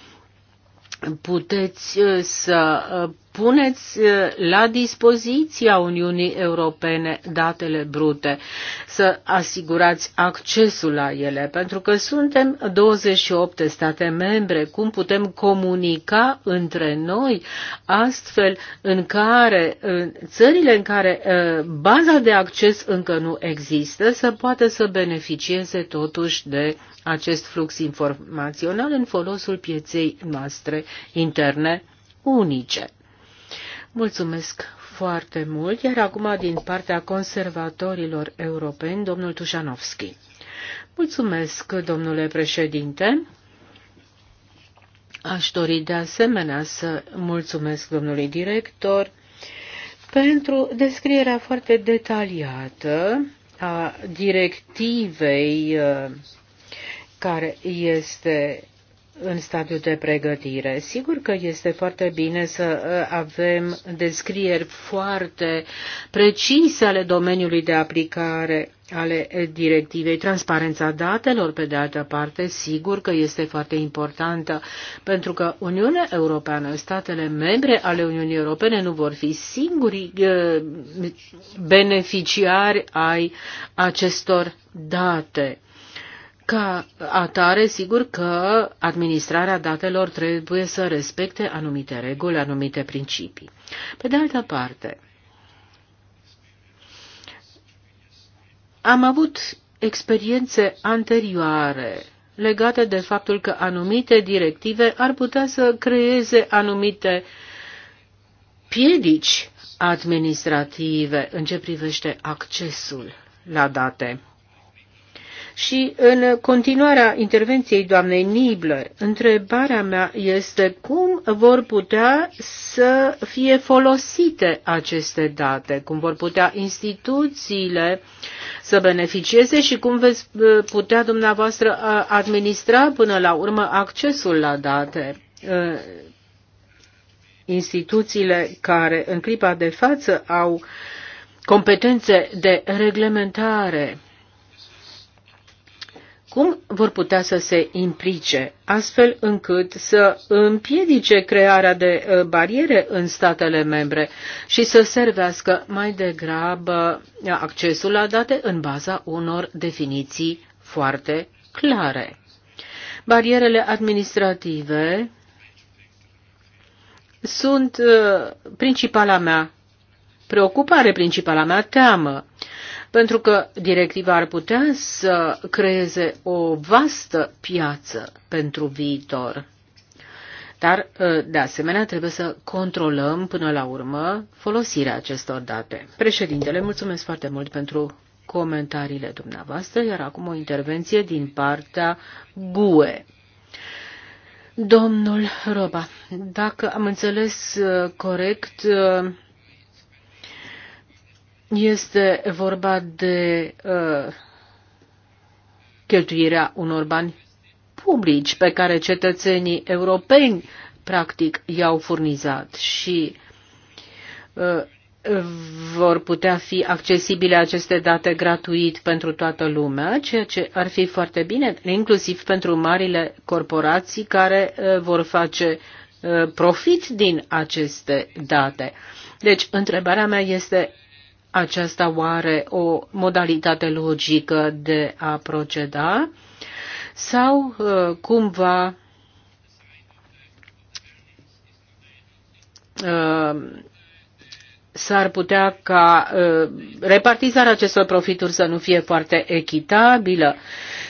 puteți să puneți eh, la dispoziția Uniunii Europene datele brute, să asigurați accesul la ele, pentru că suntem 28 de state membre, cum putem comunica între noi astfel în care în țările în care eh, baza de acces încă nu există să poată să beneficieze totuși de acest flux informațional în folosul pieței noastre interne unice. Mulțumesc foarte mult, iar acum din partea conservatorilor europeni, domnul Tușanovski. Mulțumesc, domnule președinte. Aș dori de asemenea să mulțumesc domnului director pentru descrierea foarte detaliată a directivei uh, care este în stadiu de pregătire. Sigur că este foarte bine să ă, avem descrieri foarte precise ale domeniului de aplicare ale directivei. Transparența datelor, pe de altă parte, sigur că este foarte importantă, pentru că Uniunea Europeană, statele membre ale Uniunii Europene nu vor fi singurii beneficiari ai acestor date ca atare, sigur că administrarea datelor trebuie să respecte anumite reguli, anumite principii. Pe de altă parte, am avut experiențe anterioare legate de faptul că anumite directive ar putea să creeze anumite piedici administrative în ce privește accesul la date. Și în continuarea intervenției doamnei Nibler, întrebarea mea este cum vor putea să fie folosite aceste date, cum vor putea instituțiile să beneficieze și cum veți uh, putea dumneavoastră uh, administra până la urmă accesul la date uh, instituțiile care în clipa de față au competențe de reglementare cum vor putea să se implice astfel încât să împiedice crearea de uh, bariere în statele membre și să servească mai degrabă uh, accesul la date în baza unor definiții foarte clare. Barierele administrative sunt uh, principala mea preocupare, principala mea teamă pentru că directiva ar putea să creeze o vastă piață pentru viitor. Dar, ă, de asemenea, trebuie să controlăm până la urmă folosirea acestor date. Președintele, mulțumesc foarte mult pentru comentariile dumneavoastră, iar acum o intervenție din partea GUE. Domnul Roba, dacă am înțeles ă, corect, ă, este vorba de uh, cheltuirea unor bani publici pe care cetățenii europeni practic i-au furnizat și uh, vor putea fi accesibile aceste date gratuit pentru toată lumea, ceea ce ar fi foarte bine, inclusiv pentru marile corporații care uh, vor face uh, profit din aceste date. Deci, întrebarea mea este aceasta oare o modalitate logică de a proceda sau uh, cumva uh, s-ar putea ca uh, repartizarea acestor profituri să nu fie foarte echitabilă.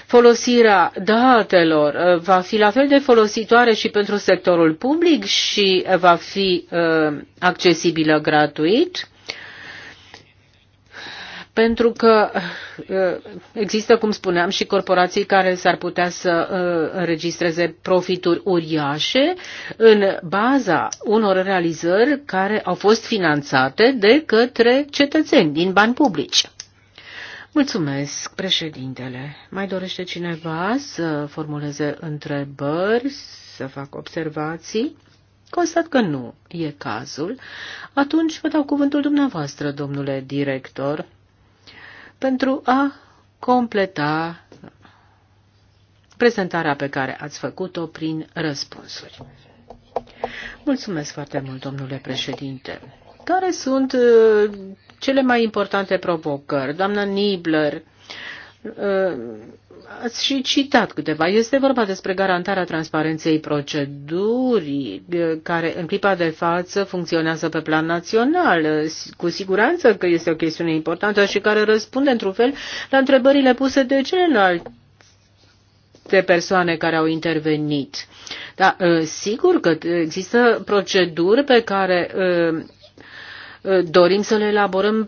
Folosirea datelor va fi la fel de folositoare și pentru sectorul public și va fi accesibilă gratuit pentru că uh, există, cum spuneam, și corporații care s-ar putea să uh, înregistreze profituri uriașe în baza unor realizări care au fost finanțate de către cetățeni din bani publici. Mulțumesc, președintele. Mai dorește cineva să formuleze întrebări, să facă observații? Constat că nu e cazul. Atunci vă dau cuvântul dumneavoastră, domnule director pentru a completa prezentarea pe care ați făcut-o prin răspunsuri. Mulțumesc foarte mult, domnule președinte. Care sunt uh, cele mai importante provocări? Doamnă Nibler, Uh, ați și citat câteva. Este vorba despre garantarea transparenței procedurii, uh, care în clipa de față funcționează pe plan național. Cu siguranță că este o chestiune importantă și care răspunde într-un fel la întrebările puse de celelalte de persoane care au intervenit. Da, uh, sigur că există proceduri pe care dorim să le elaborăm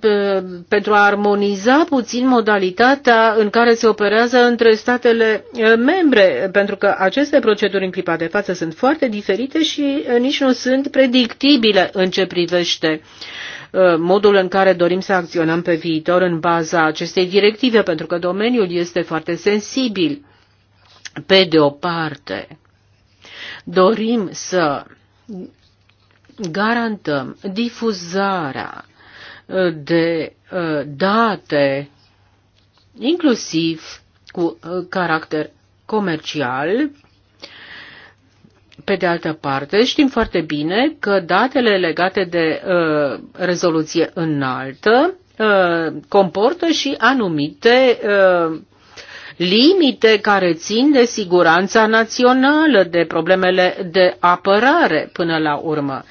pentru a armoniza puțin modalitatea în care se operează între statele membre, pentru că aceste proceduri în clipa de față sunt foarte diferite și nici nu sunt predictibile în ce privește modul în care dorim să acționăm pe viitor în baza acestei directive, pentru că domeniul este foarte sensibil. Pe de o parte, dorim să garantăm difuzarea uh, de uh, date, inclusiv cu uh, caracter comercial. Pe de altă parte, știm foarte bine că datele legate de rezoluție înaltă comportă și anumite limite care țin de siguranța națională, de problemele de apărare până la urmă.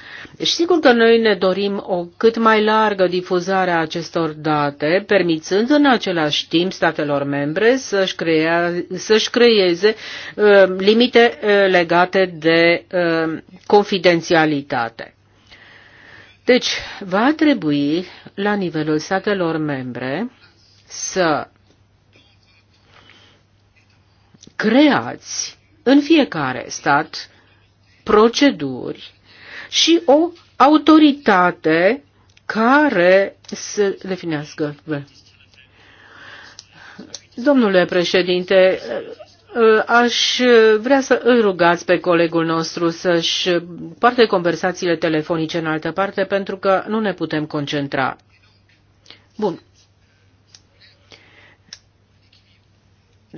Și sigur că noi ne dorim o cât mai largă difuzare a acestor date, permițând în același timp statelor membre să-și, crea, să-și creeze uh, limite uh, legate de uh, confidențialitate. deci, va trebui la nivelul statelor membre să creați în fiecare stat proceduri și o autoritate care să definească. Domnule președinte, Aș vrea să îl rugați pe colegul nostru să-și parte conversațiile telefonice în altă parte, pentru că nu ne putem concentra. Bun.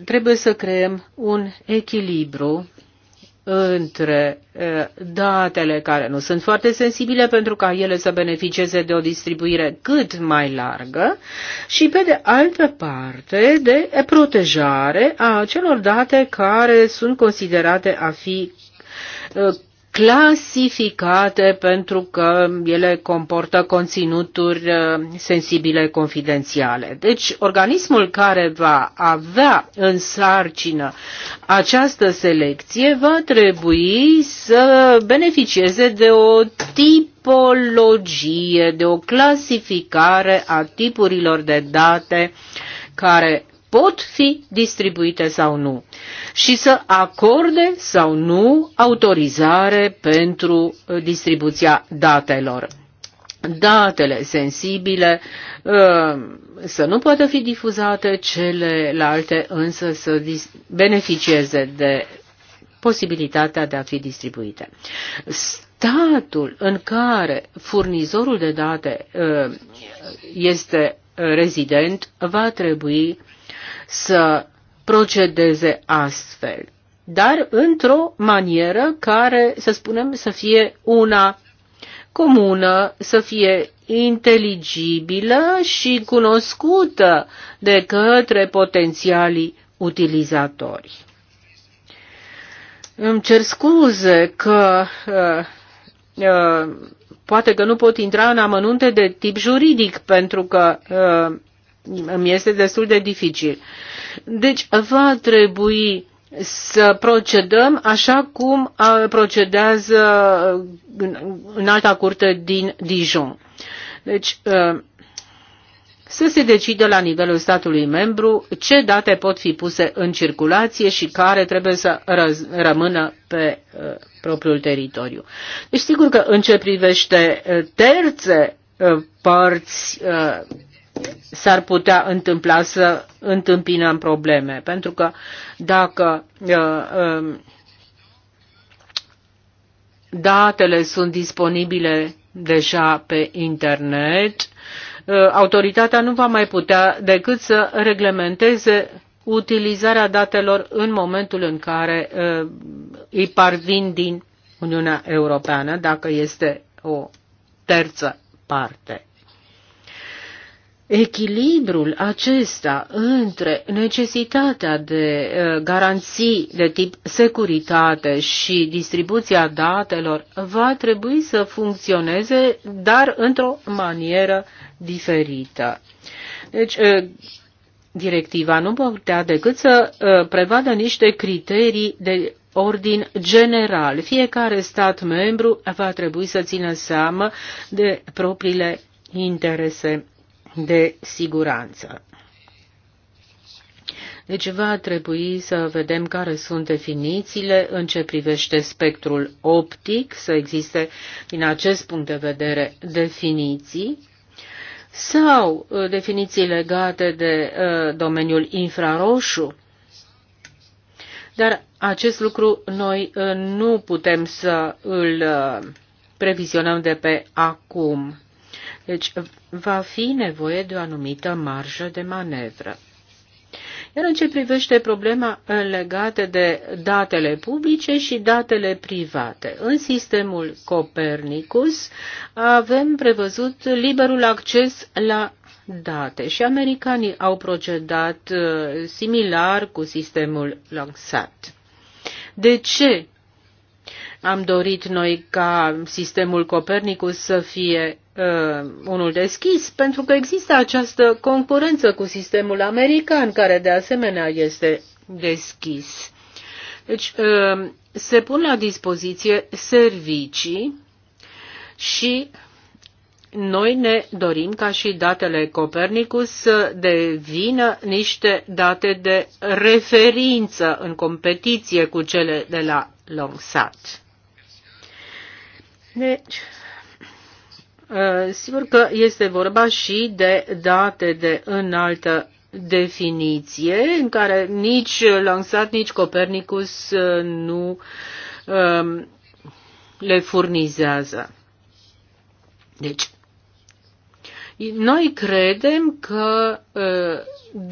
trebuie să creăm un echilibru între datele care nu sunt foarte sensibile pentru ca ele să beneficieze de o distribuire cât mai largă și pe de altă parte de protejare a celor date care sunt considerate a fi clasificate pentru că ele comportă conținuturi uh, sensibile confidențiale. Deci, organismul care va avea în sarcină această selecție va trebui să beneficieze de o tipologie, de o clasificare a tipurilor de date care pot fi distribuite sau nu și să acorde sau nu autorizare pentru uh, distribuția datelor. Datele sensibile uh, să nu poată fi difuzate, celelalte însă să beneficieze de posibilitatea de a fi distribuite. Statul în care furnizorul de date uh, este rezident va trebui să procedeze astfel, dar într-o manieră care, să spunem, să fie una comună, să fie inteligibilă și cunoscută de către potențialii utilizatori. Îmi cer scuze că uh, uh, poate că nu pot intra în amănunte de tip juridic, pentru că uh, îmi este destul de dificil. Deci va trebui să procedăm așa cum procedează în alta curte din Dijon. Deci să se decide la nivelul statului membru ce date pot fi puse în circulație și care trebuie să rămână pe propriul teritoriu. Deci sigur că în ce privește terțe părți s-ar putea întâmpla să întâmpinăm probleme. Pentru că dacă uh, um, datele sunt disponibile deja pe internet, uh, autoritatea nu va mai putea decât să reglementeze utilizarea datelor în momentul în care uh, îi parvin din Uniunea Europeană, dacă este o terță parte echilibrul acesta între necesitatea de uh, garanții de tip securitate și distribuția datelor va trebui să funcționeze, dar într-o manieră diferită. Deci, uh, directiva nu putea decât să uh, prevadă niște criterii de ordin general. Fiecare stat membru va trebui să țină seamă de propriile interese de siguranță. Deci va trebui să vedem care sunt definițiile în ce privește spectrul optic, să existe din acest punct de vedere definiții sau uh, definiții legate de uh, domeniul infraroșu. Dar acest lucru noi uh, nu putem să îl uh, previzionăm de pe acum. Deci va fi nevoie de o anumită marjă de manevră. Iar în ce privește problema legată de datele publice și datele private, în sistemul Copernicus avem prevăzut liberul acces la date și americanii au procedat uh, similar cu sistemul Langsat. De ce am dorit noi ca sistemul Copernicus să fie uh, unul deschis, pentru că există această concurență cu sistemul american, care de asemenea este deschis. Deci, uh, se pun la dispoziție servicii și noi ne dorim ca și datele Copernicus să devină niște date de referință în competiție cu cele de la Longsat. Deci, Uh, sigur că este vorba și de date de înaltă definiție, în care nici Lansat, nici Copernicus uh, nu um, le furnizează. Deci, noi credem că uh,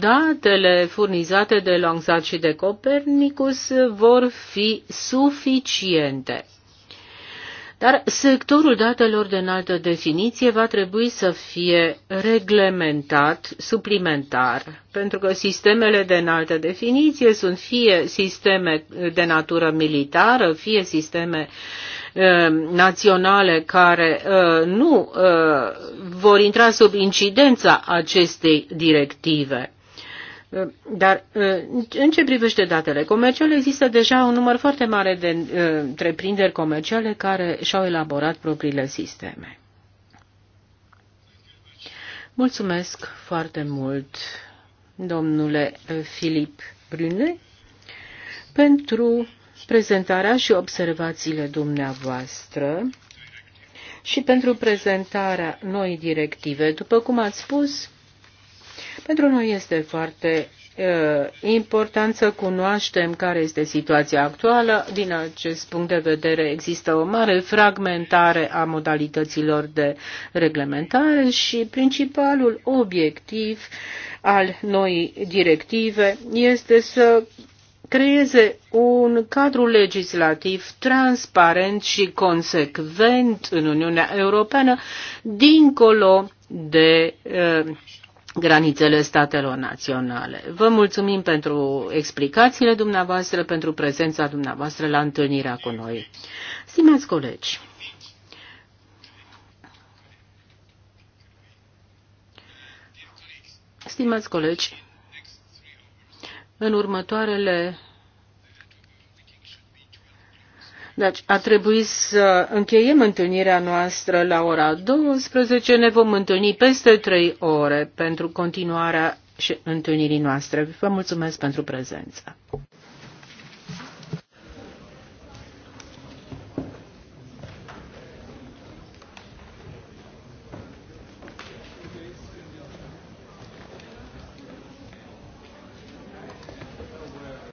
datele furnizate de Lansat și de Copernicus vor fi suficiente dar sectorul datelor de înaltă definiție va trebui să fie reglementat suplimentar, pentru că sistemele de înaltă definiție sunt fie sisteme de natură militară, fie sisteme eh, naționale care eh, nu eh, vor intra sub incidența acestei directive. Dar în ce privește datele comerciale, există deja un număr foarte mare de uh, întreprinderi comerciale care și-au elaborat propriile sisteme. Mulțumesc foarte mult, domnule Filip Brune, pentru prezentarea și observațiile dumneavoastră și pentru prezentarea noii directive. După cum ați spus, pentru noi este foarte uh, important să cunoaștem care este situația actuală. Din acest punct de vedere există o mare fragmentare a modalităților de reglementare și principalul obiectiv al noii directive este să creeze un cadru legislativ transparent și consecvent în Uniunea Europeană, dincolo de uh, granițele statelor naționale. Vă mulțumim pentru explicațiile dumneavoastră, pentru prezența dumneavoastră la întâlnirea cu noi. Stimați colegi, Stimați colegi, în următoarele deci a trebuit să încheiem întâlnirea noastră la ora 12. Ne vom întâlni peste 3 ore pentru continuarea și întâlnirii noastre. Vă mulțumesc pentru prezență.